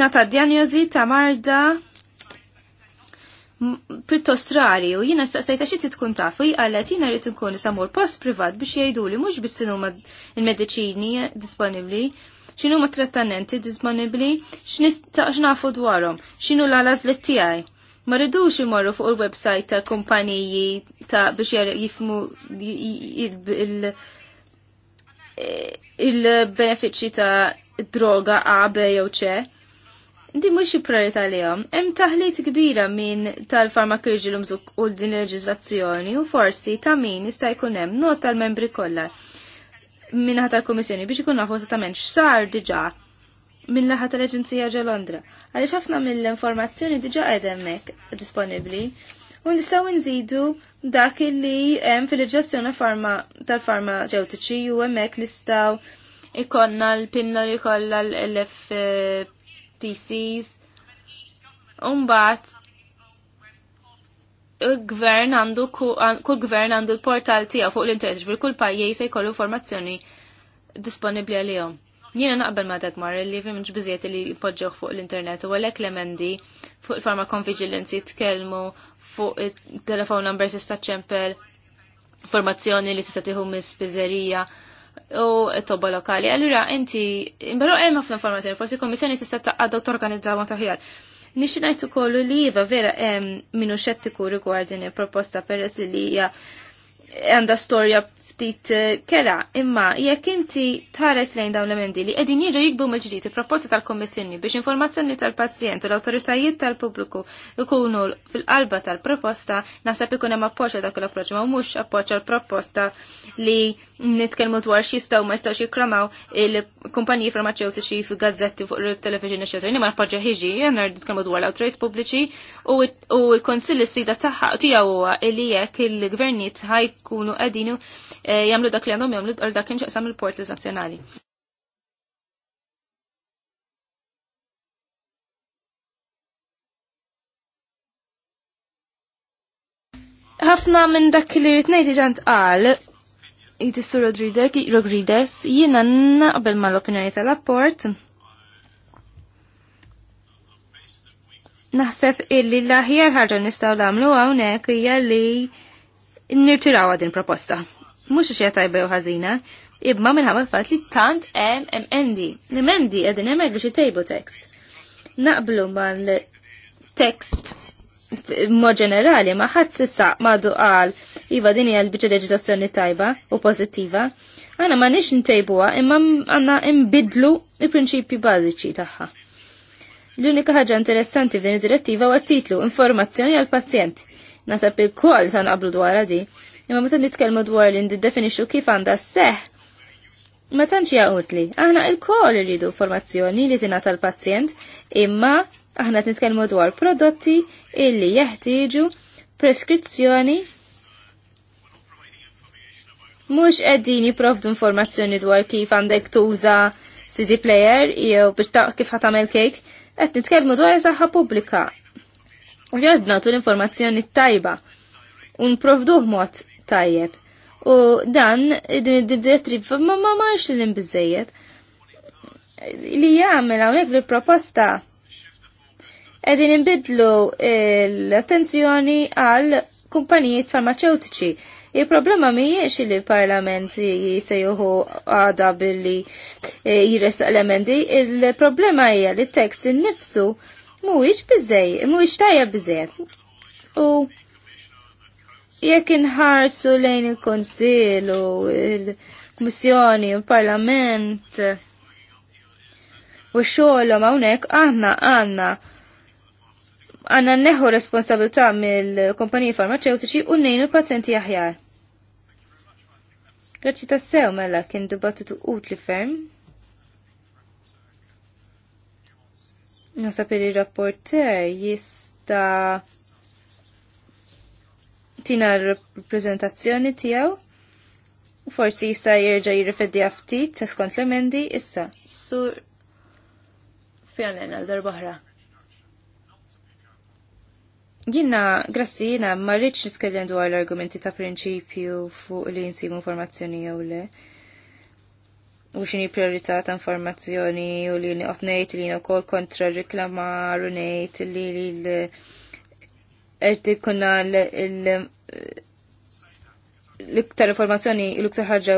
Speaker 2: nata djanjozi ta' marda pjuttost rari u jina staqsajta xie ta' fuj għallet jina rrit nkun samur post privat biex jajdu li mux bis il-medicini disponibli x'inhu ma trattamenti disponibbli, x'nafu dwarhom, x'inhu l-għalażlit tiegħi. Ma rridux imorru fuq il-website ta' kumpaniji ta' biex jifmu eh, il-benefiċċji ta' droga A, B jew C di mux priorità li jom, hemm taħlit kbira minn tal farmakirġi l u din il-leġizlazzjoni u forsi ta' min jista' jkun hemm not tal-membri kollha minnaħa tal-Komissjoni biex ikun nafu esattament x'sar diġà minn laħa tal-Aġenzija ġa Londra. Għaliex ħafna mill-informazzjoni diġà qed hemmhekk disponibbli. U nistgħu nżidu dak li hemm fil għall-farma tal-farmaceutiċi u hemmhekk nistgħu ikonna l-pinna li kollha l-FTCs. mbagħad gvern għandu kull gvern għandu l-portal tiegħu fuq l-internet bil kull pajjiż se jkollu informazzjoni disponibbli għalihom. Jiena naqbel ma dak mar li fim biżiet li jpoġġew fuq l-internet u għalhekk l-emendi fuq il-farma konvigilanzi tkellmu fuq il-telefon numbers tista' ċempel informazzjoni li tista' tieħu mis pizzerija u t-tobba lokali. Allura inti, imbaru hemm ħafna informazzjoni, forsi kommissjoni tista' taqgħu torganizzaw ma taħjar Nixi najtu kollu li jiva vera minu xettiku rigwardin il-proposta peress li hija għanda storja ftit eh, kera, imma jekk inti tħares lejn dawn l-emendi li qegħdin jiġu jikbu mill-ġdid il-proposta tal-Kommissjoni biex informazzjoni tal-pazjent u l-awtoritajiet tal-pubbliku jkunu fil-qalba tal-proposta, naħseb ikun hemm appoġġ dak l-approċċ ma mhux appoġġ għall-proposta li nitkellmu dwar x'jistgħu ma jistgħux jikkramaw il-kumpaniji farmaceutiċi fi gazzetti fuq il-television eċetera. Jiena ma appoġġa ħiġi, jiena nitkellmu dwar l-awtoritajiet pubbliċi u l-konsilli sfida tagħha tiegħu huwa li jekk il-gvernijiet ħajkunu qegħdin Eh, jamlu dak li għandhom jagħmlu għal dak inxaqsam il port nazzjonali. ħafna minn dak li rritnejt iġant qal jitissu Rodrides, jiena naqbel mal-opinjoni tal-apport naħseb illi l-aħjar ħarġa nistaw l-għamlu għawnek hija li nirtiraw din proposta mhux xi tajba jew ħażina, imma minħabba l-fatt li tant hemm emendi. endi, emendi qegħdin hemmhekk biex jtejbu tekst. Naqblu mal-tekst mo ġenerali ma ħadd sissa madu qal iva din hija l leġitazzjoni tajba u pożittiva. Għana ma nix ntejbuha imma għandna imbidlu il-prinċipji bażiċi tagħha. L-unika ħaġa interessanti f'din id-direttiva huwa titlu informazzjoni għal pazjent. Nasab il-kol san qablu dwar di. Imma meta nitkellmu dwar li niddefinixxu kif għandha seħ ma tantx jaqutli. Aħna l irridu informazzjoni li tingħata l-pazjent, imma aħna qed nitkellmu dwar prodotti illi jeħtieġu preskrizzjoni mhux qegħdin jipprovdu informazzjoni dwar kif għandek tuża CD player jew biex kif ħatamel kejk, qed nitkellmu dwar saħħa pubblika. U jgħadna tul l-informazzjoni tajba. Un provduh mod tajjeb. U dan, din id-direttiv ma ma maħx li bizzejet. Li jgħamil għawnek l-proposta edin imbidlu l-attenzjoni għal kumpanijiet farmaceutiċi. Il-problema jiex li l-parlament se għada billi e, jiris elementi, il-problema hija li t-tekst nifsu mhuwiex mu mhuwiex tajja bizzej. U Jekk inħarsu lejn il-Konsil u il-Kummissjoni u il-Parlament u xogħolhom hawnhekk aħna għandna għandna neħu responsabilità mill-kumpaniji farmaceutiċi u nejn il-pazjenti aħjar. ta' sew mela kien dibattitu utli ferm. Nasab il rapporter jista' tina r reprezentazzjoni tijaw u forsi jista jirġa jirrifeddi għaftit ta' skont l-emendi issa. Sur fjanena l-darbohra. Jina, grassi jina, marriċ nitkellem dwar l-argumenti ta' prinċipju fuq li jinsibu informazzjoni jew le. U xini priorità ta' informazzjoni u li nqotnejt li jina kol kontra reklamar u nejt li li l- qed ikun l-iktar informazzjoni l-iktar ħaġa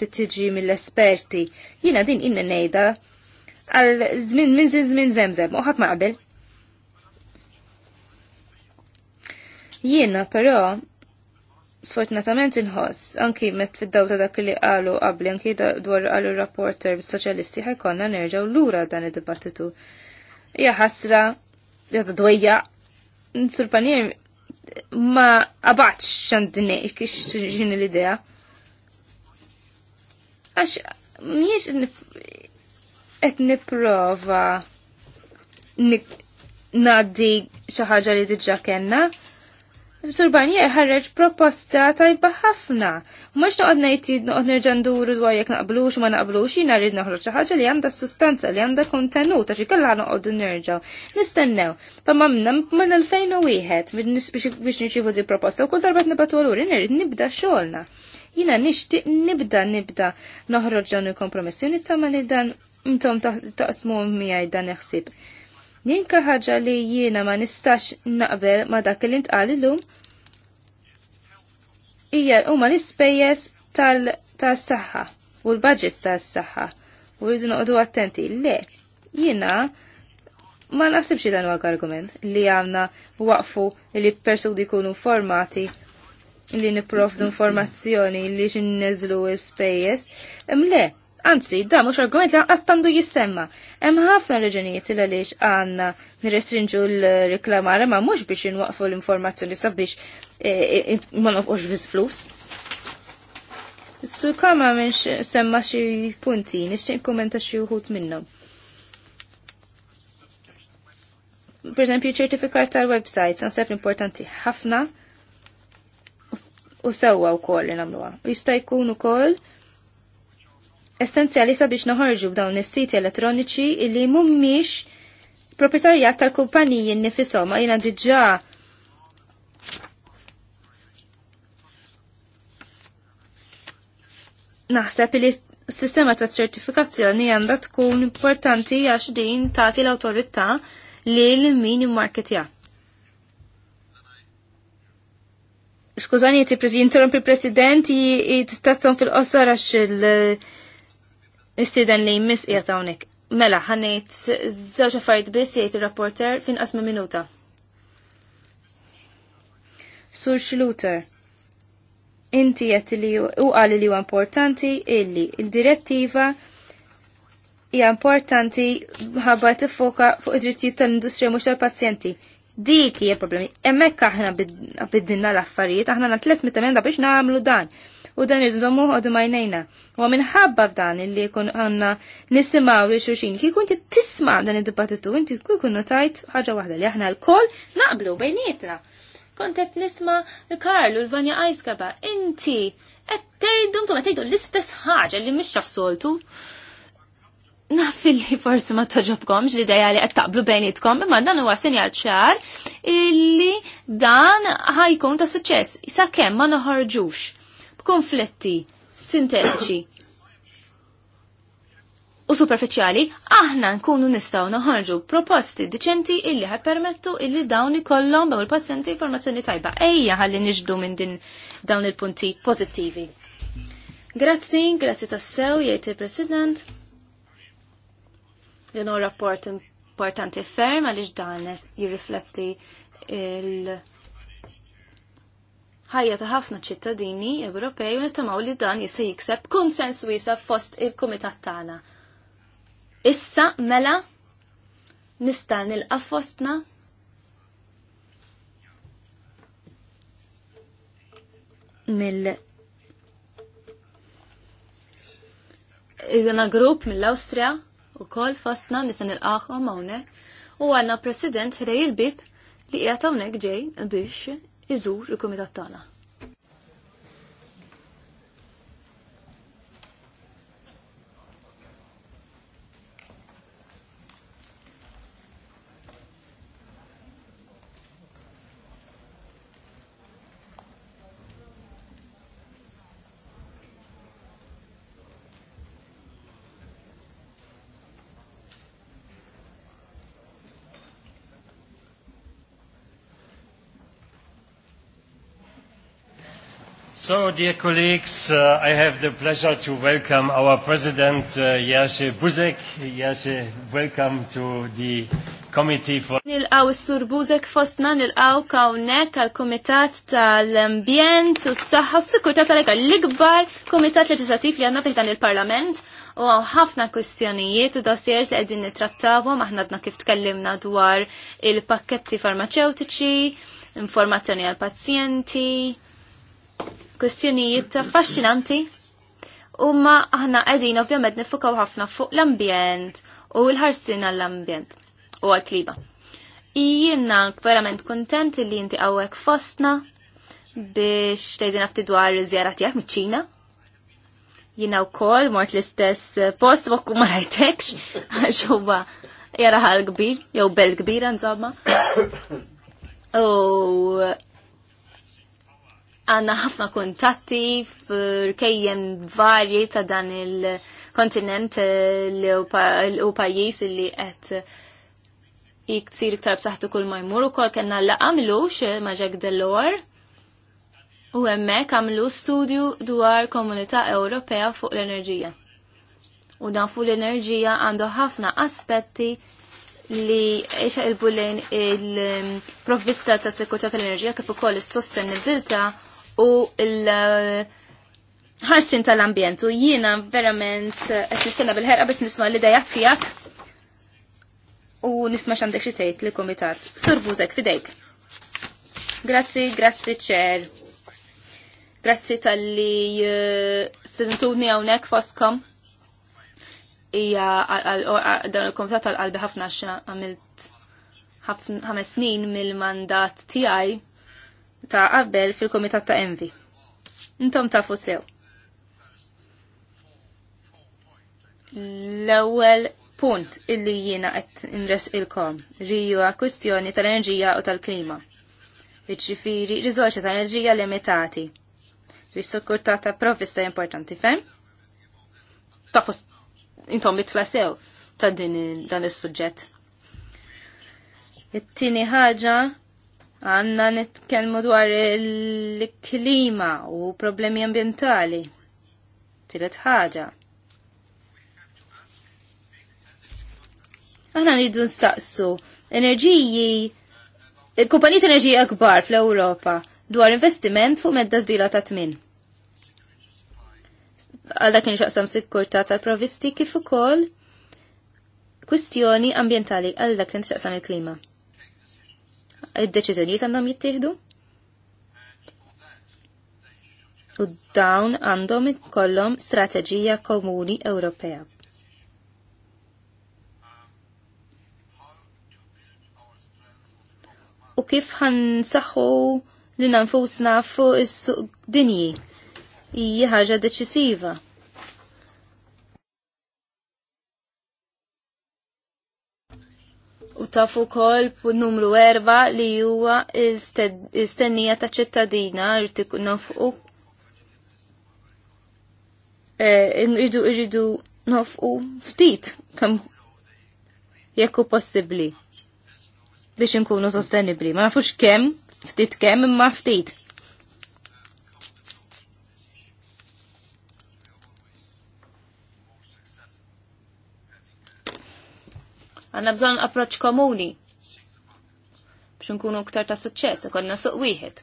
Speaker 2: t-tġi mill-esperti. Jiena din inna ngħidha għal żmien minn żmien żmien żemżem u ħadd ma qabel. Jiena però sfortunatament inħoss anki met fid-daw ta' dak li qalu qabli anki dwar għalu rapporter bis-soċjalisti ħajkonna nerġgħu lura dan id-dibattitu. Ja ħasra, jgħadha dwejja Sur ma abaċ xandini kix ġin l-idea. Għax, miex et niprofa naddi xaħġa li diġa kena, Sur Barnier ħarreġ proposta tajba ħafna. U mhux noqgħod ngħid noqgħod nduru dwar jekk naqblux u ma naqblux, jiena rrid noħroġ xi ħaġa li għandha sustanza li għandha kontenut għax ikollha noqogħdu nerġgħu. Nistennew. pa mamna minn 2001 biex nirċievu di proposta u kull darba t-nibatu lura nirrid nibda xogħolna. Jiena nixtieq nibda nibda noħroġ dawn il-kompromessi u li dan intom taqsmu miegħi dan il-ħsieb. Ninka ħaġa li jiena ma nistax naqbel ma dak li ntqal illum hija huma l-ispejjeż tas-saħħa u l-budgets tas-saħħa u rridu noqogħdu attenti. Le, jiena ma naħsibx dan huwa argument li għandna waqfu li persudi jkunu formati li niprofdu informazzjoni li xinneżlu l-ispejjeż. Imle, Anzi, da mux argument li għattandu jissemma. Hemm ħafna reġunijiet li għaliex għanna nirrestrinġu l reklamare ma mux biex nwaqfu l-informazzjoni sabiex e, e, e, ma nofqux biz flus Su kama minx semma xi punti, nixtieq kommenta xi wħud minnhom. Per eżempju, ċertifikar tal-websites, nanseb importanti ħafna u sewwa wkoll li nagħmluha. Jista' jkun ukoll essenzjali sabiex noħorġu b'dawn is-siti elettroniċi illi mhumiex proprjetarjat tal-kumpaniji nifisom ma jiena diġà naħseb li s-sistema ta' ċertifikazzjoni għandha tkun importanti għax din tagħti l-awtorità li l-min immarketja. Skużani, ti interrompi president, jistazzon fil-qosor għax il- Nistiden li jmiss qiegħed hawnhekk. Mela, ħanejt żewġ affarijiet biss jajt ir-rapporter fin qasma minuta. Sur Schluter, inti jett li u qal li huwa importanti illi il-direttiva hija importanti ħabba tifoka fuq id-drittijiet tal-industrija mhux tal-pazjenti. Dik hija problemi. Hemmhekk aħna biddinna l-affarijiet, aħna nagħtlet mit tamenda biex nagħmlu dan u dan iżommu għadu majnejna. U minħabba f'dan illi kun għanna nisimaw li xurxin, kik inti tisma dan id-dibattitu, inti kun kun notajt ħaġa wahda li aħna l-koll naqblu bejnietna. Kontet nisma Karlu l-Vanja Ajskaba, inti għettejdum mtum għettejdu l-istess ħaġa li mish soltu naf forsi ma toġobkomx li dajja li għattablu bejnietkom, imma dan huwa sinjal ċar illi dan ħajkun ta' suċċess. Sa kemm ma noħorġux konfletti sintetiċi u superficiali, aħna nkunu nistaw noħarġu proposti diċenti illi permettu illi dawn ikollhom dawn l pazjenti informazzjoni tajba. Ejja ħalli niġdu minn din dawn il-punti pożittivi. Grazzi, grazzi tassew, jgħid il-President. Jenu rapport importanti ferm għaliex dan jirrifletti il- ħajja ta' ħafna ċittadini Ewropej u nittamaw li dan jista' jikseb konsens wiesa fost il-kumitat tagħna. Issa mela nista' nilqa' fostna mill Idna grupp mill awstrija u kol fostna nisa nilqaħom hawnhekk u għandna President Hrejil Bib li qiegħed hawnhekk ġej biex iżur il-Kumitat tagħna.
Speaker 1: So, dear colleagues, uh, I have the pleasure to welcome
Speaker 2: our President, uh, Jerzy Buzek. Jerzy, welcome to the Committee for... Nil-għaw sur Buzek fostna nil-għaw kawnek għal-Komitat tal-Ambjent u s-Saħħa u s-Sikurta tal ambient u s saħħa u s sikurta tal l ikbar Komitat Leġislativ li għanna fiħdan il-Parlament u ħafna kustjonijiet u dossiers għedin nitrattawu maħnadna kif tkellimna dwar il-pakketti farmaceutiċi, informazzjoni għal-pazjenti, kwestjonijiet affaxxinanti u ma aħna qegħdin ovvjament nifukaw ħafna fuq l-ambjent u l-ħarsin għall-ambjent u għal-kliba. Jiena verament kontent li inti għawek fostna biex tgħidin għafti dwar iż-żjara tiegħek miċ jina u kol, mort l-istess post, bokku ma rajtekx, għax huwa jara ħal kbir, jew belt kbira nżomma. U għanna ħafna kuntatti f'kejjem varji ta' dan il-kontinent u pajjiż li qed jiktsir iktar b'saħħtu kull ma jmur ukoll la għamlu milux ma' dell-or u hemmhekk għamlu studju dwar Komunità Ewropea fuq l-enerġija. U dan fuq l-enerġija għandu ħafna aspetti li eċa il-bullin il-provvista ta' sekurtat tal-enerġija kif ukoll is-sostenibilità u il- eh, ħarsin tal-ambjent u jiena verament eh, qed nistenna bil-ħerqa biss nisma' l-idea tiegħek u nisma' x'għandek xi tgħid li kumitat. Sur fidejk. Grazzi, grazzi ċer. Grazzi tal-li eh, hawnhekk fostkom. Hija dan il-kumitat tal qalbi ħafna għamilt ħames snin mill-mandat tiegħi ta' qabel fil-Komitat ta' Envi. Intom ta' sew. L-ewwel punt illi jiena qed inres ilkom li huwa kwistjoni tal-enerġija u tal-klima. Iġifieri riżorsi tal-enerġija limitati. fis sokkurtà ta' importanti fem? Tafu intom bitla sew ta' din dan is-suġġett. It-tieni ħaġa Għanna nitkellmu dwar il-klima u problemi ambientali. Tiret ħaġa. Aħna nridu nstaqsu enerġiji, kumpanijiet enerġija kbar fl-Ewropa dwar investiment fuq medda zbila ta' tmin. Għal dak nixaqsam sikkurta ta' provisti kif ukoll kwistjoni ambientali għal dak nixaqsam il-klima id-deċiżjonijiet għandhom jittieħdu. U dawn għandhom ikollhom strateġija komuni Ewropea. u kif ħansaħħu li nanfusna fuq is-suq dinji. Hija ħaġa deċisiva. u tafu kol numru erba li huwa istennija ta' ċittadina irtiku nofqu e, irridu irridu nofqu ftit kemm jekku possibbli biex nkunu sostenibli. Ma nafux kemm, ftit kemm imma ftit. Għanna bżon approċ komuni biex nkunu ktar ta' suċċess, konna suq wieħed.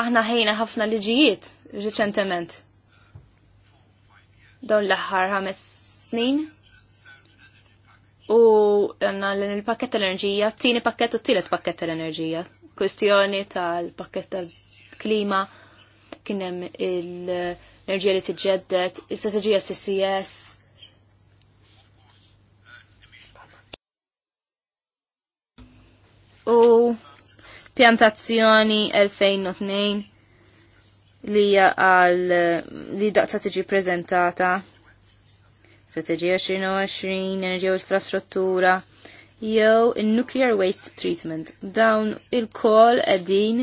Speaker 2: Aħna ħejna ħafna liġijiet riċentement. Dawn l-aħħar ħames snin. U għanna l-pakket tal-enerġija, t-tini pakket u t-tilet pakket tal-enerġija. Kwestjoni tal-pakket tal-klima, kien hemm l-enerġija li tiġġedded, il-strateġija CCS. U pjantazzjoni 2002 li għal li daqta tiġi prezentata. Strategija 2020, enerġija u infrastruttura, jew il-nuclear waste treatment. Dawn il-kol għedin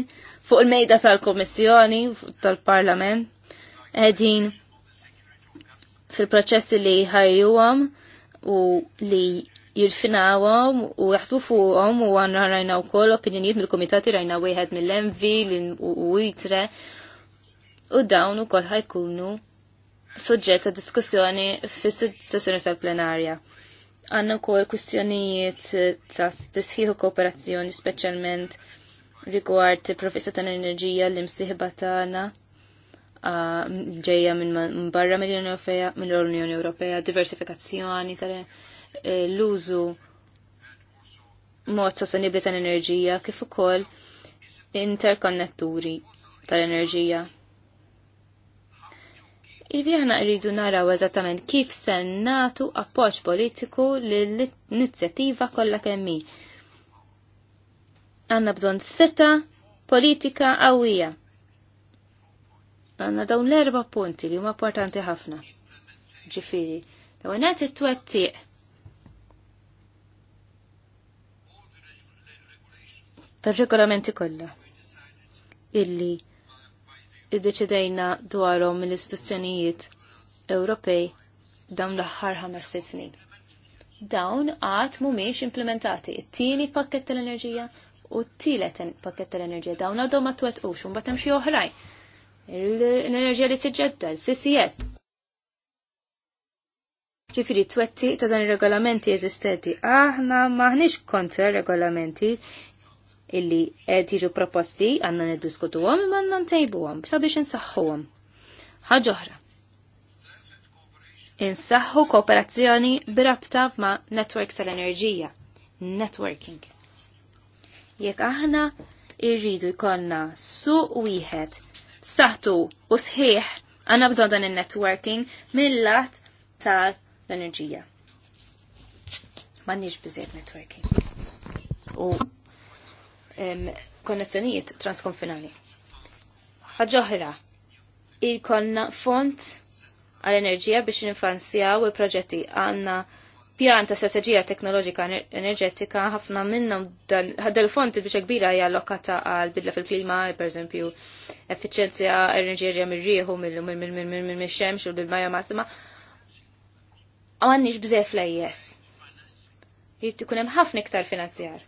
Speaker 2: fuq il-mejda tal-Komissjoni tal-Parlament qegħdin fil-proċessi li ħajjuhom u li jirfinawhom u jaħsbu fuqhom u għandna rajna wkoll opinjonijiet mill-kumitati rajna wieħed mill-envi u itre u dawn ukoll ħajkunu suġġett ta' diskussjoni fis-sessjoni tal-plenarja għanna wkoll kustjonijiet ta' tisħiħu kooperazzjoni specialment rigward profissa ta' enerġija li msiħba tagħna ġejja minn barra mill-Unjoni Ewropea, diversifikazzjoni tal-użu e, mod sostenibli tal-enerġija kif ukoll interkonnetturi tal-enerġija. Ivi aħna rridu naraw eżattament kif sen natu appoġġ politiku lill-inizjattiva kollha kemm Għanna bżon seta politika għawija. Għanna dawn l-erba punti li huma importanti ħafna. Ġifiri, l għanet it-twettiq. Tar-regolamenti kollha illi iddeċidejna dwarhom mill-istituzzjonijiet Ewropej dawn l-aħħar ħames sitt snin. Dawn għat mhumiex implementati. It-tieni pakket tal-enerġija u t-tielet pakket tal-enerġija dawn għadhom ma twettqux u mbagħad xi oħrajn. L-enerġija li l CCS. Ġifieri twetti ta' dan ir-regolamenti eżistenti. Aħna maħniex kontra regolamenti illi qed jiġu proposti għandna niddiskutuhom imma għandna ntejbuhom sabiex insaħħuhom. Ħaġa oħra. Insaħħu kooperazzjoni birabta ma' networks tal-enerġija, networking. Jekk aħna irridu jkollna suq wieħed saħtu u sħiħ għandna bżonn dan in-networking mill-lat tal-enerġija. M'għandniex biżejjed networking. U konnessjonijiet transkonfinali. Ħaġoħra, oħra, konna font għal-enerġija biex nifanzjaw il-proġetti għanna pjan ta' strategija teknoloġika enerġetika ħafna minnhom dal fonti biċa kbira hija allokata għal bidla fil-klima, pereżempju effiċenzja enerġija mir-rieħu mill-xemx u bil-maja massima. Għandniex bżef lejjes. E Jrid ikun hemm ħafna iktar finanzjar.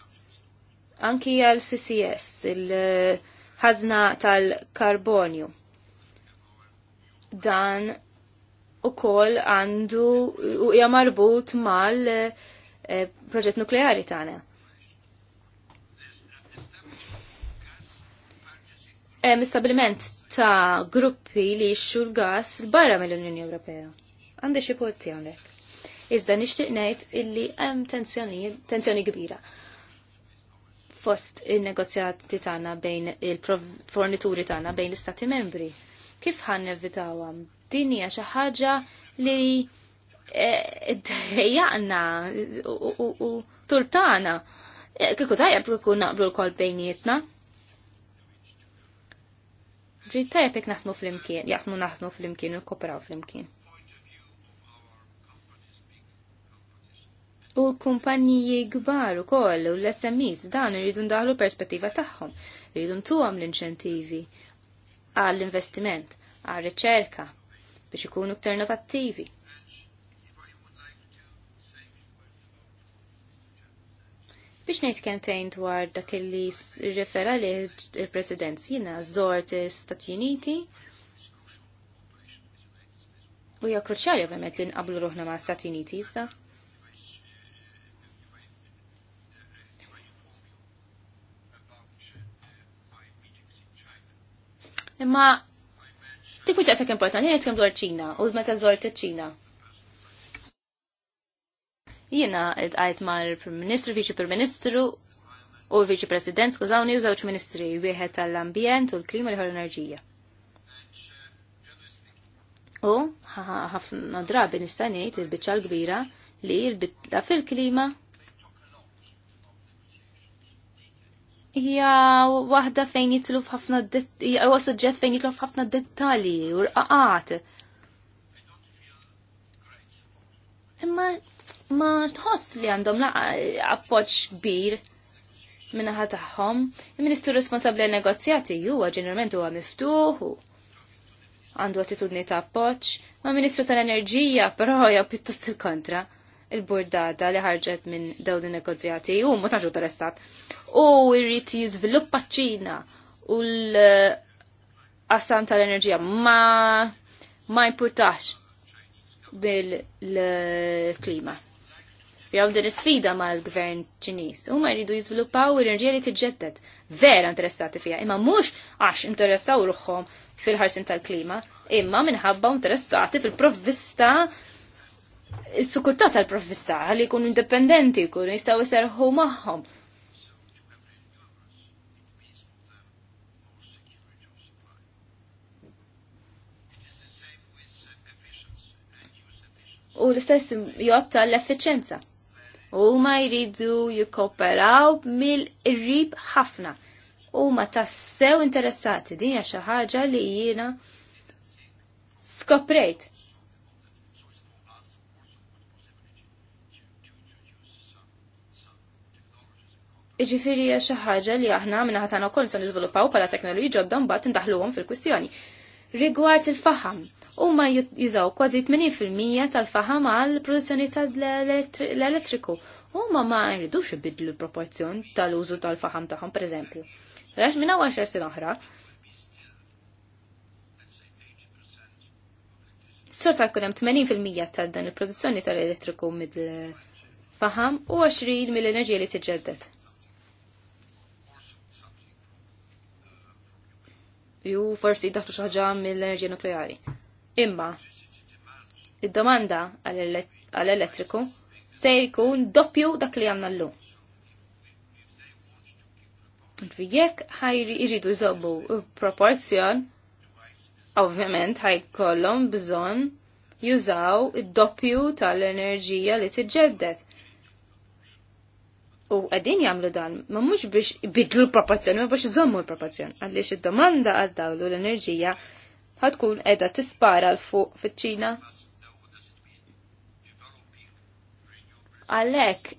Speaker 2: Anki għal CCS, il-ħażna tal-karbonju. Dan u kol għandu u hija marbut mal eh, proġett nukleari tagħna. Hemm ta' gruppi li jixxu l-gas barra mill-Unjoni Ewropea. Għandi xi punti hawnhekk. Iżda nixtieq ngħid illi hemm tensjoni kbira fost il-negozjati tagħna bejn il-fornituri tagħna bejn l stati membri. Kif ħan nevitawhom Din hija xi ħaġa li e, ddejjaqna u turtana. E, kieku tajjeb kieku naqblu l-kol bejnietna. Ġri tajjeb jekk naħdmu flimkien, jaħdmu naħdmu flimkien u fl flimkien. U l-kumpaniji gbar u koll u l-SMEs dan irridu ndaħlu perspettiva tagħhom, irridu ntuhom l-inċentivi għall-investiment, għall-riċerka, biex ikunu ktar innovattivi. Biex nejt kentejn dwar dak li rifera li il-President jina zort Stati Uniti u hija kruċjali ovvjament li nqablu ruħna ma' Stati Uniti iżda. Imma Dik mhux daqshekk importanti jien kemm dwar Ċina u meta żort iċ-Ċina. Jiena qed mal-Prim Ministru, Viċi Prim Ministru u l-Viċi President skużawni u żewġ Ministri, wieħed tal-Ambjent u l-Klima u l-Enerġija. U ħafna drabi nista' ngħid il-biċċa l-kbira li l-bidla fil-klima hija waħda fejn jitlu f'ħafna huwa suġġett fejn jitlu f'ħafna dettalji u rqaqat. Imma ma tħoss li għandhom appoġġ kbir minnaħa tagħhom. Il-Ministru responsabbli għal negozjati huwa ġeneralment huwa miftuħ għandu attitudni ta' appoġġ, ma' Ministru tal-Enerġija però hija pjuttost il-kontra il-burdada li ħarġet minn dawn il-negozjati u ma taġu tal-estat. U irrit jizviluppa ċina u l-assam tal-enerġija ma ma importax bil-klima. Jgħu din sfida ma l gvern Ċiniż. Huma jridu l enerġija li t-ġeddet. Vera interessati fiha, imma mhux għax interessaw ruħhom fil-ħarsin tal-klima, imma minħabba interessati fil-provvista is sukurtà tal-profista li jkunu indipendenti, jkunu jistgħu jserħu magħhom. U l-istess jotta l-effiċenza. U ma jridu jikoperaw mill-irrib ħafna. U ma tassew interessati din xi ħaġa li jiena skoprejt Iġifiri xi ħaġa li aħna minna ħatana wkoll se niżviluppaw bħala teknoloġi ġodda mbagħad indaħluhom fil-kwistjoni. Rigward il-faħam, huma jużaw kważi 80% tal-faħam għal produzzjoni tal-elettriku. Huma ma jridux ibidlu l-proporzjon tal-użu tal-faħam tagħhom pereżempju. Għax minn hawn xar sin oħra, sorta jkun hemm 80% tal-dan il-produzzjoni tal-elettriku mid faham u 20 mill-enerġija li t-ġeddet. ju forsi daħtu xaħġa mill-enerġija nukleari. Imma, id-domanda għall-elettriku se jkun doppju dak li għanna l-lum. Jekk ħajri iridu jżobbu proporzjon, ovvjament ħaj kollom bżon jużaw id-doppju tal-enerġija li t-ġeddet. U għedin jamlu dan, ma mux biex bidlu l proporzjoni ma biex zommu l proporzjoni għallix id-domanda għal dawlu l-enerġija ħatkun edha tispara l-fuq fiċ-ċina. Għalek,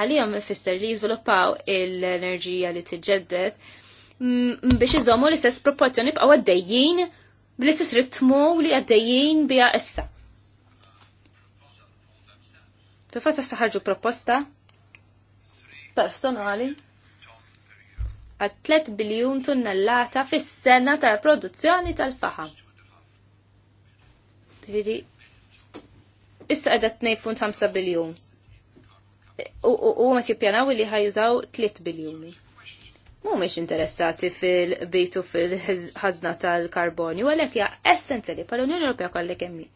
Speaker 2: għalijom ifisser li jizviluppaw l-enerġija li t-ġeddet biex iżommu l-istess proporzjoni b'għaw għaddejjin bl-istess ritmu li għaddejjin bija issa. Fifat fatta ħarġu proposta personali għal 3 biljun tunnellata fis-sena tal-produzzjoni tal-faħam. Tifiri, issa għedha 2.5 biljun. U ma tippjanaw li ħajużaw 3 biljuni. Mumiex interessati fil-bitu fil-ħazna tal-karbonju, għalek ja essenzjali pal-Unjoni Ewropea kollek emmi.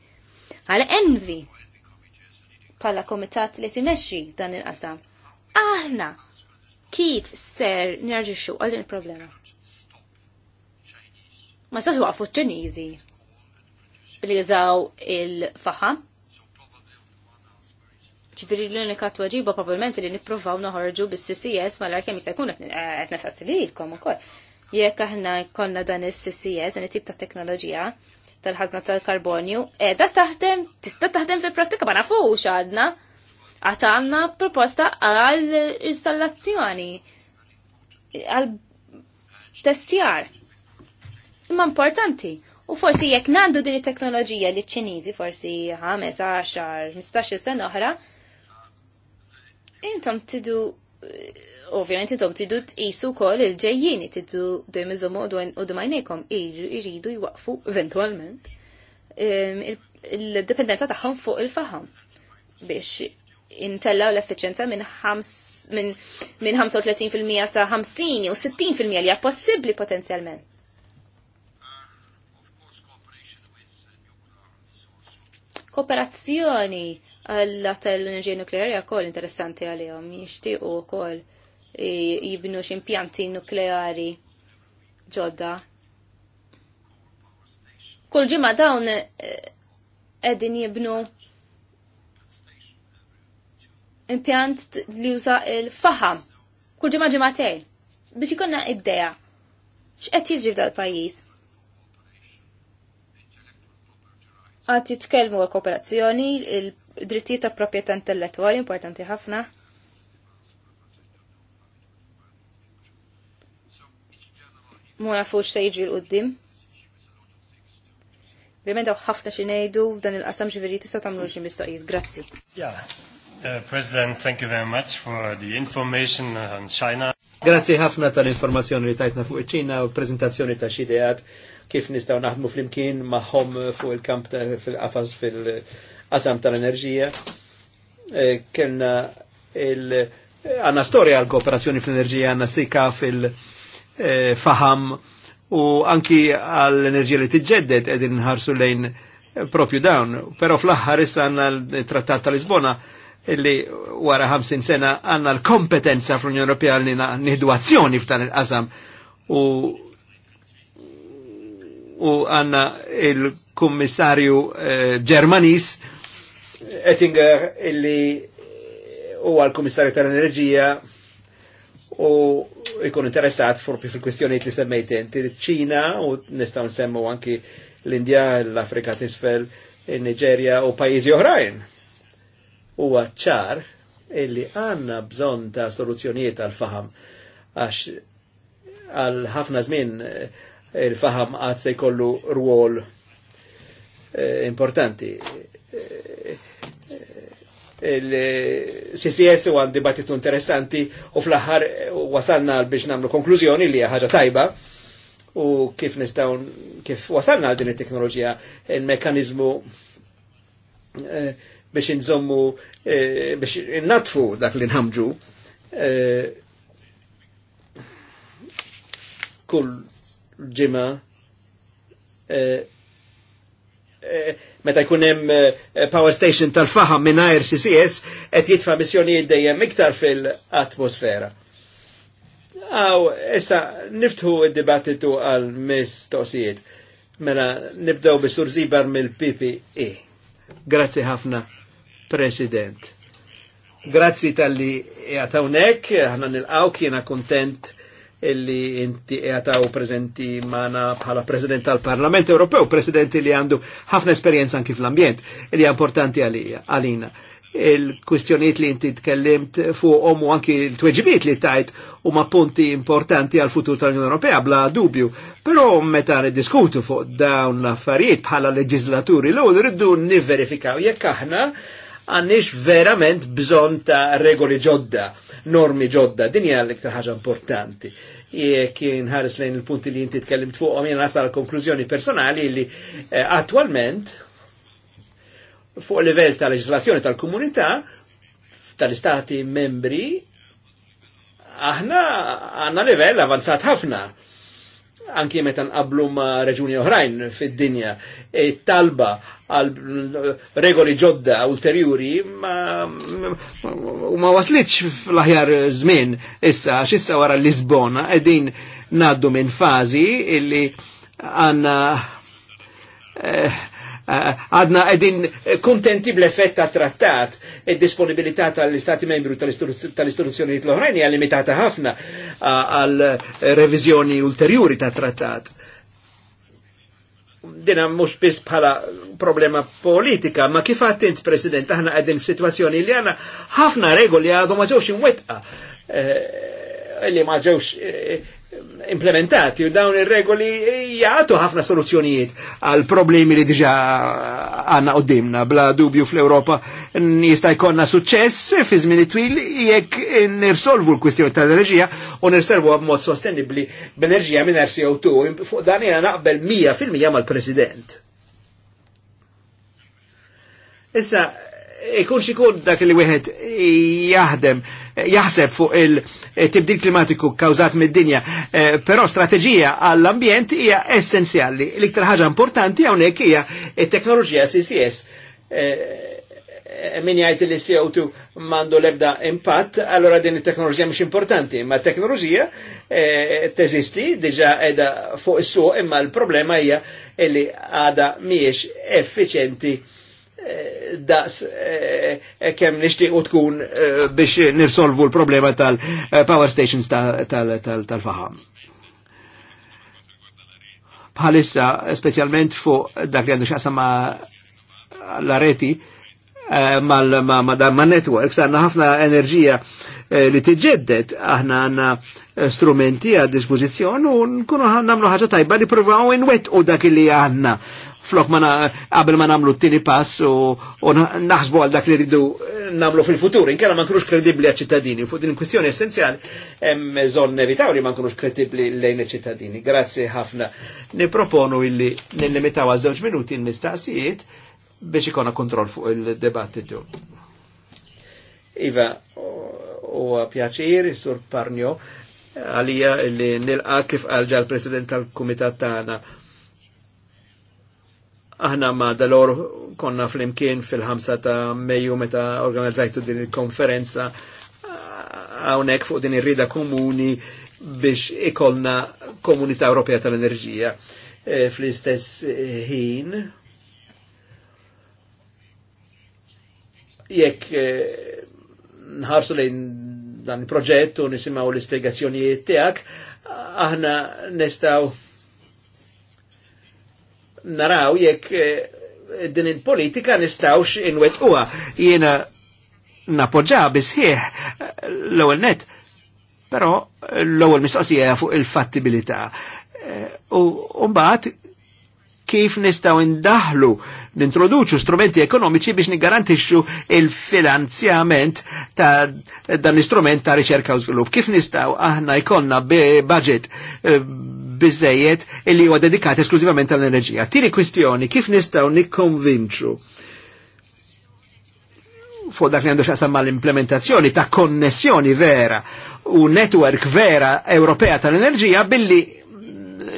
Speaker 2: Għal envi pala komitat li timexxi dan il-qasam aħna kif ser nerġixxu għal din il-problema. Ma sa waqfu ċ-Ċiniżi li jużaw il-faħam. Ġifieri l-unika twaġiba probabbilment li nippruvaw noħorġu bis-CCS mal-ar kemm jista' jkun qed nasasililkom ukoll. Jekk aħna jkollna dan is-CCS, dan it-tip ta' teknoloġija, tal-ħazna tal-karbonju, edha taħdem, tista taħdem fil-prattika, ma nafux għadna għatanna proposta għal-installazzjoni, għal-testjar. Imma importanti. U forsi jekk nandu din it-teknoloġija li ċ-Ċiniżi forsi 5, 10, 15 sena oħra, intom tidu ovvjament intom tidu tqisu wkoll il-ġejjini tidu dejjem iżommu u domajnejkom iridu jwaqfu eventwalment il-dipendenza tagħhom fuq il-faħam biex intellaw l-effiċenza minn min, min 35% sa 50 u 60% li hija possibbli potenzjalment. Kooperazzjoni għall tal-enerġija nukleari għakol interessanti għalihom, u kol jibnu ximpjanti nukleari ġodda. Kull ġimma dawn edin eh, jibnu impjant li juża il-faham kull ġimgħa ġimgħatejn biex id-deja. x'qed jiġri dal-pajjiż. Għad jitkellmu għal kooperazzjoni, il-drittijiet ta' proprjetà intellettwali importanti ħafna. Mu nafux se jiġri l-qoddim. Ovvjament ħafna xi ngħidu f'dan il-qasam ġifieri tista' tagħmlu xi mistoqis. Grazzi.
Speaker 1: Uh, President, thank you very
Speaker 2: much for the information on China.
Speaker 3: Grazie ħafna tal-informazzjoni li tajtna fuq iċ-Ċina u prezentazzjoni ta' xidejat kif nistaw naħdmu fl-imkien maħħom fuq il-kamp fil-qafas fil-qasam tal-enerġija. E, Kellna il- għanna storja għal kooperazzjoni fl-enerġija, għanna sika fil-faham u anki għall-enerġija li tiġġedded edin nħarsu lejn propju dawn. Pero fl-aħħar issa għanna l-trattat tal-Lisbona illi wara 50 sena għanna l-kompetenza fl-Unjoni Ewropea li nieħdu azzjoni f'dan il-qasam u u għanna il-kummissarju eh, Ġermanis Ettinger illi huwa l-kummissarju tal-enerġija u jkun interessat forpi fil-kwestjonijiet li semmejt inti ċina u nistgħu nsemmu anki l-Indja, l-Afrika t-isfel, niġerja u pajjiżi oħrajn huwa ċar illi għanna bżon ta' soluzzjonijiet għal faham għax għal ħafna żmien eh, il-faham għad se jkollu rwol eh, importanti. Eh, Il-CCS u għan dibattitu interessanti u fl-aħħar wasalna biex namlu konklużjoni li ħaġa tajba u kif nistaw kif wasalna għal din it-teknoloġija il-mekanizmu eh, biex nżommu, eh, biex natfu dak li nħamġu eh, kull ġima e, e, meta jkun hemm e, power station tal-faħam mingħajr CCS qed jitfa' missjonijiet dejjem iktar fil-atmosfera. Aw, issa niftħu d dibattitu għal tosijiet. Mela nibdew bi Sur Zibar mill-PPE. Grazzi ħafna. President. Grazzi tal-li jgħatawnek, ħana nil-għaw kiena kontent illi inti jgħataw prezenti mana bħala President tal-Parlament Ewropew, President li għandu ħafna esperienza anki fl-ambjent, illi importanti għalina il-kwistjoniet li inti tkellimt fuqhom u anki l-tweġibiet li tajt u ma punti importanti għal futur tal-Unjoni Ewropea bla dubju. Però meta diskutu fuq dawn l-affarijiet bħala leġislaturi l-ewwel irridu nivverifikaw jekk aħna għannix verament bżon ta' regoli ġodda, normi ġodda, din hija l-iktar ħaġa importanti. Jek inħares lejn il-punti li inti tkellimt fuqhom jiena nasal konklużjoni personali li eh, attwalment fuq livell ta' leġislazzjoni tal-komunità tal-istati membri aħna għanna livell avanzat ħafna anki meta nqablu ma' reġuni oħrajn fid-dinja. E talba għal regoli ġodda ulterjuri ma, ma, ma waslitx fl-aħjar żmien issa għax issa wara Lisbona qegħdin ngħaddu minn fażi illi għandna eh, għadna għedin kontenti bl-effett ta' trattat e disponibilità tal-Istati membru tal-istituzzjonijiet l-oħrajn hija limitata ħafna għal revizjoni ulterjuri ta' trattat. Dina mux biss bħala problema politika, ma kif għattint, President, aħna għedin f-situazzjoni li għana ħafna regoli għadhom ma ġewx imwetqa e, e, ma ġewx e, implementati u dawn ir-regoli jgħatu ħafna soluzzjonijiet għal problemi li diġa għanna qoddimna. Bla dubju fl-Europa jista' jkollna suċċess fi żmien twil jekk nirsolvu l-kwistjoni tal-enerġija u nirservu b'mod sostenibbli b'enerġija mingħajr CO2 fuq dan jiena naqbel 100% mal-President. Issa ikun xikun dak li wieħed jaħdem jaħseb fuq il-tibdil klimatiku kawżat mid-dinja, eh, però strateġija għall-ambjent hija essenzjali. L-iktar ħaġa importanti hawnhekk hija t-teknoloġija CCS. Eh, min jgħajt li CO2 mandu lebda impatt, allora din il-teknoloġija mhux importanti, ma teknoloġija eh, teżisti diġà qiegħda fuq is-suq, imma l-problema hija li għada miex effiċenti daqs eh, eh, kem nishtiq u tkun eh, biex nirsolvu l-problema tal-power stations tal-faham. Bħalissa, specialment fu dak li għandu xaqsa ma la reti ma dan ma networks, għanna ħafna enerġija li tiġeddet, aħna għanna strumenti għad dispozizjon u nkunu namlu ħagġa tajba li provaw in wet u dak li għanna flok ma qabel ma nagħmlu t-tieni pass u naħsbu għal dak li rridu eh, nagħmlu fil-futur, inkella ma nkunux kredibbli għaċ-ċittadini. Fuq din kwistjoni essenzjali hemm bżonn nevitaw li ma nkunux kredibbli lejn iċ-ċittadini. Grazzi ħafna. Niproponu illi nillimitaw għal żewġ minuti l-mistaqsijiet biex ikona kontroll fuq il-debattitu. Iva, u pjaċir, sur Parnio, għalija li nilqa kif għalġa l-President tal-Kumitat tagħna Aħna ma dalor konna fl-imkien fil-5 ta' Mejju meta organizzajtu din il-konferenza hawnhekk fuq din ir-rida komuni biex ikolna komunità Ewropea tal-enerġija. E, fl-istess e, ħin jekk e, nħarsu lejn dan il-proġett u nisimaw l-ispiegazzjonijiet tiegħek, aħna nistgħu naraw jekk eh, din il-politika nistawx inwet uwa. Jena napoġġa bisħieħ l-ewwel net, però l-ewwel mistoqsija fuq il-fattibilità. Eh, u mbagħad kif nistaw indaħlu nintroduċu strumenti ekonomiċi biex nigarantixxu il-finanzjament ta' dan l-istrument ta' riċerka u żvilupp. Kif nistaw aħna jkollna budget eh, biżejjed li huwa dedikat esklużivament tal-enerġija. Tieni kwistjoni, kif nistaw nikkonvinċu fuq dak li għandu xaqsam mal-implementazzjoni ta' konnessjoni vera u network vera Ewropea tal-enerġija billi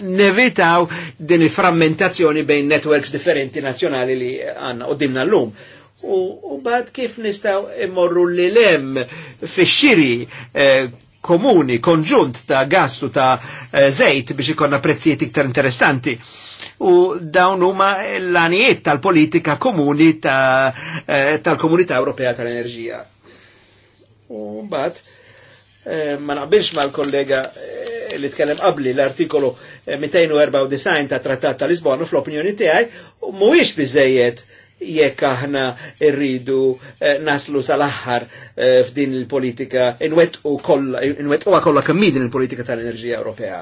Speaker 3: nevitaw din il-frammentazzjoni bejn networks differenti nazjonali li għanna u dimna l-lum. U, u bad kif nistaw immorru li lem fi xiri eh, komuni, konġunt ta' gassu ta' eh, zejt biex ikonna prezzijiet iktar interessanti u dawn huma l anijiet tal-politika komuni ta, eh, tal-Komunità Ewropea tal-Enerġija. U bad, eh, ma naqbilx mal-kollega li tkellem qabli l-artikolu 294 eh, ta' Trattat ta' Lisbonu fl-opinjoni tiegħi mhuwiex biżejjed jekk aħna rridu eh, naslu sal-aħħar eh, f'din il-politika inwetqu kollha kemm din il-politika tal-enerġija Ewropea.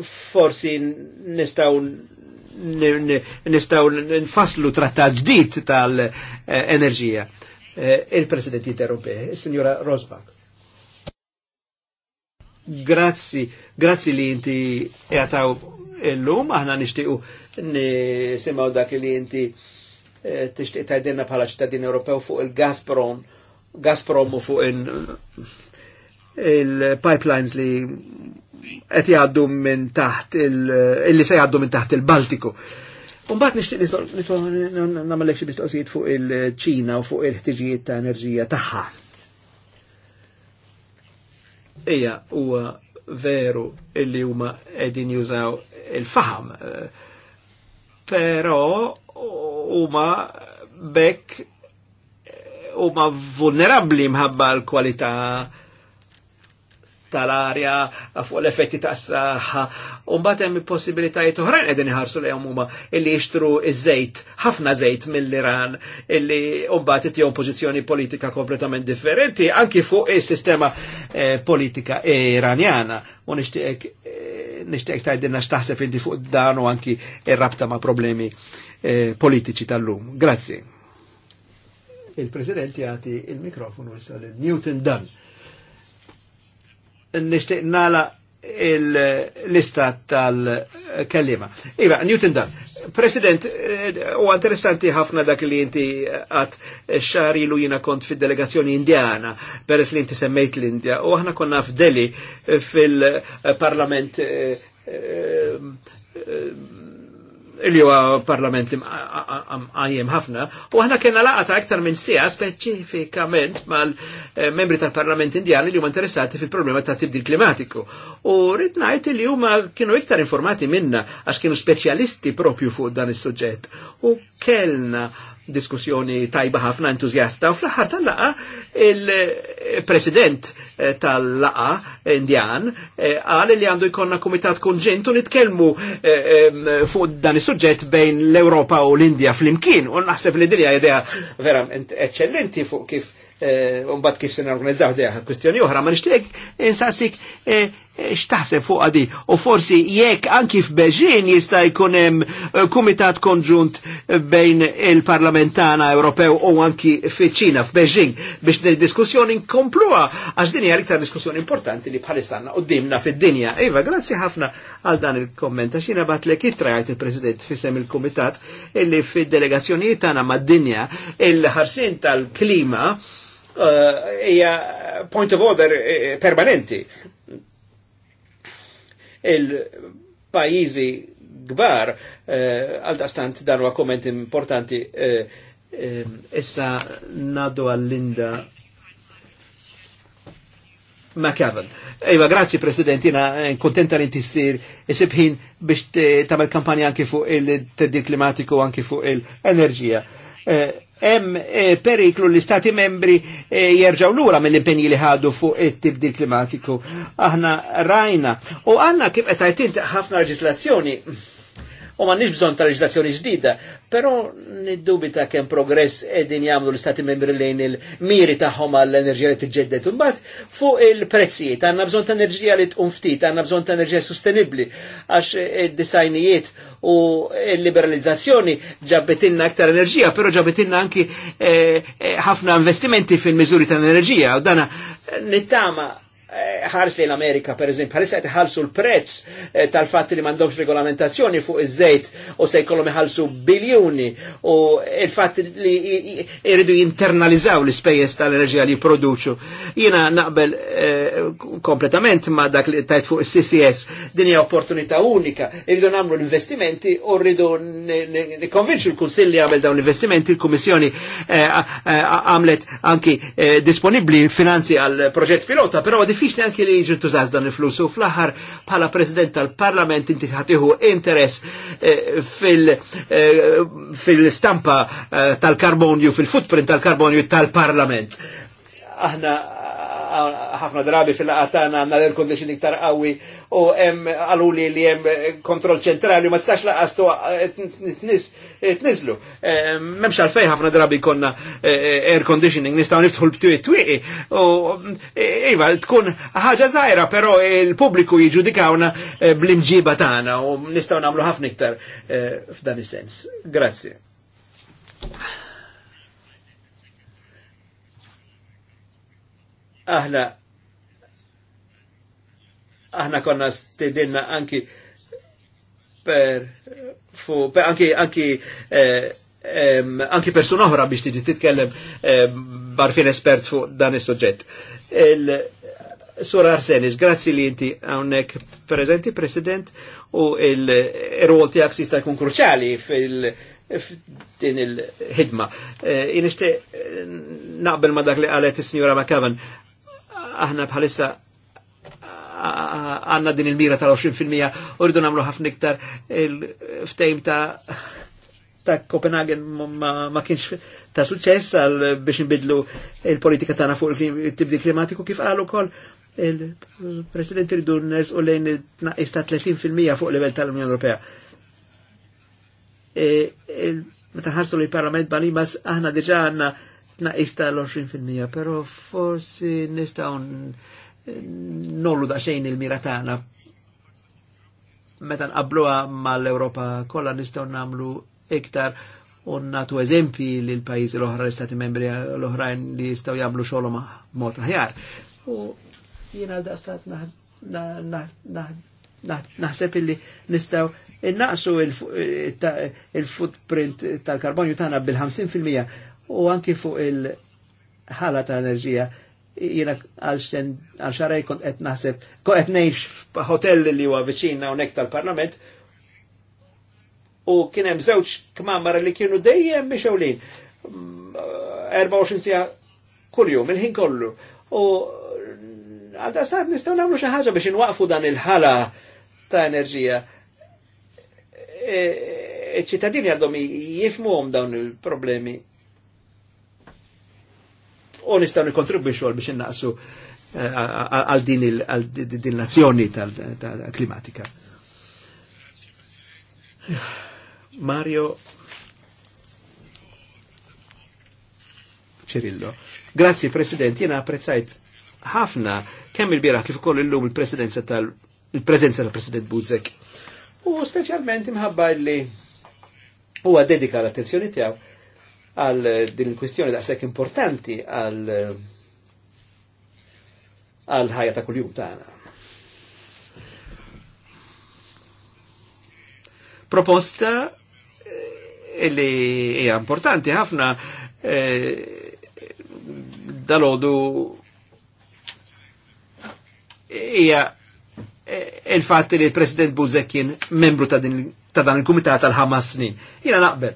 Speaker 3: Forsi nistgħu nistgħu nfasslu trattat ġdid tal-enerġija. Il-President Interrompe, il-Signora Rosbach. Grazzi, grazzi li inti l illum, aħna nishtiqu nisimaw dak li inti tishtiq tajdenna bħala ċittadin Ewropew fuq il-Gazprom, Gazprom u fuq il-pipelines li qed jgħaddu minn taħt il-li se jgħaddu minn taħt il-Baltiku. Umbat nishtiq nagħmellek xi mistoqsijiet fuq il-Ċina u fuq il-ħtiġijiet ta' enerġija tagħha. Ija huwa veru illi huma qegħdin jużaw il-faham. Però huma bekk huma vulnerabbli mħabba l-kwalità tal-arja, fuq l-effetti ta' s-saħħa, unbat hemm possibilitajiet oħrajn qegħdin iħarsu li huma illi jixtru iż-żejt, ħafna żejt mill-Iran, illi unbat itjom pożizzjoni politika kompletament differenti, anki fuq is-sistema eh, politika iranjana. U nixtieq eh, nixtieq tgħidilna x'taħseb inti fuq dan u anki ir-rabta ma' problemi eh, politiċi tal-lum. Grazzi. Il-President jagħti il-mikrofonu issa Newton Dunn nishtiq nala il-lista tal-kellima. Iva, Newton Dunn. President, eh, u interessanti ħafna dak li inti eh, għat eh, xari lu jina kont fi delegazzjoni indiana, peress li inti semmejt l-Indja, u ħna konna f'Deli fil-parlament li huwa parlament għajjem ħafna, u aħna kena laqata aktar minn sija speċifikament mal-membri eh, tal-parlament indjani li huma interessati fil-problema ta' tibdil klimatiku. U rrid li huma kienu iktar informati minna għax kienu speċjalisti propju fuq dan is-suġġett. U kellna diskussjoni tajba ħafna entuzjasta u fl-ħar tal-laqa il-president eh, tal-laqa indjan eh, għal li għandu jkonna komitat konġent u nitkelmu eh, fuq dan is-suġġett bejn l-Europa u l-Indja fl-imkien u naħseb li dinja idea verament eccellenti fuq kif Umbat kif se organizzaw deħ kwistjoni oħra, ma nixtieq insasik xtaħseb fuq di u forsi jekk anki f'Beġin jista' jkun hemm eh, kumitat konġunt bejn il-parlamentana Ewropew u anki fiċ-Ċina f'Beġin biex din diskussjoni nkompluha għax din hija l-iktar diskussjoni importanti li bħalissa għandna qudiemna fid-dinja. Iva, grazzi ħafna għal dan il-komment għax jiena batlek ittra jgħid il-President fisem il-Kumitat illi fid-delegazzjonijiet tagħna mad-dinja il ħarsien tal-klima eh, hija uh, point of order uh, permanenti il-pajizi gbar eh, għaldastant dan darwa komment importanti eh, eh, issa nadu għall-Linda McAvan. Ejwa, iva, grazzi President, jina kontenta li tissir isibħin biex tamel kampanja anki fuq il-teddi klimatiku anki fuq il-enerġija. Eh, hemm eh, periklu li stati membri eh, jerġaw lura mill-impenji li ħadu fuq it-tibdil klimatiku. Aħna rajna u għanna kif qed ħafna leġislazzjoni u ma nix bżon ta' leġislazzjoni ġdida, pero niddubita kemm progress edin jagħmlu l istati membri lejn il-miri tagħhom għall-enerġija li tiġġedded. Imbagħad fuq il-prezzijiet għandna bżonn ta' enerġija li tqum ftit, għandna bżonn ta' enerġija sostenibbli għax id-disajnijiet u l-liberalizzazzjoni ġabbetinna aktar enerġija, pero ġabbetinna anki eh, eh, ħafna investimenti fil-miżuri ta' enerġija u dana eh, nittama ħares li l-Amerika, per eżempju, ħares għet ħalsu l-prezz eh, tal-fat li mandomx regolamentazzjoni fuq iż-żejt u se jkollhom iħalsu biljuni u il fatt li jridu jinternalizzaw l-ispejjeż tal-enerġija li jipproduċu. Jiena naqbel eh, kompletament ma dak li tajt fuq is-CCS din hija opportunità unika, irridu nagħmlu l-investimenti u rridu nikkonvinċu l-Kunsill li għamel dawn l-investimenti, il-Kummissjoni eh, għamlet anki disponibbli finanzi għal proġett pilota, però diffiċli anki li jġu tużaz dan il-flus u fl-aħħar pala President tal-Parlament inti ħatiħu interess eh, eh, fil-stampa eh, tal-karbonju, fil-footprint tal-karbonju tal-Parlament. Aħna ħafna drabi fil qatana għanna l-air conditioning iktar qawwi u hemm għaluli li jem kontrol ċentrali ma t-sax laqastu t-nizlu. Eh, Memx għalfej ħafna drabi konna eh, air conditioning nistgħu niftħu l-btwi btuj twieqi. Eh, iva, tkun ħagġa zaħira, pero il publiku jġudikawna bl-imġiba tagħna u nistaw namlu ħafna iktar f'dan is-sens. Grazie. aħna aħna konna stedinna anki per fu per anki anki eh, em, anki persuna oħra biex tiġi titkellem eh, barfin espert fu dan is soġġett Il Sur Arsenis, grazzi li inti għonek prezenti, President, u il-rol tijak sista jkun kruċali fil- din il-ħidma. Eh, Inixte eh, naqbel ma dak li għalet il signora McCavan aħna bħalissa għanna din il-mira tal-20% u rridu namlu ħafna iktar il-ftejm ta' ta' Copenhagen ma, kienx ta' suċess għal biex nbidlu il-politika tagħna fuq il-tibdi klimatiku kif qalu kol il-President rridu ners u lejn tnaqqis ta' 30% fuq livell tal-Unjoni Ewropea. E, meta ħarsu li parlament balimas aħna diġa għanna tnaqis l 20 pero forsi nistaw nollu da xejn il-mira tagħna. Meta nqabluha mal-Ewropa kollha nistgħu namlu iktar u natu eżempji lil pajjiżi l-oħra l-istati membri l-oħrajn li jistgħu jagħmlu xogħol ma' mod aħjar. U jiena daqstat naħseb illi nistaw innaqsu il-footprint tal-karbonju tagħna bil-50% u anki fuq il-ħala ta' enerġija jina għal xarej kont qed naħseb, kont qed ngħix f'hotel li huwa viċin hawnhekk tal-Parlament u kien hemm żewġ kmamar li kienu dejjem biex ewlin. 24 sija kuljum il-ħin kollu. U għal dastat nistgħu nagħmlu xi ħaġa biex inwaqfu dan il-ħala ta' enerġija. Iċ-ċittadini e, e, għadhom jifmuhom dawn il-problemi u nistaw nikontribwixu għal biex innaqsu eh, għal din il-nazzjoni tal-klimatika. Mario Cirillo. Grazie President, jena apprezzajt ħafna kemm il-bira kif ukoll illum il-presidenza tal il-preżenza tal-President Buzek. U speċjalment imħabba li huwa dedika l-attenzjoni tiegħu għal eh, din il-kwistjoni daqshekk importanti għal eh, għal ħajja ta' kuljum tagħna. Proposta eh, illi hija importanti ħafna eh, dalodu hija il-fatt li l-President Buzekin membru ta' dan il-Kumitat tal ħamas snin. Jiena naqbel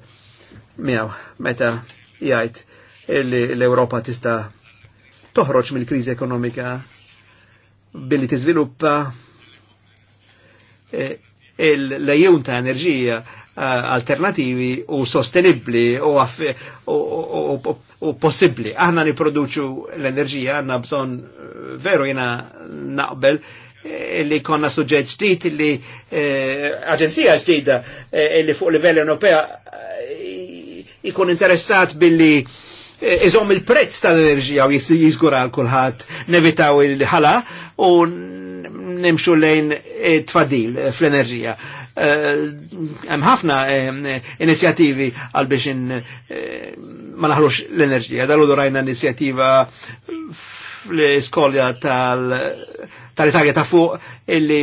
Speaker 3: Miaw, meta jgħid illi l europa tista' toħroġ mill krizi ekonomika billi tiżviluppa eh, l lejjun ta' enerġija eh, alternativi u sostenibli u, u, possibli. Aħna niproduċu l-enerġija, għanna bżon eh, veru jena naqbel li konna suġġet ġdid li aġenzija ġdida li fuq livell Ewropea ikun interessat billi iżom e, il-prezz tal-enerġija u jizgura l-kulħat nevitaw il-ħala u nimxu lejn e, tfadil fl-enerġija. E, hemm ħafna inizjattivi għal biex ma naħrux l-enerġija. Dalu rajna inizjattiva fl-iskolja tal-Italja ta' fuq illi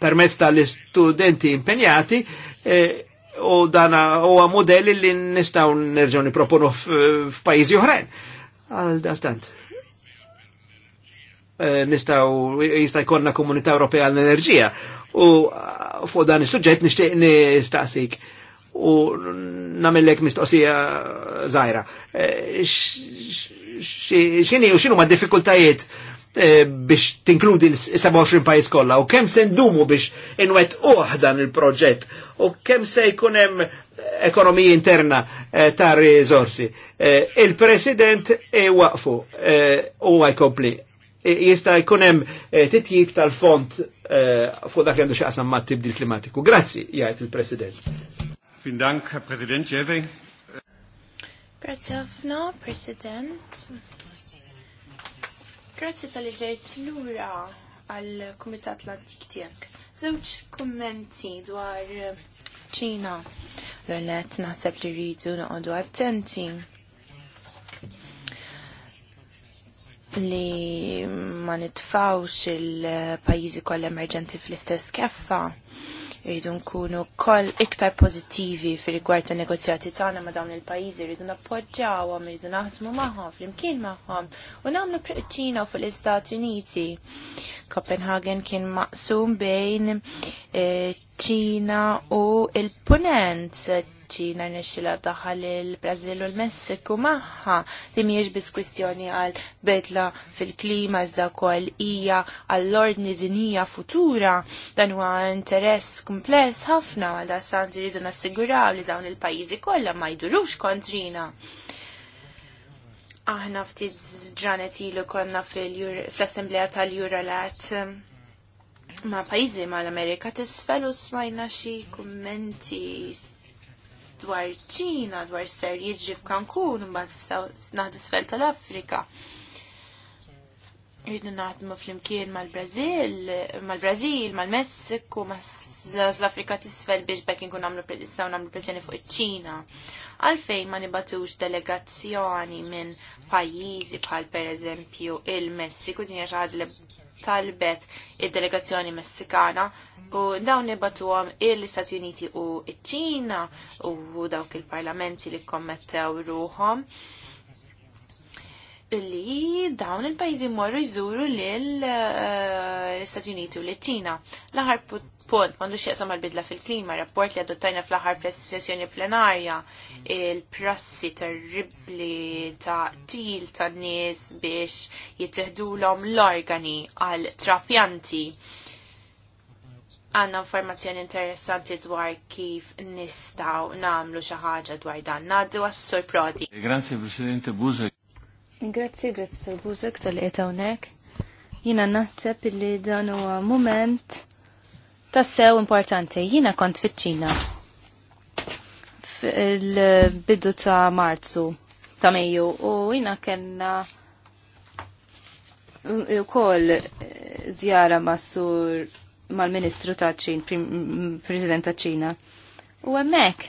Speaker 3: permezz tal-istudenti impenjati u dana u modell li nistgħu nerġgħu niproponu f'pajjiżi uħrajn. Għal dastant. E, nistaw jistaj konna komunita Ewropea l enerġija u fuq dan il-sujġet nishtiq nistaqsik u namillek mistoqsija zaħira. E, xini u xinu ma diffikultajiet E, biex tinkludi l-27 pajis kolla u kem se ndumu biex inwet uħdan il-proġett u kem se jkunem ekonomija interna e, ta' rizorsi. E, il-president e waqfu u għajkompli. Jista jkunem titjib tal-font fuq dak għandu xaqsam ma' tibdil klimatiku. Grazzi, jgħajt il-president. Fin dank,
Speaker 1: President Jeze. Grazie, President. Grazzi tal-li ġejt lura għal-Kumitat l-Antik tiegħek. Żewġ kummenti dwar eh, ċina. l għallet naħseb li rridu noqogħdu attenti li ma nitfawx il-pajjiżi kollha emerġenti fl-istess keffa Irridu nkunu koll iktar pozittivi fil-rigward ta' negozjati tagħna ma' dawn il-pajjiżi, irridu nappoġġawhom, irridu naħdmu magħhom flimkien magħhom u nagħmlu ċina u l istati Uniti. Copenhagen kien maqsum bejn eh, ċina u il-punent Ġi ċina nixxila daħal il-Brażil u l-Messiku maħħa li mhijiex kwistjoni għal bedla fil-klima iżda kol hija għall-ordni nizinija futura dan huwa interess kumpless ħafna għal dasant ridu nassiguraw li dawn il-pajjiżi kollha ma jdurux kontrina. Aħna ftit ġranet ilu konna fl assemblea tal-Juralat ma' pajizi ma' l-Amerika tisfel u smajna xi kummenti dwar ċina, dwar ser jiġri f'Kankun, mbagħad s sfel tal-Afrika. Rridu naħdmu fl-imkien mal-Brażil, mal-Brażil, mal-Messiku, mas l-Afrika tisfel biex bekk nkun għamlu nistaw nagħmlu pressjoni fuq iċ-Ċina. Għalfejn ma nibatux delegazzjoni minn pajjiżi bħal pereżempju il-Messiku din hija xi ħaġa li talbet id-delegazzjoni Messikana u dawn nibatuhom il-Istati Uniti u iċ-Ċina u dawk il-parlamenti li kommettew ruhom li dawn il-pajzi morru jżuru eh, l-Istati Uniti u l-Ċina. L-aħar punt, mandu xieqsa għal-bidla fil-klima, rapport li għadottajna fl-aħar sessjoni plenarja, il-prassi terribli ta' til ta' nis biex jittihdu l-om l-organi għal-trapjanti. Għanna informazzjoni interessanti dwar kif nistaw namlu xaħġa dwar dan. Naddu għas-sur Prodi. Grazie,
Speaker 3: Presidente Buzek.
Speaker 1: Grazzi, grazzi
Speaker 2: Sir Buzek tal-qiet hawnhekk. Jiena naħseb li dan huwa moment tassew importanti. Jiena kont fiċ-Ċina fil-bidu ta' Marzu ta' Mejju u jiena kellna wkoll żjara mas sur mal-Ministru ta' Ċin, President ta' Ċina. U hemmhekk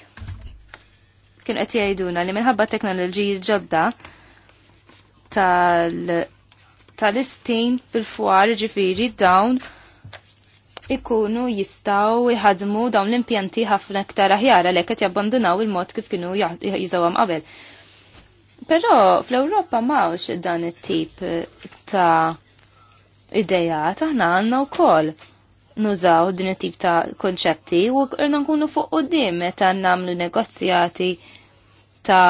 Speaker 2: kien qed jgħiduna li minħabba teknoloġiji ġodda tal-istin tal istin tal bil fuar ġifiri dawn ikunu jistaw jħadmu dawn l-impjanti ħafna iktar aħjar għalhekk qed jabbandunaw il-mod kif kienu jiżawhom qabel. Però fl-Ewropa m'hawnx dan it-tip ta' ideja aħna għandna wkoll nużaw din it-tip ta' konċetti u rna nkunu fuq qudiem meta nagħmlu negozjati ta'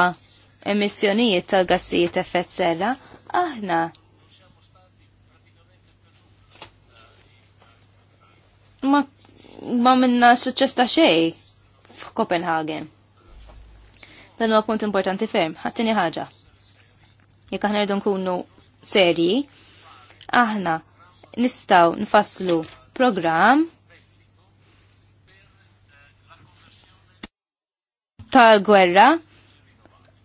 Speaker 2: emissjonijiet tal gassijiet effett serra, aħna ma, ma minna suċċess ta' xej f'Copenhagen. Dan huwa punt importanti ferm, ħattini ħaġa. Jekk aħna rridu nkunu serji, aħna nistgħu nfasslu program tal-gwerra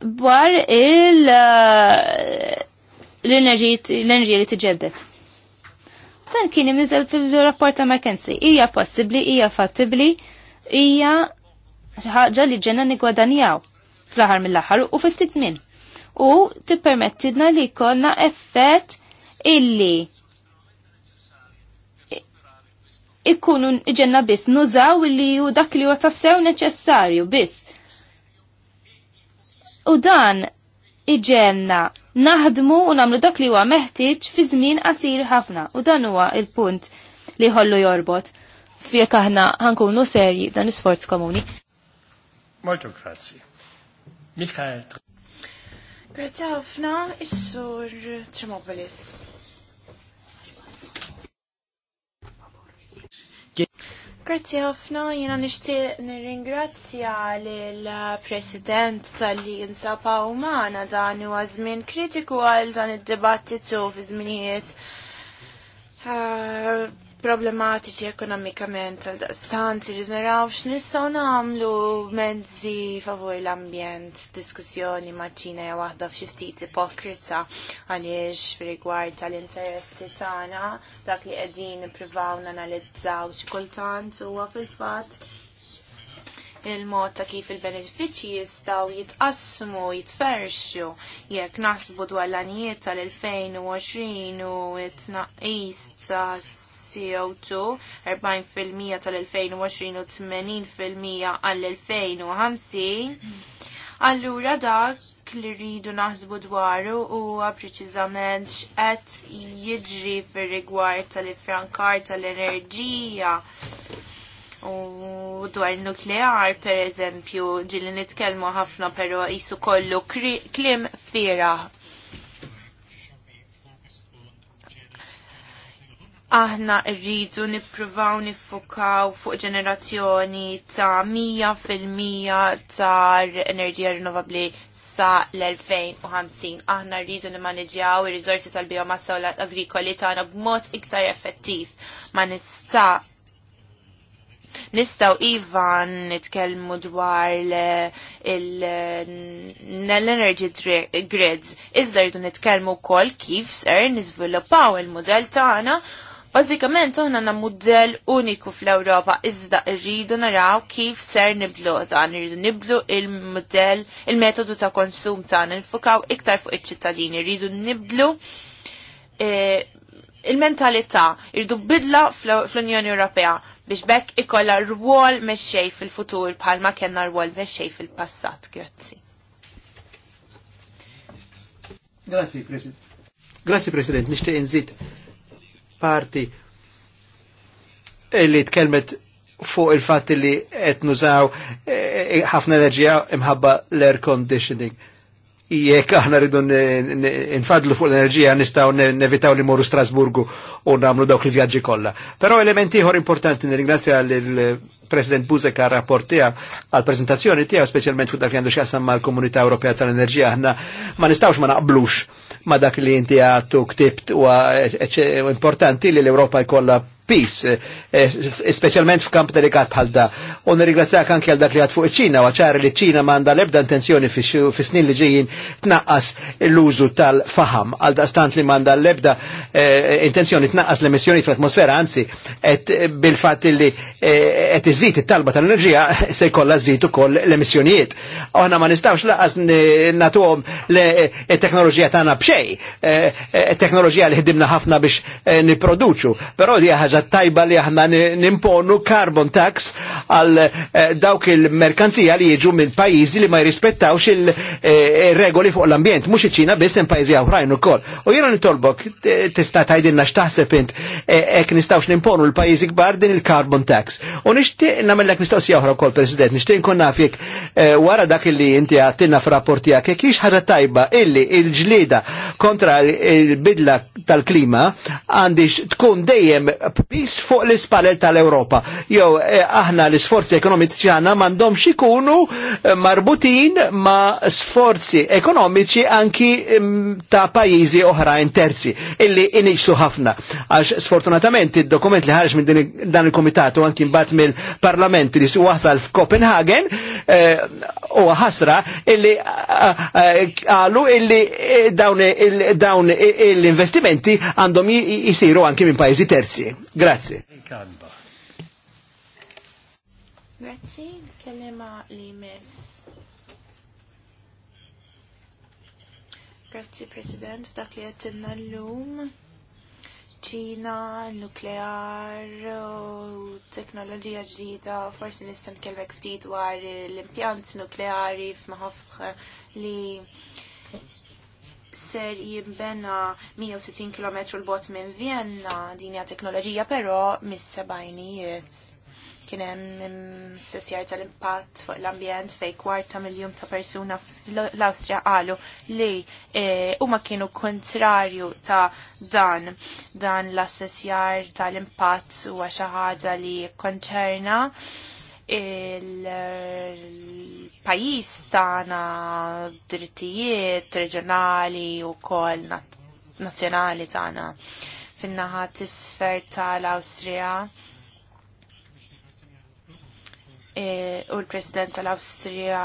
Speaker 2: dwar uh, l-enerġija li tiġeddet. Dan kien niżel fil-rapport ta' Hija possibbli, hija fattibbli, hija ħaġa li ġenna nigwadanjaw fl-aħħar mill-aħħar u fi ftit żmien. U tippermettidna li jkollna effett illi ikkunu ġenna biss nużaw illi hu dak li huwa tassew neċessarju biss U dan iġenna naħdmu u namlu dak li huwa meħtieġ fi żmien qasir ħafna u dan huwa il-punt li ħollu jorbot fjek aħna ħankunu serji f'dan isforz komuni. Molto grazie.
Speaker 3: Mikhail.
Speaker 1: Grazie ħafna, is-sur e Tremopolis. Grazie ħafna, jena nixtieq nirringrazzja l-President tal-li insapa umana dan u għazmin kritiku għal dan id-dibattitu fi zminijiet ah, problematiċi ekonomikament għal stanzi li naraw x'nistgħu nagħmlu mezzi favur l-ambjent, diskussjoni maċ-Ċina hija waħda f'xi ftit ipokrita għaliex rigward tal-interessi tagħna dak li qegħdin nippruvaw nanalizzaw xi kultant huwa fil-fatt il-mod ta' kif il-benefiċċji jistgħu jitqassmu, jitferxu jekk nasbu dwar l-anijiet tal-2020 u it tnaqqis ta' CO2 40% tal-2020 u 80% għall-2050. Allura dak li rridu naħsbu dwaru huwa preċiżament x'qed jiġri fir-rigward tal-ifrankar tal-enerġija u dwar nuklear per eżempju ġilli nitkellmu ħafna però jisu kollu klim fira aħna rridu nippruvaw niffukaw fuq ġenerazzjoni ta' 100% ta' enerġija rinnovabbli sa l-2050. Aħna rridu nimmaneġjaw ir-riżorsi tal-biomassa u l-agrikoli tagħna b'mod iktar effettiv. Ma nista' Nistaw Ivan nitkellmu dwar l-energy grids. Iżda rridu nitkellmu wkoll kif ser nizviluppaw il-modell tagħna Bażikament aħna għandna mudell uniku fl-Ewropa iżda rridu naraw kif ser niblu dan, irridu niblu il-mudell, il-metodu ta' konsum tagħna nifukaw iktar fuq iċ-ċittadini, rridu niblu eh, il-mentalità, rridu bidla fl-Unjoni Ewropea biex bekk ikolla rwol meċċej fil-futur bħalma kellna rwol meċċej fil-passat. Grazzi.
Speaker 3: Grazzi, President. Grazzi, President. Nixtieq nżid parti li tkelmet fuq il fat li qed nużaw ħafna enerġija imħabba l-air conditioning. Jekk aħna rridu nfadlu fuq l-enerġija nistgħu nevitaw li moru Strasburgu u nagħmlu dawk il-vjaġġi kollha. Però elementi ieħor importanti nirringrazzja lil President Buzek għal rapportija għal prezentazzjoni tiegħu speċjalment fuq dak li għandu xjasam mal komunità Ewropea tal-Enerġija aħna ma nistgħux ma naqblux ma dak li inti għattu ktibt u importanti li l-Ewropa jkollha peace, eh, eh, specialment f'kamp delikat bħal da. U nirringrazzjak kan għal dak li għad fuq ċina, għacħar li ċina manda lebda intenzjoni fi snin li ġejjin tnaqqas l-użu tal-faham, għal stant li manda lebda eh, intenzjoni tnaqqas l-emissjoni fl-atmosfera, anzi, bil-fat li qed iżid it-talba tal-enerġija se jkollha żid ukoll l-emissjonijiet. Aħna ma nistgħux laqas nagħtuhom l-teknoloġija tagħna b'xejn, teknoloġija li ħdimna ħafna biex niproduċu, però di ħaġa ħaġa tajba li aħna nimponu carbon tax għal eh, dawk il-merkanzija li jiġu minn pajjiżi li ma jrispettawx il-regoli eh, eh, fuq l-ambjent, mhux iċina ċina biss hemm pajjiżi oħrajn ukoll. U jiena nitolbok tista' tajdinna x'taħseb int ek nistawx nimponu l-pajjiżi kbar din il-carbon tax. U nixtieq nagħmellek mistoqsija oħra koll, President, nishti nkun naf wara dak li inti għattinna f'rapport tiegħek għak, kiex ħaġa tajba illi il-ġlieda kontra il-bidla tal-klima għandix tkun dejjem bis fuq l-ispalel tal-Europa. Jo eh, aħna l-isforzi ekonomiċi għanna mandom ikunu eh, marbutin ma' sforzi ekonomiċi anki mm, ta' pajizi oħrajn terzi illi iniġsu ħafna. Għax sfortunatament id-dokument li ħarġ minn dan il-komitatu anki mbagħad mill-parlament li wasal f'Kopenhagen eh, u ħasra illi għalu illi dawn l-investimenti għandhom jisiru anki minn pajizi terzi. Grazie.
Speaker 1: Grazie, kellema li mis. Grazie President, dak li għettinna l-lum. Ċina, nuklear, u teknoloġija ġdida, forsi nistan kellek ftit dwar l-impjant nukleari f'maħafsħa li ser jimbena 160 km l-bot minn Vienna din hija teknoloġija però mis-sebajnijiet. Kien hemm sessjar tal-impatt fuq l-ambjent fej kwarta miljum ta' persuna fl-Awstrija qalu li eh, huma kienu kontrarju ta' dan dan l-assessjar tal-impatt huwa xi ħaġa li konċerna il pajis tagħna drittijiet reġjonali u kol nazzjonali tagħna fin-naħa tisfer tal-Awstrija. E, u l-President tal-Awstrija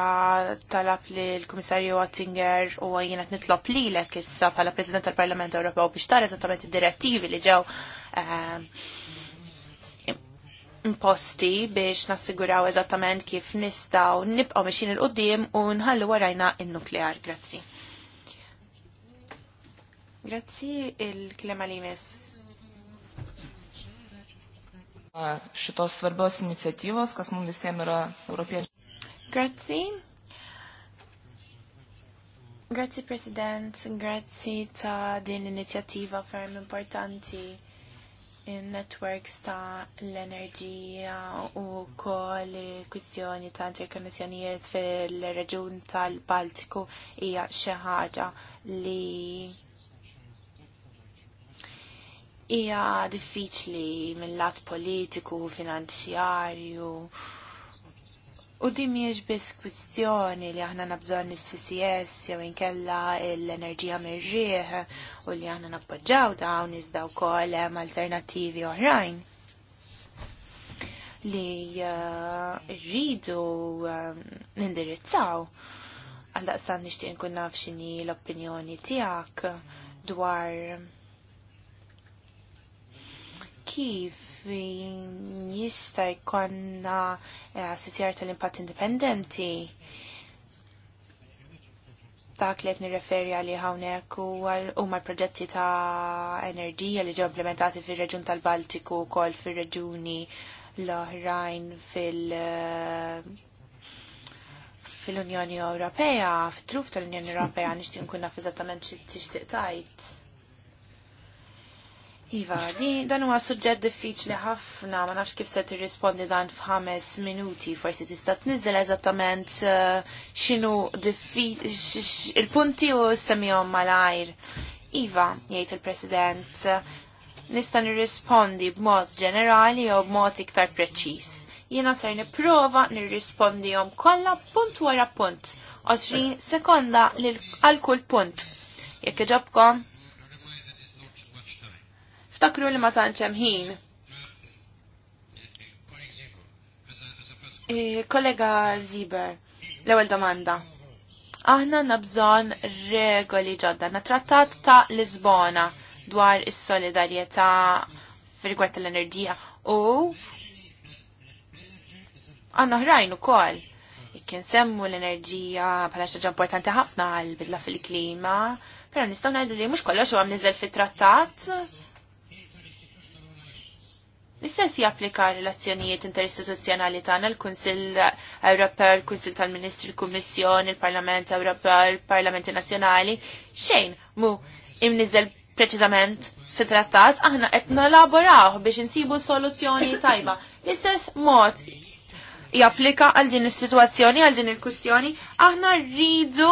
Speaker 1: talab li l-Komissarju Oettinger u jiena nitlob li l issa bħala President tal-Parlament Ewropew biex tara eżattament id-direttivi li ġew ehm, imposti biex nassiguraw eżattament kif nistaw nibqaw mexin il-qoddim u nħallu warajna il-nuklear. Grazzi. Grazzi il-klema li mis. Šitos svarbios iniciatyvos, kas mums visiems yra europiečiai. Grazzi. Grazzi President, grazzi ta' din inizjattiva ferm importanti in networks ta' l-enerġija uh, u kol kwistjoni ta' interkonnessjonijiet fil-reġun tal-Baltiku hija xi ħaġa li hija diffiċli mill-lat politiku, finanzjarju U di miex biss kwistjoni li aħna nabżon is-CCS jew inkella l-enerġija mirġieħ u li aħna nappoġġaw dawn iżda wkoll hemm alternattivi oħrajn li eh, rridu eh, nindirizzaw. Għaldaqstan nixtieq nkun naf x'inhi l-opinjoni tiegħek dwar kif fejn jista' jkollna eh, assessjar tal-impatt indipendenti. Dak li qed nirreferi għalih hawnhekk huma l-proġetti ta' enerġija li ġew implementati fir-Reġjun tal-Baltiku wkoll fir-reġuni l-oħrajn fil- eh, fil-Unjoni Ewropea, fit-truf tal-Unjoni Ewropea nixtieq inkun naf eżattament xi tixtieq tgħid? Iva, di dan huwa suġġett diffiċli ħafna, ma nafx kif se tirrispondi dan f'ħames minuti, forsi tista' tniżel eżattament eh, x'inhu il-punti u mal malajr. Iva, jgħid il-President, nista' nirrispondi b'mod ġenerali jew b'mod iktar preċiż. Jiena ser nipprova nirrispondihom kollha punt wara punt, 20 sekonda għal kull punt. Jekk iġobkom, niftakru li ma tantx hemm ħin. Eh, kollega Ziber, l-ewwel domanda. Aħna nabżon regoli ġodda, na trattat ta' Lisbona dwar is-solidarjetà fil tal-enerġija u għanna ħrajn ukoll kien semmu l-enerġija bħala xaġa importanti ħafna għal-bidla fil-klima, pero nistgħu ngħidu li mhux kollox huwa mniżel fit-trattat, L-istess japplika relazzjonijiet interistituzzjonali tagħna l-Kunsill Ewropew, il-Kunsill tal-Ministri, il-Kummissjoni, il-Parlament Ewropew, il-Parlamenti Nazzjonali, xejn mu imniżel preċiżament fit-trattat aħna qed nalaboraw biex insibu soluzzjoni tajba. L-istess mod japplika għal din is-sitwazzjoni, għal din il-kustjoni, aħna rridu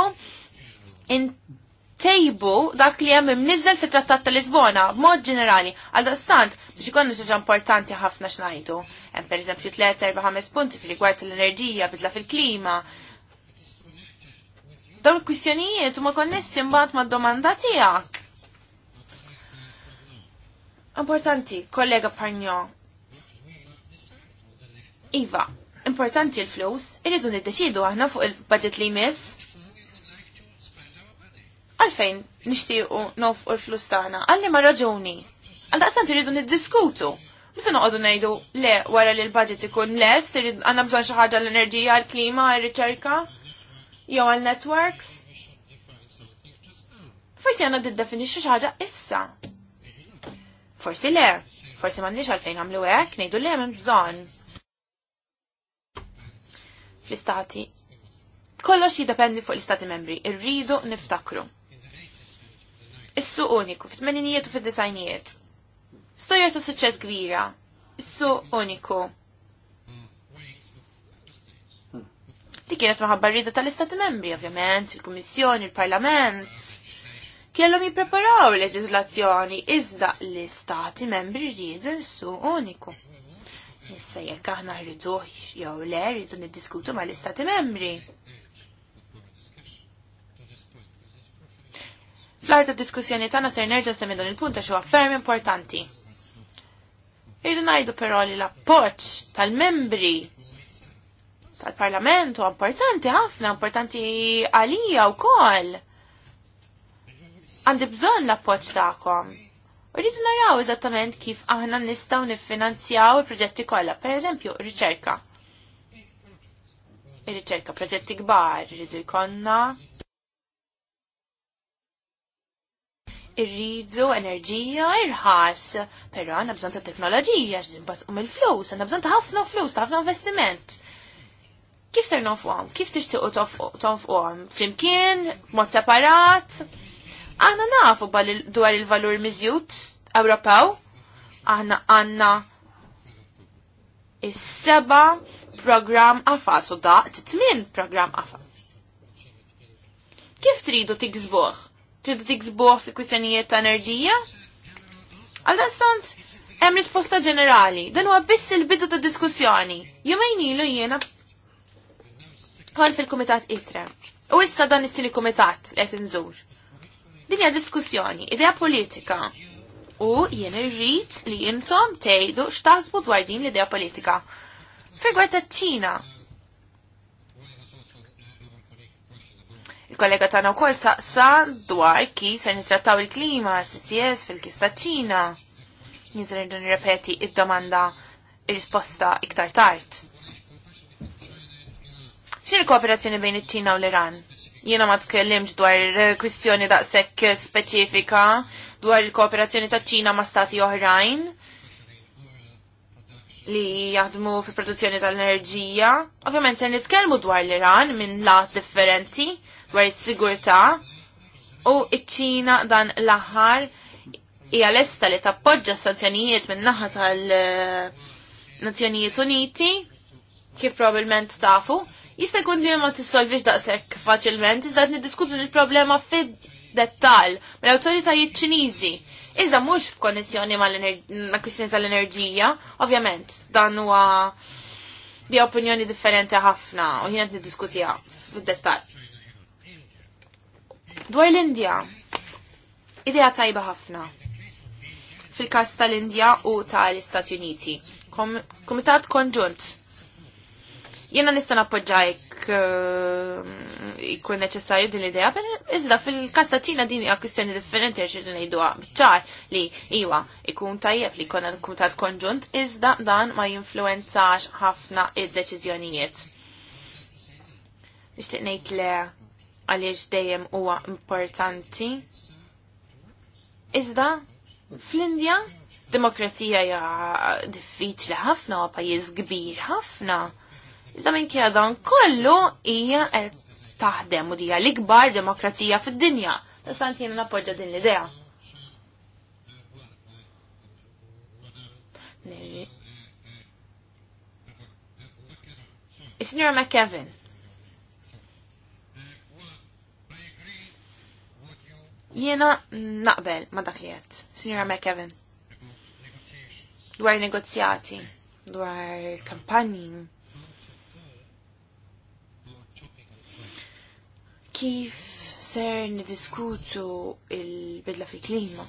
Speaker 1: Tejbu dak li hemm imniżel fit-Trattat tal Lisbona b'mod ġenerali. Għal dastant biex ikonna xaġa importanti ħafna xnajdu. Hemm pereżempju tliet erba' ħames punti fil-rigward tal-enerġija, bidla fil-klima. Dawn il-kwistjonijiet huma konnessi mbagħad mad-domanda tiegħek. Importanti, kollega Parnjo. Iva, importanti l-flus, irridu niddeċidu aħna fuq il-budget li jmiss għalfejn nishtiqu u l-flus tagħna, għalli ma raġuni. Għal daqsan tiridu niddiskutu. Bisa noqogħdu ngħidu le wara li l-budget ikun les, tirid għandna bżonn xi ħaġa l-enerġija, l-klima, l riċerka jew għal-networks. Forsi għandna diddefinixxu xi ħaġa issa. Forsi le, forsi m'għandniex għalfejn għamlu hekk, ngħidu le hemm bżonn. Fl-istati kollox jidependi fuq l-istati membri, irridu niftakru is uniku fit u fid-disajnijiet. Storja ta' suċċess kbira. is uniku. Ti kienet maħabba rrida tal-Istati Membri, ovvjament, il-Kummissjoni, il-Parlament. Kellhom jippreparaw leġiżlazzjoni iżda l-Istati Membri rridu issu suq uniku. Issa jekk aħna rriduh jew le rridu niddiskutu mal-Istati Membri. Fl-għar ta' diskussjoni tagħna ser nerġa' semmi dan il-punt għax huwa ferm importanti. Irdu ngħidu però li l-appoġġ tal-membri tal-Parlament huwa importanti ħafna, importanti għalija wkoll. Għandi bżonn l-appoġġ tagħkom. rridu naraw eżattament kif aħna nistgħu niffinanzjaw il-proġetti kollha, pereżempju riċerka. Ir-riċerka proġetti kbar, rridu jkollna irridu enerġija irħas, pero għanna bżon ta' teknoloġija, ġimbat um il-flus, għanna bżon ta' ħafna flus, ta' ħafna investiment. Kif ser nofqom? Kif tixtiqu tonfqom? Flimkien? Mod separat? Aħna nafu dwar il-valur mizjut Ewropew, aħna għanna is-seba program għafas u da' t-tmin program għafas. Kif tridu tiksbuħ? tridu tiksbuħ fi kwistjonijiet ta' enerġija? Għal stant, hemm risposta ġenerali, dan huwa biss il-bidu ta' diskussjoni. Jumejn ilu jiena kont fil-kumitat ITRE. U issa dan it-tieni kumitat li qed inżur. Din hija diskussjoni, idea politika. U jien irrid li intom tgħidu x'taħsbu dwar din l-idea politika. Figwar t ċina, kollega tagħna wkoll saqsa dwar kif se nittrattaw il-klima CCS fil-kista ċina. Nizrin dun repeti id-domanda ir-risposta iktar tard. X'in kooperazzjoni bejn iċ-Ċina u l-Iran? Jiena ma tkellimx dwar kwistjoni daqshekk speċifika dwar il-kooperazzjoni ta' ċina ma' stati oħrajn li jaħdmu fi produzzjoni tal-enerġija. Ovvjament se nitkellmu dwar l-Iran minn lat differenti, dwar is-sigurtà u iċ-Ċina dan l-aħħar hija lesta li tappoġġa sanzjonijiet minn naħa tal-Nazzjonijiet eh, Uniti kif probabbilment tafu. Jista' jkun li ma tissolvix daqshekk faċilment, iżda qed niddiskutu l-problema fid-dettall mill-awtoritajiet Ċiniżi. Iżda mhux f'konnessjoni mal-kwistjoni tal-enerġija, ovvjament, dan huwa di opinjoni differenti ħafna u jien qed niddiskutiha fid-dettall. Dwar l-Indja, idea tajba ħafna. Fil-kas tal-Indja u tal-Istati Uniti, Kom Komitat Konġunt. Jena nista nappoġġajk eh, ikkun uh, neċessarju din l-idea, per iżda fil-kas ta' ċina din hija kwistjoni differenti għax din ngħiduha bċar li iwa ikun tajjeb li jkun kumitat konġunt, iżda dan ma jinfluenzax ħafna id-deċiżjonijiet. Nixtieq ngħid le għaliex dejjem huwa importanti. Iżda fl-Indja demokrazija hija diffiċli ħafna u pajjiż kbir ħafna. Iżda minn kien dan kollu hija qed taħdem u dija l-ikbar demokrazija fid-dinja. Tasant jiena nappoġġa din l-idea. Is-Sinjora McKevin, Jiena naqbel ma dak li qed, Sinjora McKevin. Dwar negozjati, dwar kampanji. Kif ser nidiskutu il-bidla fi klima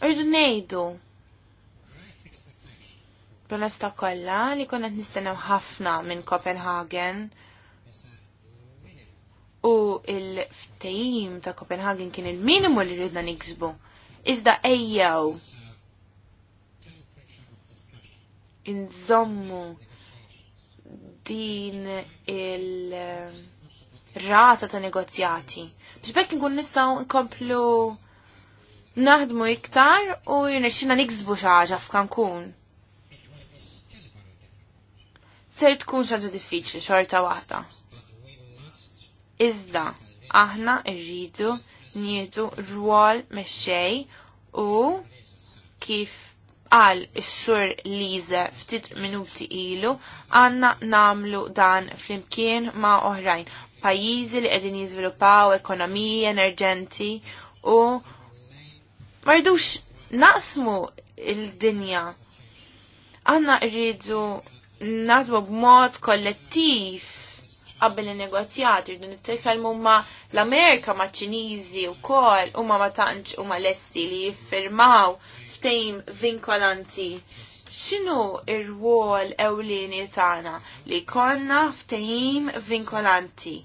Speaker 1: Irridu ngħidu Bonesta kolla kollha li konna nistennew ħafna minn Copenhagen u il-ftejim ta' Copenhagen kien il-minimu li rridna niksbu. Iżda ejjaw inżommu din il-rata ta' negozjati. Biex bekk nkun nistaw nkomplu naħdmu iktar u jirnexxina niksbu xaġa f'Kankun. Ser tkun xaġa diffiċli xorta waħda. Iżda aħna rridu nieħdu rwol mexej u kif qal is-sur Lize ftit minuti ilu għanna namlu dan flimkien ma' oħrajn pajjiżi li qegħdin jizvilupaw, ekonomiji enerġenti u mardux naqsmu il-dinja. Għanna rridu nadbu b'mod kollettiv qabel il-negozjati rridu nitkellmu ma l-Amerika ma' u wkoll huma ma tantx huma lesti li jiffirmaw ftejm vinkolanti. X'inhu r-rwol ewlieni tagħna li konna ftehim vinkolanti?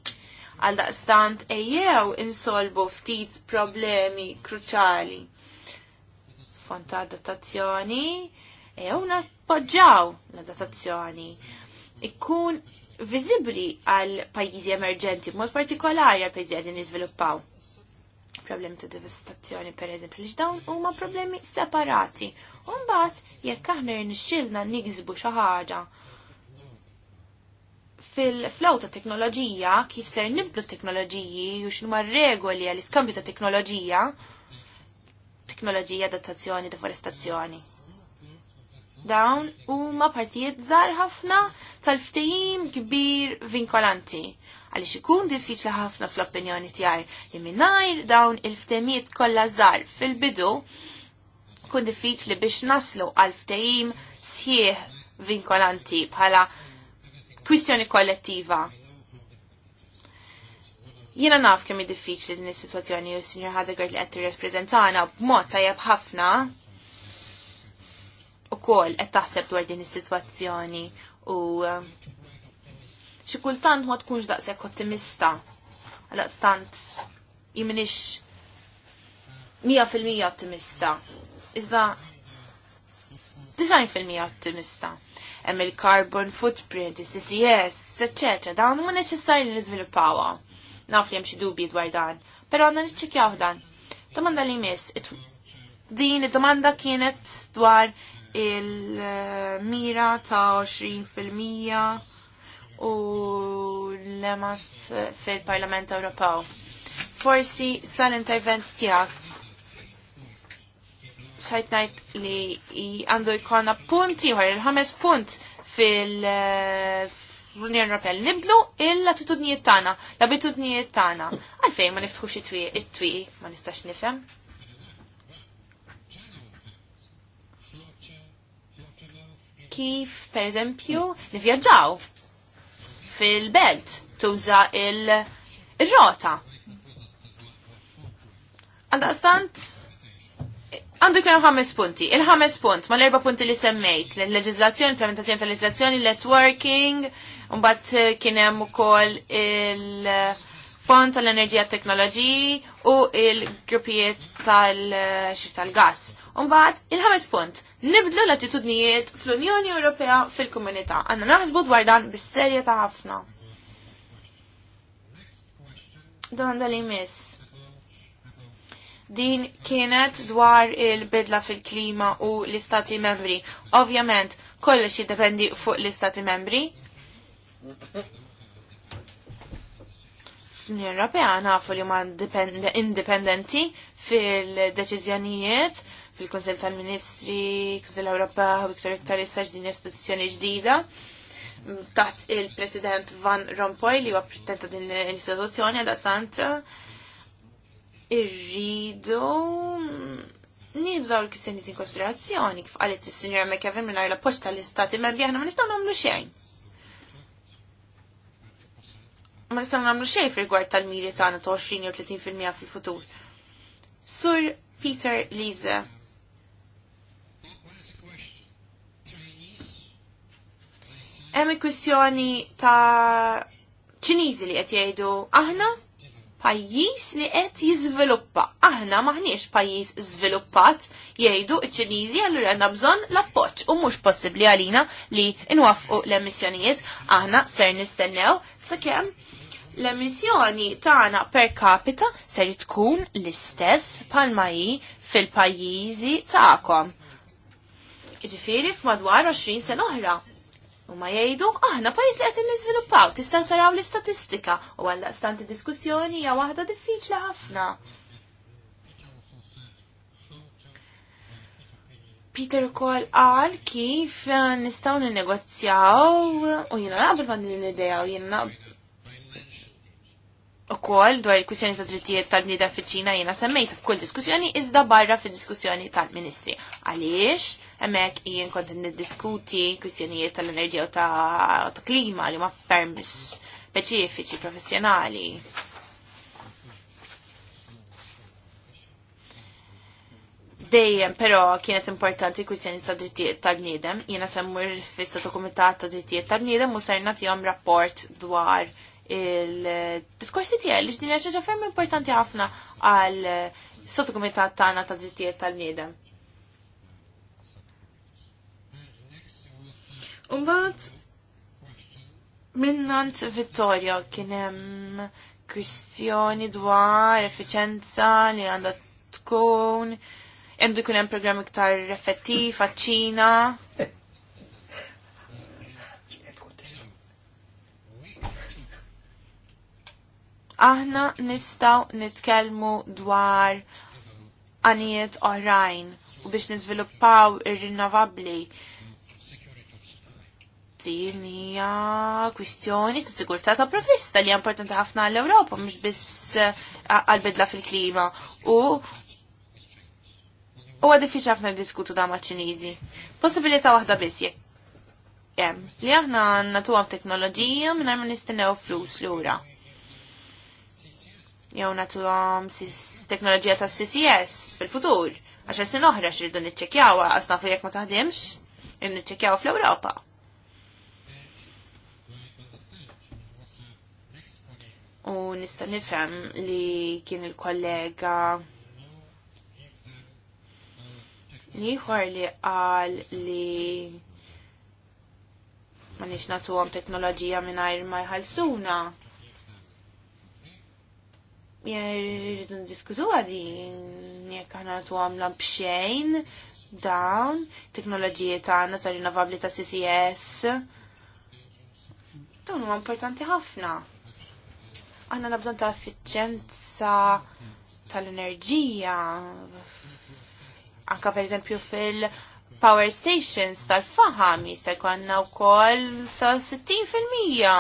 Speaker 1: Għal daqstant ejjew insolbu ftit problemi kruċali. Font datazzjoni, ejjew nappoġġaw l datazzjoni. Ikkun viżibbli għal pajjiżi emerġenti, mod partikolari għal pajjiżi għadin jiżviluppaw. Problemi ta' devastazzjoni per eżempju li dawn huma problemi separati. Umbat, jekk aħna rnixxilna niksbu xi ħaġa fil-flow ta' teknoloġija, kif ser nibdu teknoloġiji u x'numa regoli għall iskambju ta' teknoloġija, teknoloġija, datazzjoni, deforestazzjoni. Dawn huma partijiet żgħar ħafna tal-ftehim kbir vinkolanti għaliex ikun diffiċli ħafna fl-opinjoni tiegħi li mingħajr dawn il-ftehimiet kollha żgħar fil-bidu kun diffiċli biex naslu għal ftehim sħiħ vinkolanti bħala kwistjoni kollettiva. Jiena naf kemm diffiċli din is-sitwazzjoni u s-Sinjor Hadegard li qed tirrappreżentana b'mod tajjeb ħafna ukoll qed taħseb dwar din is-sitwazzjoni u eh, xi kultant ma tkunx daqshekk ottimista għalaqstant jiminix 100% ottimista. Iżda 90% ottimista. Hemm il-carbon footprint, is-CCS, etc. Dawn huma neċessarji li niżviluppawha. Naf li hemm xi dubji dwar dan, però għandna niċċekkjaw dan. Domanda li miss, din id-domanda kienet dwar il-mira ta' 20% u l-lemas fil-Parlament Ewropew. Forsi sal-intervent tijak Sajtnajt li għandu jkun punti għar il-ħames punt fil-Unjoni Ewropea li nibdlu l-attitudnijiet tagħna, l-abitudnijiet tagħna. Għalfejn ma niftħux it twi ma nistax nifhem. kif, per eżempju, nivjaġġaw fil-belt tuża il-rota. Għaldaqstant, għandu kienu ħames punti. Il-ħames punt, ma l-erba punti li semmejt, l-leġizlazzjoni, implementazzjoni tal-leġizlazzjoni, networking, un-bat kienem u koll il- fond tal-enerġija teknoloġiji u il-gruppijiet tal-xir tal-gas. Umbat, il-ħames punt, nibdlu l-attitudnijiet fl-Unjoni Ewropea fil-komunità. Għanna naħsbu dwar dan bis ta' ħafna. Domanda li miss. Din kienet dwar il-bidla fil-klima u l-istati membri. Ovvjament, kollox jiddependi fuq l-istati membri. Fl-Unjoni Ewropea nafu li ma indipendenti fil-deċiżjonijiet fil-Konsil tal-Ministri, Konsil Ewropa, u iktar iktar issa ġdin istituzzjoni ġdida taħt il-President Van Rompuy li huwa President din l-istituzzjoni għada sant irridu Nidu daw l-kistjoni konsiderazzjoni kif għalet il-Sinjora McKevin minn la posta l-istati membri aħna ma nistgħu nagħmlu xejn. Ma nistgħu nagħmlu xejn fil rigward tal-miri tagħna 20 30% fil-futur. Sur Peter Lise Hemm kwistjoni ta' Ċiniżi li qed jgħidu aħna pajjiż li qed jiżviluppa. Aħna maħniex pajjiż żviluppat jgħidu ċ-Ċiniżi allura għandna bżonn l-appoġġ u mhux possibbli għalina li nwaffqu l-emissjonijiet aħna ser nistennew sakemm l-emissjoni tagħna per capita ser tkun l-istess palma fil-pajjiżi tagħkom. Iġifieri f'madwar 20 sena oħra U ma jgħidu, aħna pajis li għetin nizviluppaw, tistan taraw l-istatistika, u għalla stanti diskussjoni hija waħda diffiċli ħafna. Peter Kohl għal kif nistaw n u jina naqbel ma din l-ideja u jina ukoll dwar il-kwistjoni ta' drittijiet tal-bnieda fiċina ċina jiena semmejta f'kull diskussjoni iżda barra fid-diskussjoni tal-Ministri. Għaliex hemmhekk jien kont niddiskuti kwistjonijiet tal-enerġija u ta' klima li ma' permis speċifiċi professjonali. Dejjem, però kienet importanti kwistjoni ta' drittijiet tal-bniedem. Jiena semmur fissa dokumentat ta' drittijiet tal-bniedem u ser nagħtihom rapport dwar il-diskorsi tiegħi li x'din ħaġa ferm importanti ħafna għal eh, sottokumitat tagħna ta' drittijiet tal-bniedem. Umbagħad minnant Vittorio kien hemm kwistjoni dwar efficienza li għanda tkun għandu jkun hemm programm iktar effettiv għaċ-Ċina. aħna nistaw nitkelmu dwar għanijiet oħrajn u biex nizviluppaw ir-rinnovabli. Din hija kwistjoni ta' sigurtà ta' provvista li importanti ħafna għall ewropa mhux biss eh, għall bidla fil-klima u huwa diffiċli ħafna diskutu da' maċ-Ċiniżi. Possibilità waħda biss jekk li aħna nagħtuhom teknoloġija mingħajr ma nistennew flus lura. ura jew natuhom teknoloġija ta' CCS fil-futur għax sin oħra xridu niċċekjaw għasna nafu jekk ma taħdimx, niċċekjaw fl-Ewropa. U nista' nifhem li kien il-kollega liħor li qal li ma nix nagħtuhom teknoloġija mingħajr ma jħallsuna jirridu diskutu għadi jekk aħna tu għamla bxejn dawn teknoloġiji tagħna ta' rinnovabbli ta' CCS. Dawn huwa importanti ħafna. Aħna nabżon ta' effiċenza tal-enerġija. Anka per eżempju fil- power stations tal-faham jista' jkollna wkoll sa 60 fil-mija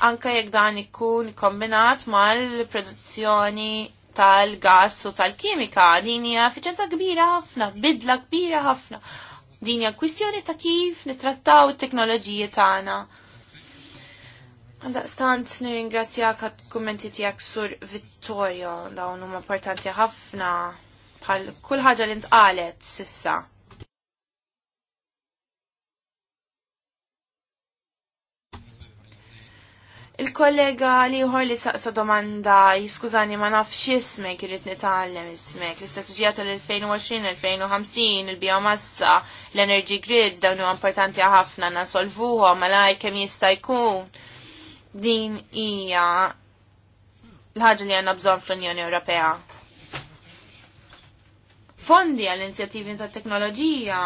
Speaker 1: anka jekk dan ikun kombinat mal-produzzjoni tal-gas u tal-kimika. Din hija effiċenza kbira ħafna, bidla kbira ħafna. Din hija kwistjoni ta' kif nitrattaw it-teknoloġiji tagħna. Għaldaqstant nirringrazzjak għat kummenti tijak sur Vittorio, dawn huma importanti ħafna bħal kull ħaġa li ntqalet sissa. Il-kollega liħor li saqsa domanda, jiskużani ma nafx ismek, irrit nitgħallem ismek, l-istrateġija tal-2020-2050, il-biomassa, l-energy grid, dawn huwa importanti ħafna nasolvuhom, malaj kemm jista' jkun. Din hija l-ħaġa li għandna bżonn fl-Unjoni Ewropea. Fondi għall-inzjattivi ta' teknoloġija,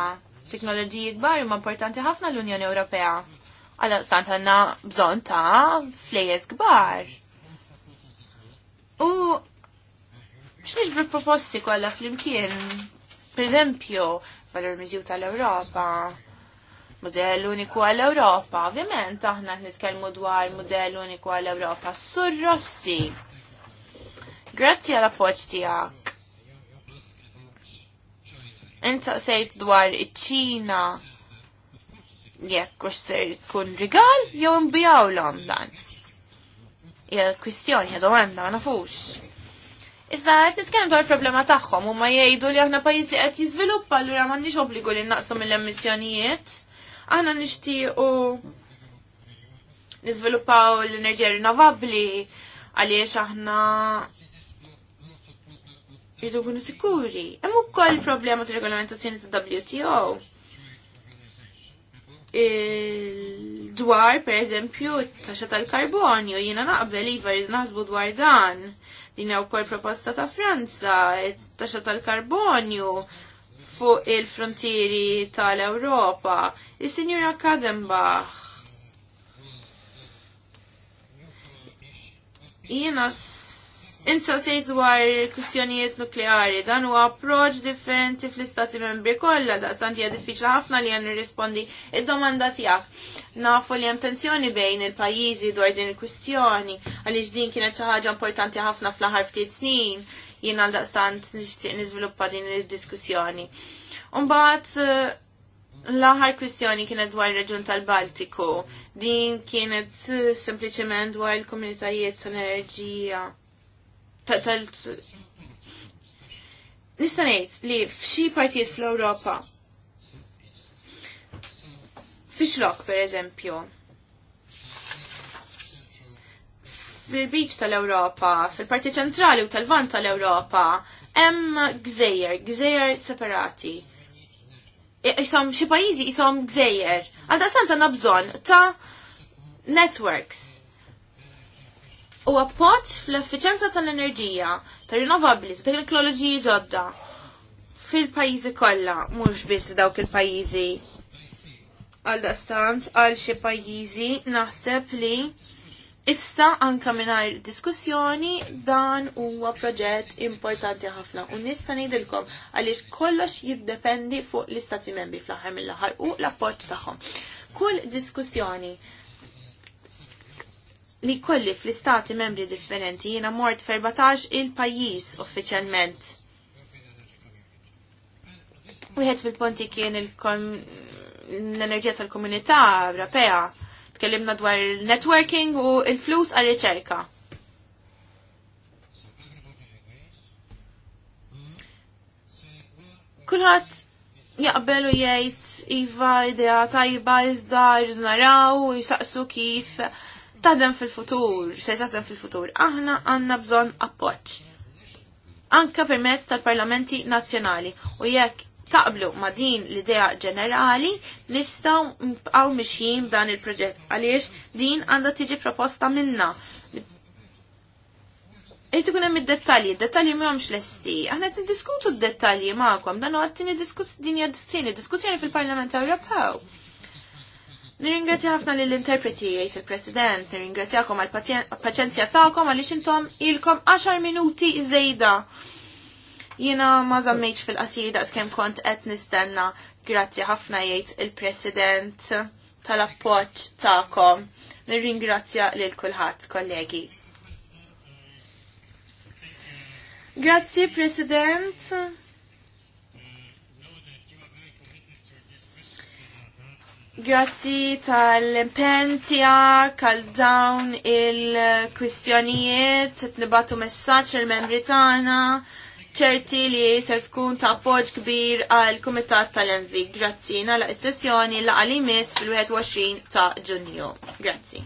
Speaker 1: teknoloġiji kbar huma importanti ħafna l-Unjoni Ewropea għala stant għanna bżon ta' flejes gbar. U x'nix bil-proposti kollha fl-imkien, per eżempju, valur miżju tal-Ewropa, modell uniku għall ewropa ovvjament aħna nitkellmu dwar modell uniku għall ewropa Sur Rossi. Grazzi għal appoġġ tiegħek. Inta sejt dwar iċ-Ċina jekk u ser kun rigal jew nbijawlhom dan. Hija kwistjoni għadu hemm ma nafux. Iżda qed nitkellem dwar il-problema tagħhom huma jgħidu li aħna pajjiż li qed jiżviluppa allura m'għandniex obbligu li naqsu mill-emissjonijiet. Aħna nixtiequ niżviluppaw l-enerġija rinnovabbli għaliex aħna jidu kunu sikuri. Hemm ukoll problema t regolamentazzjoni ta' WTO dwar, per eżempju, taxa tal-karbonju, jina naqbel iva nasbu dwar dan. Din u kol proposta ta' Franza, taxa tal-karbonju fuq il-frontieri tal-Europa. il signora Kadenbach. Jina Insa sejt dwar kwistjonijiet nukleari, dan huwa approċ differenti fl-istati membri kollha, da santi hija diffiċli ħafna li għan nirrispondi id-domanda tiegħek. Nafu li hemm tensjoni bejn il-pajjiżi dwar din il-kwistjoni, għaliex din kienet xi ħaġa importanti ħafna fl-aħħar ftit snin jien għal daqstant nixtieq niżviluppa din id-diskussjoni. Umbagħad eh, l aħar kwistjoni kienet dwar reġun tal-Baltiku. Din kienet eh, sempliċement dwar il-komunitajiet tal-enerġija tal Nista' ngħid li f'xi partijiet fl-Ewropa fixlok per eżempju fil-biċ tal-Ewropa, fil-parti ċentrali u tal-vant tal-Ewropa, hemm gżejjer, gżejjer separati. Jisom xi pajjiżi jisom gżejjer. Għal daqstant għandna bżonn ta' networks u appoġġ fl-effiċenza tal-enerġija, tal-rinnovabli, tal-teknoloġiji ġodda fil-pajjiżi kollha, mhux biss dawk il-pajjiżi. Għal dastant għal xi pajjiżi naħseb li issa anka mingħajr diskussjoni dan huwa proġett importanti ħafna u nista' ngħidilkom għaliex kollox jiddependi fuq l-istati membri fl-aħħar mill-aħħar u l-appoġġ tagħhom. Kull diskussjoni li kolli fl-istati membri differenti jina mort f-14 il-pajis uffiċjalment. Wieħed fil-ponti kien l-enerġija tal-komunità Ewropea. Tkellimna dwar il-networking u il-flus għal-riċerka. Kulħadd jaqbelu jgħid iva idea tajba iżda jridu naraw u jisaqsu kif taħdem fil-futur, se taħdem fil-futur. Aħna għanna bżon appoċ. Anka permezz tal-parlamenti nazzjonali u jekk taqblu ma din l-idea ġenerali nistaw għaw mixjim dan il-proġett għaliex din għanda tiġi proposta minna. Irrid ikun hemm id-dettalji, id-dettalji m'hemmx lesti. Aħna qed niddiskutu d-dettalji magħkom, dan huwa tieni diskussjoni din diskussjoni fil-Parlament Ewropew. Nirringrazzja ħafna lill interpreti jgħid il-President, nirringrazzjakom għal-paċenzja tagħkom għaliex intom ilkom 10 minuti żejda. Jiena ma żammejtx fil-qasir daqskemm kont qed nistenna. Grazzi ħafna jgħid il-President tal-appoġġ tagħkom. Nirringrazzja lil kulħadd, kollegi. Grazzi President. Grazzi tal-impen tijak, għal dawn il-kwistjonijiet, t-nibatu messaċ il-membri tagħna ċerti li ser tkun ta' appoġġ kbir għal kumitat tal-Envi. Grazzi, nagħlaq is-sessjoni laqgħa li fil-21 ta' Ġunju. Grazzi.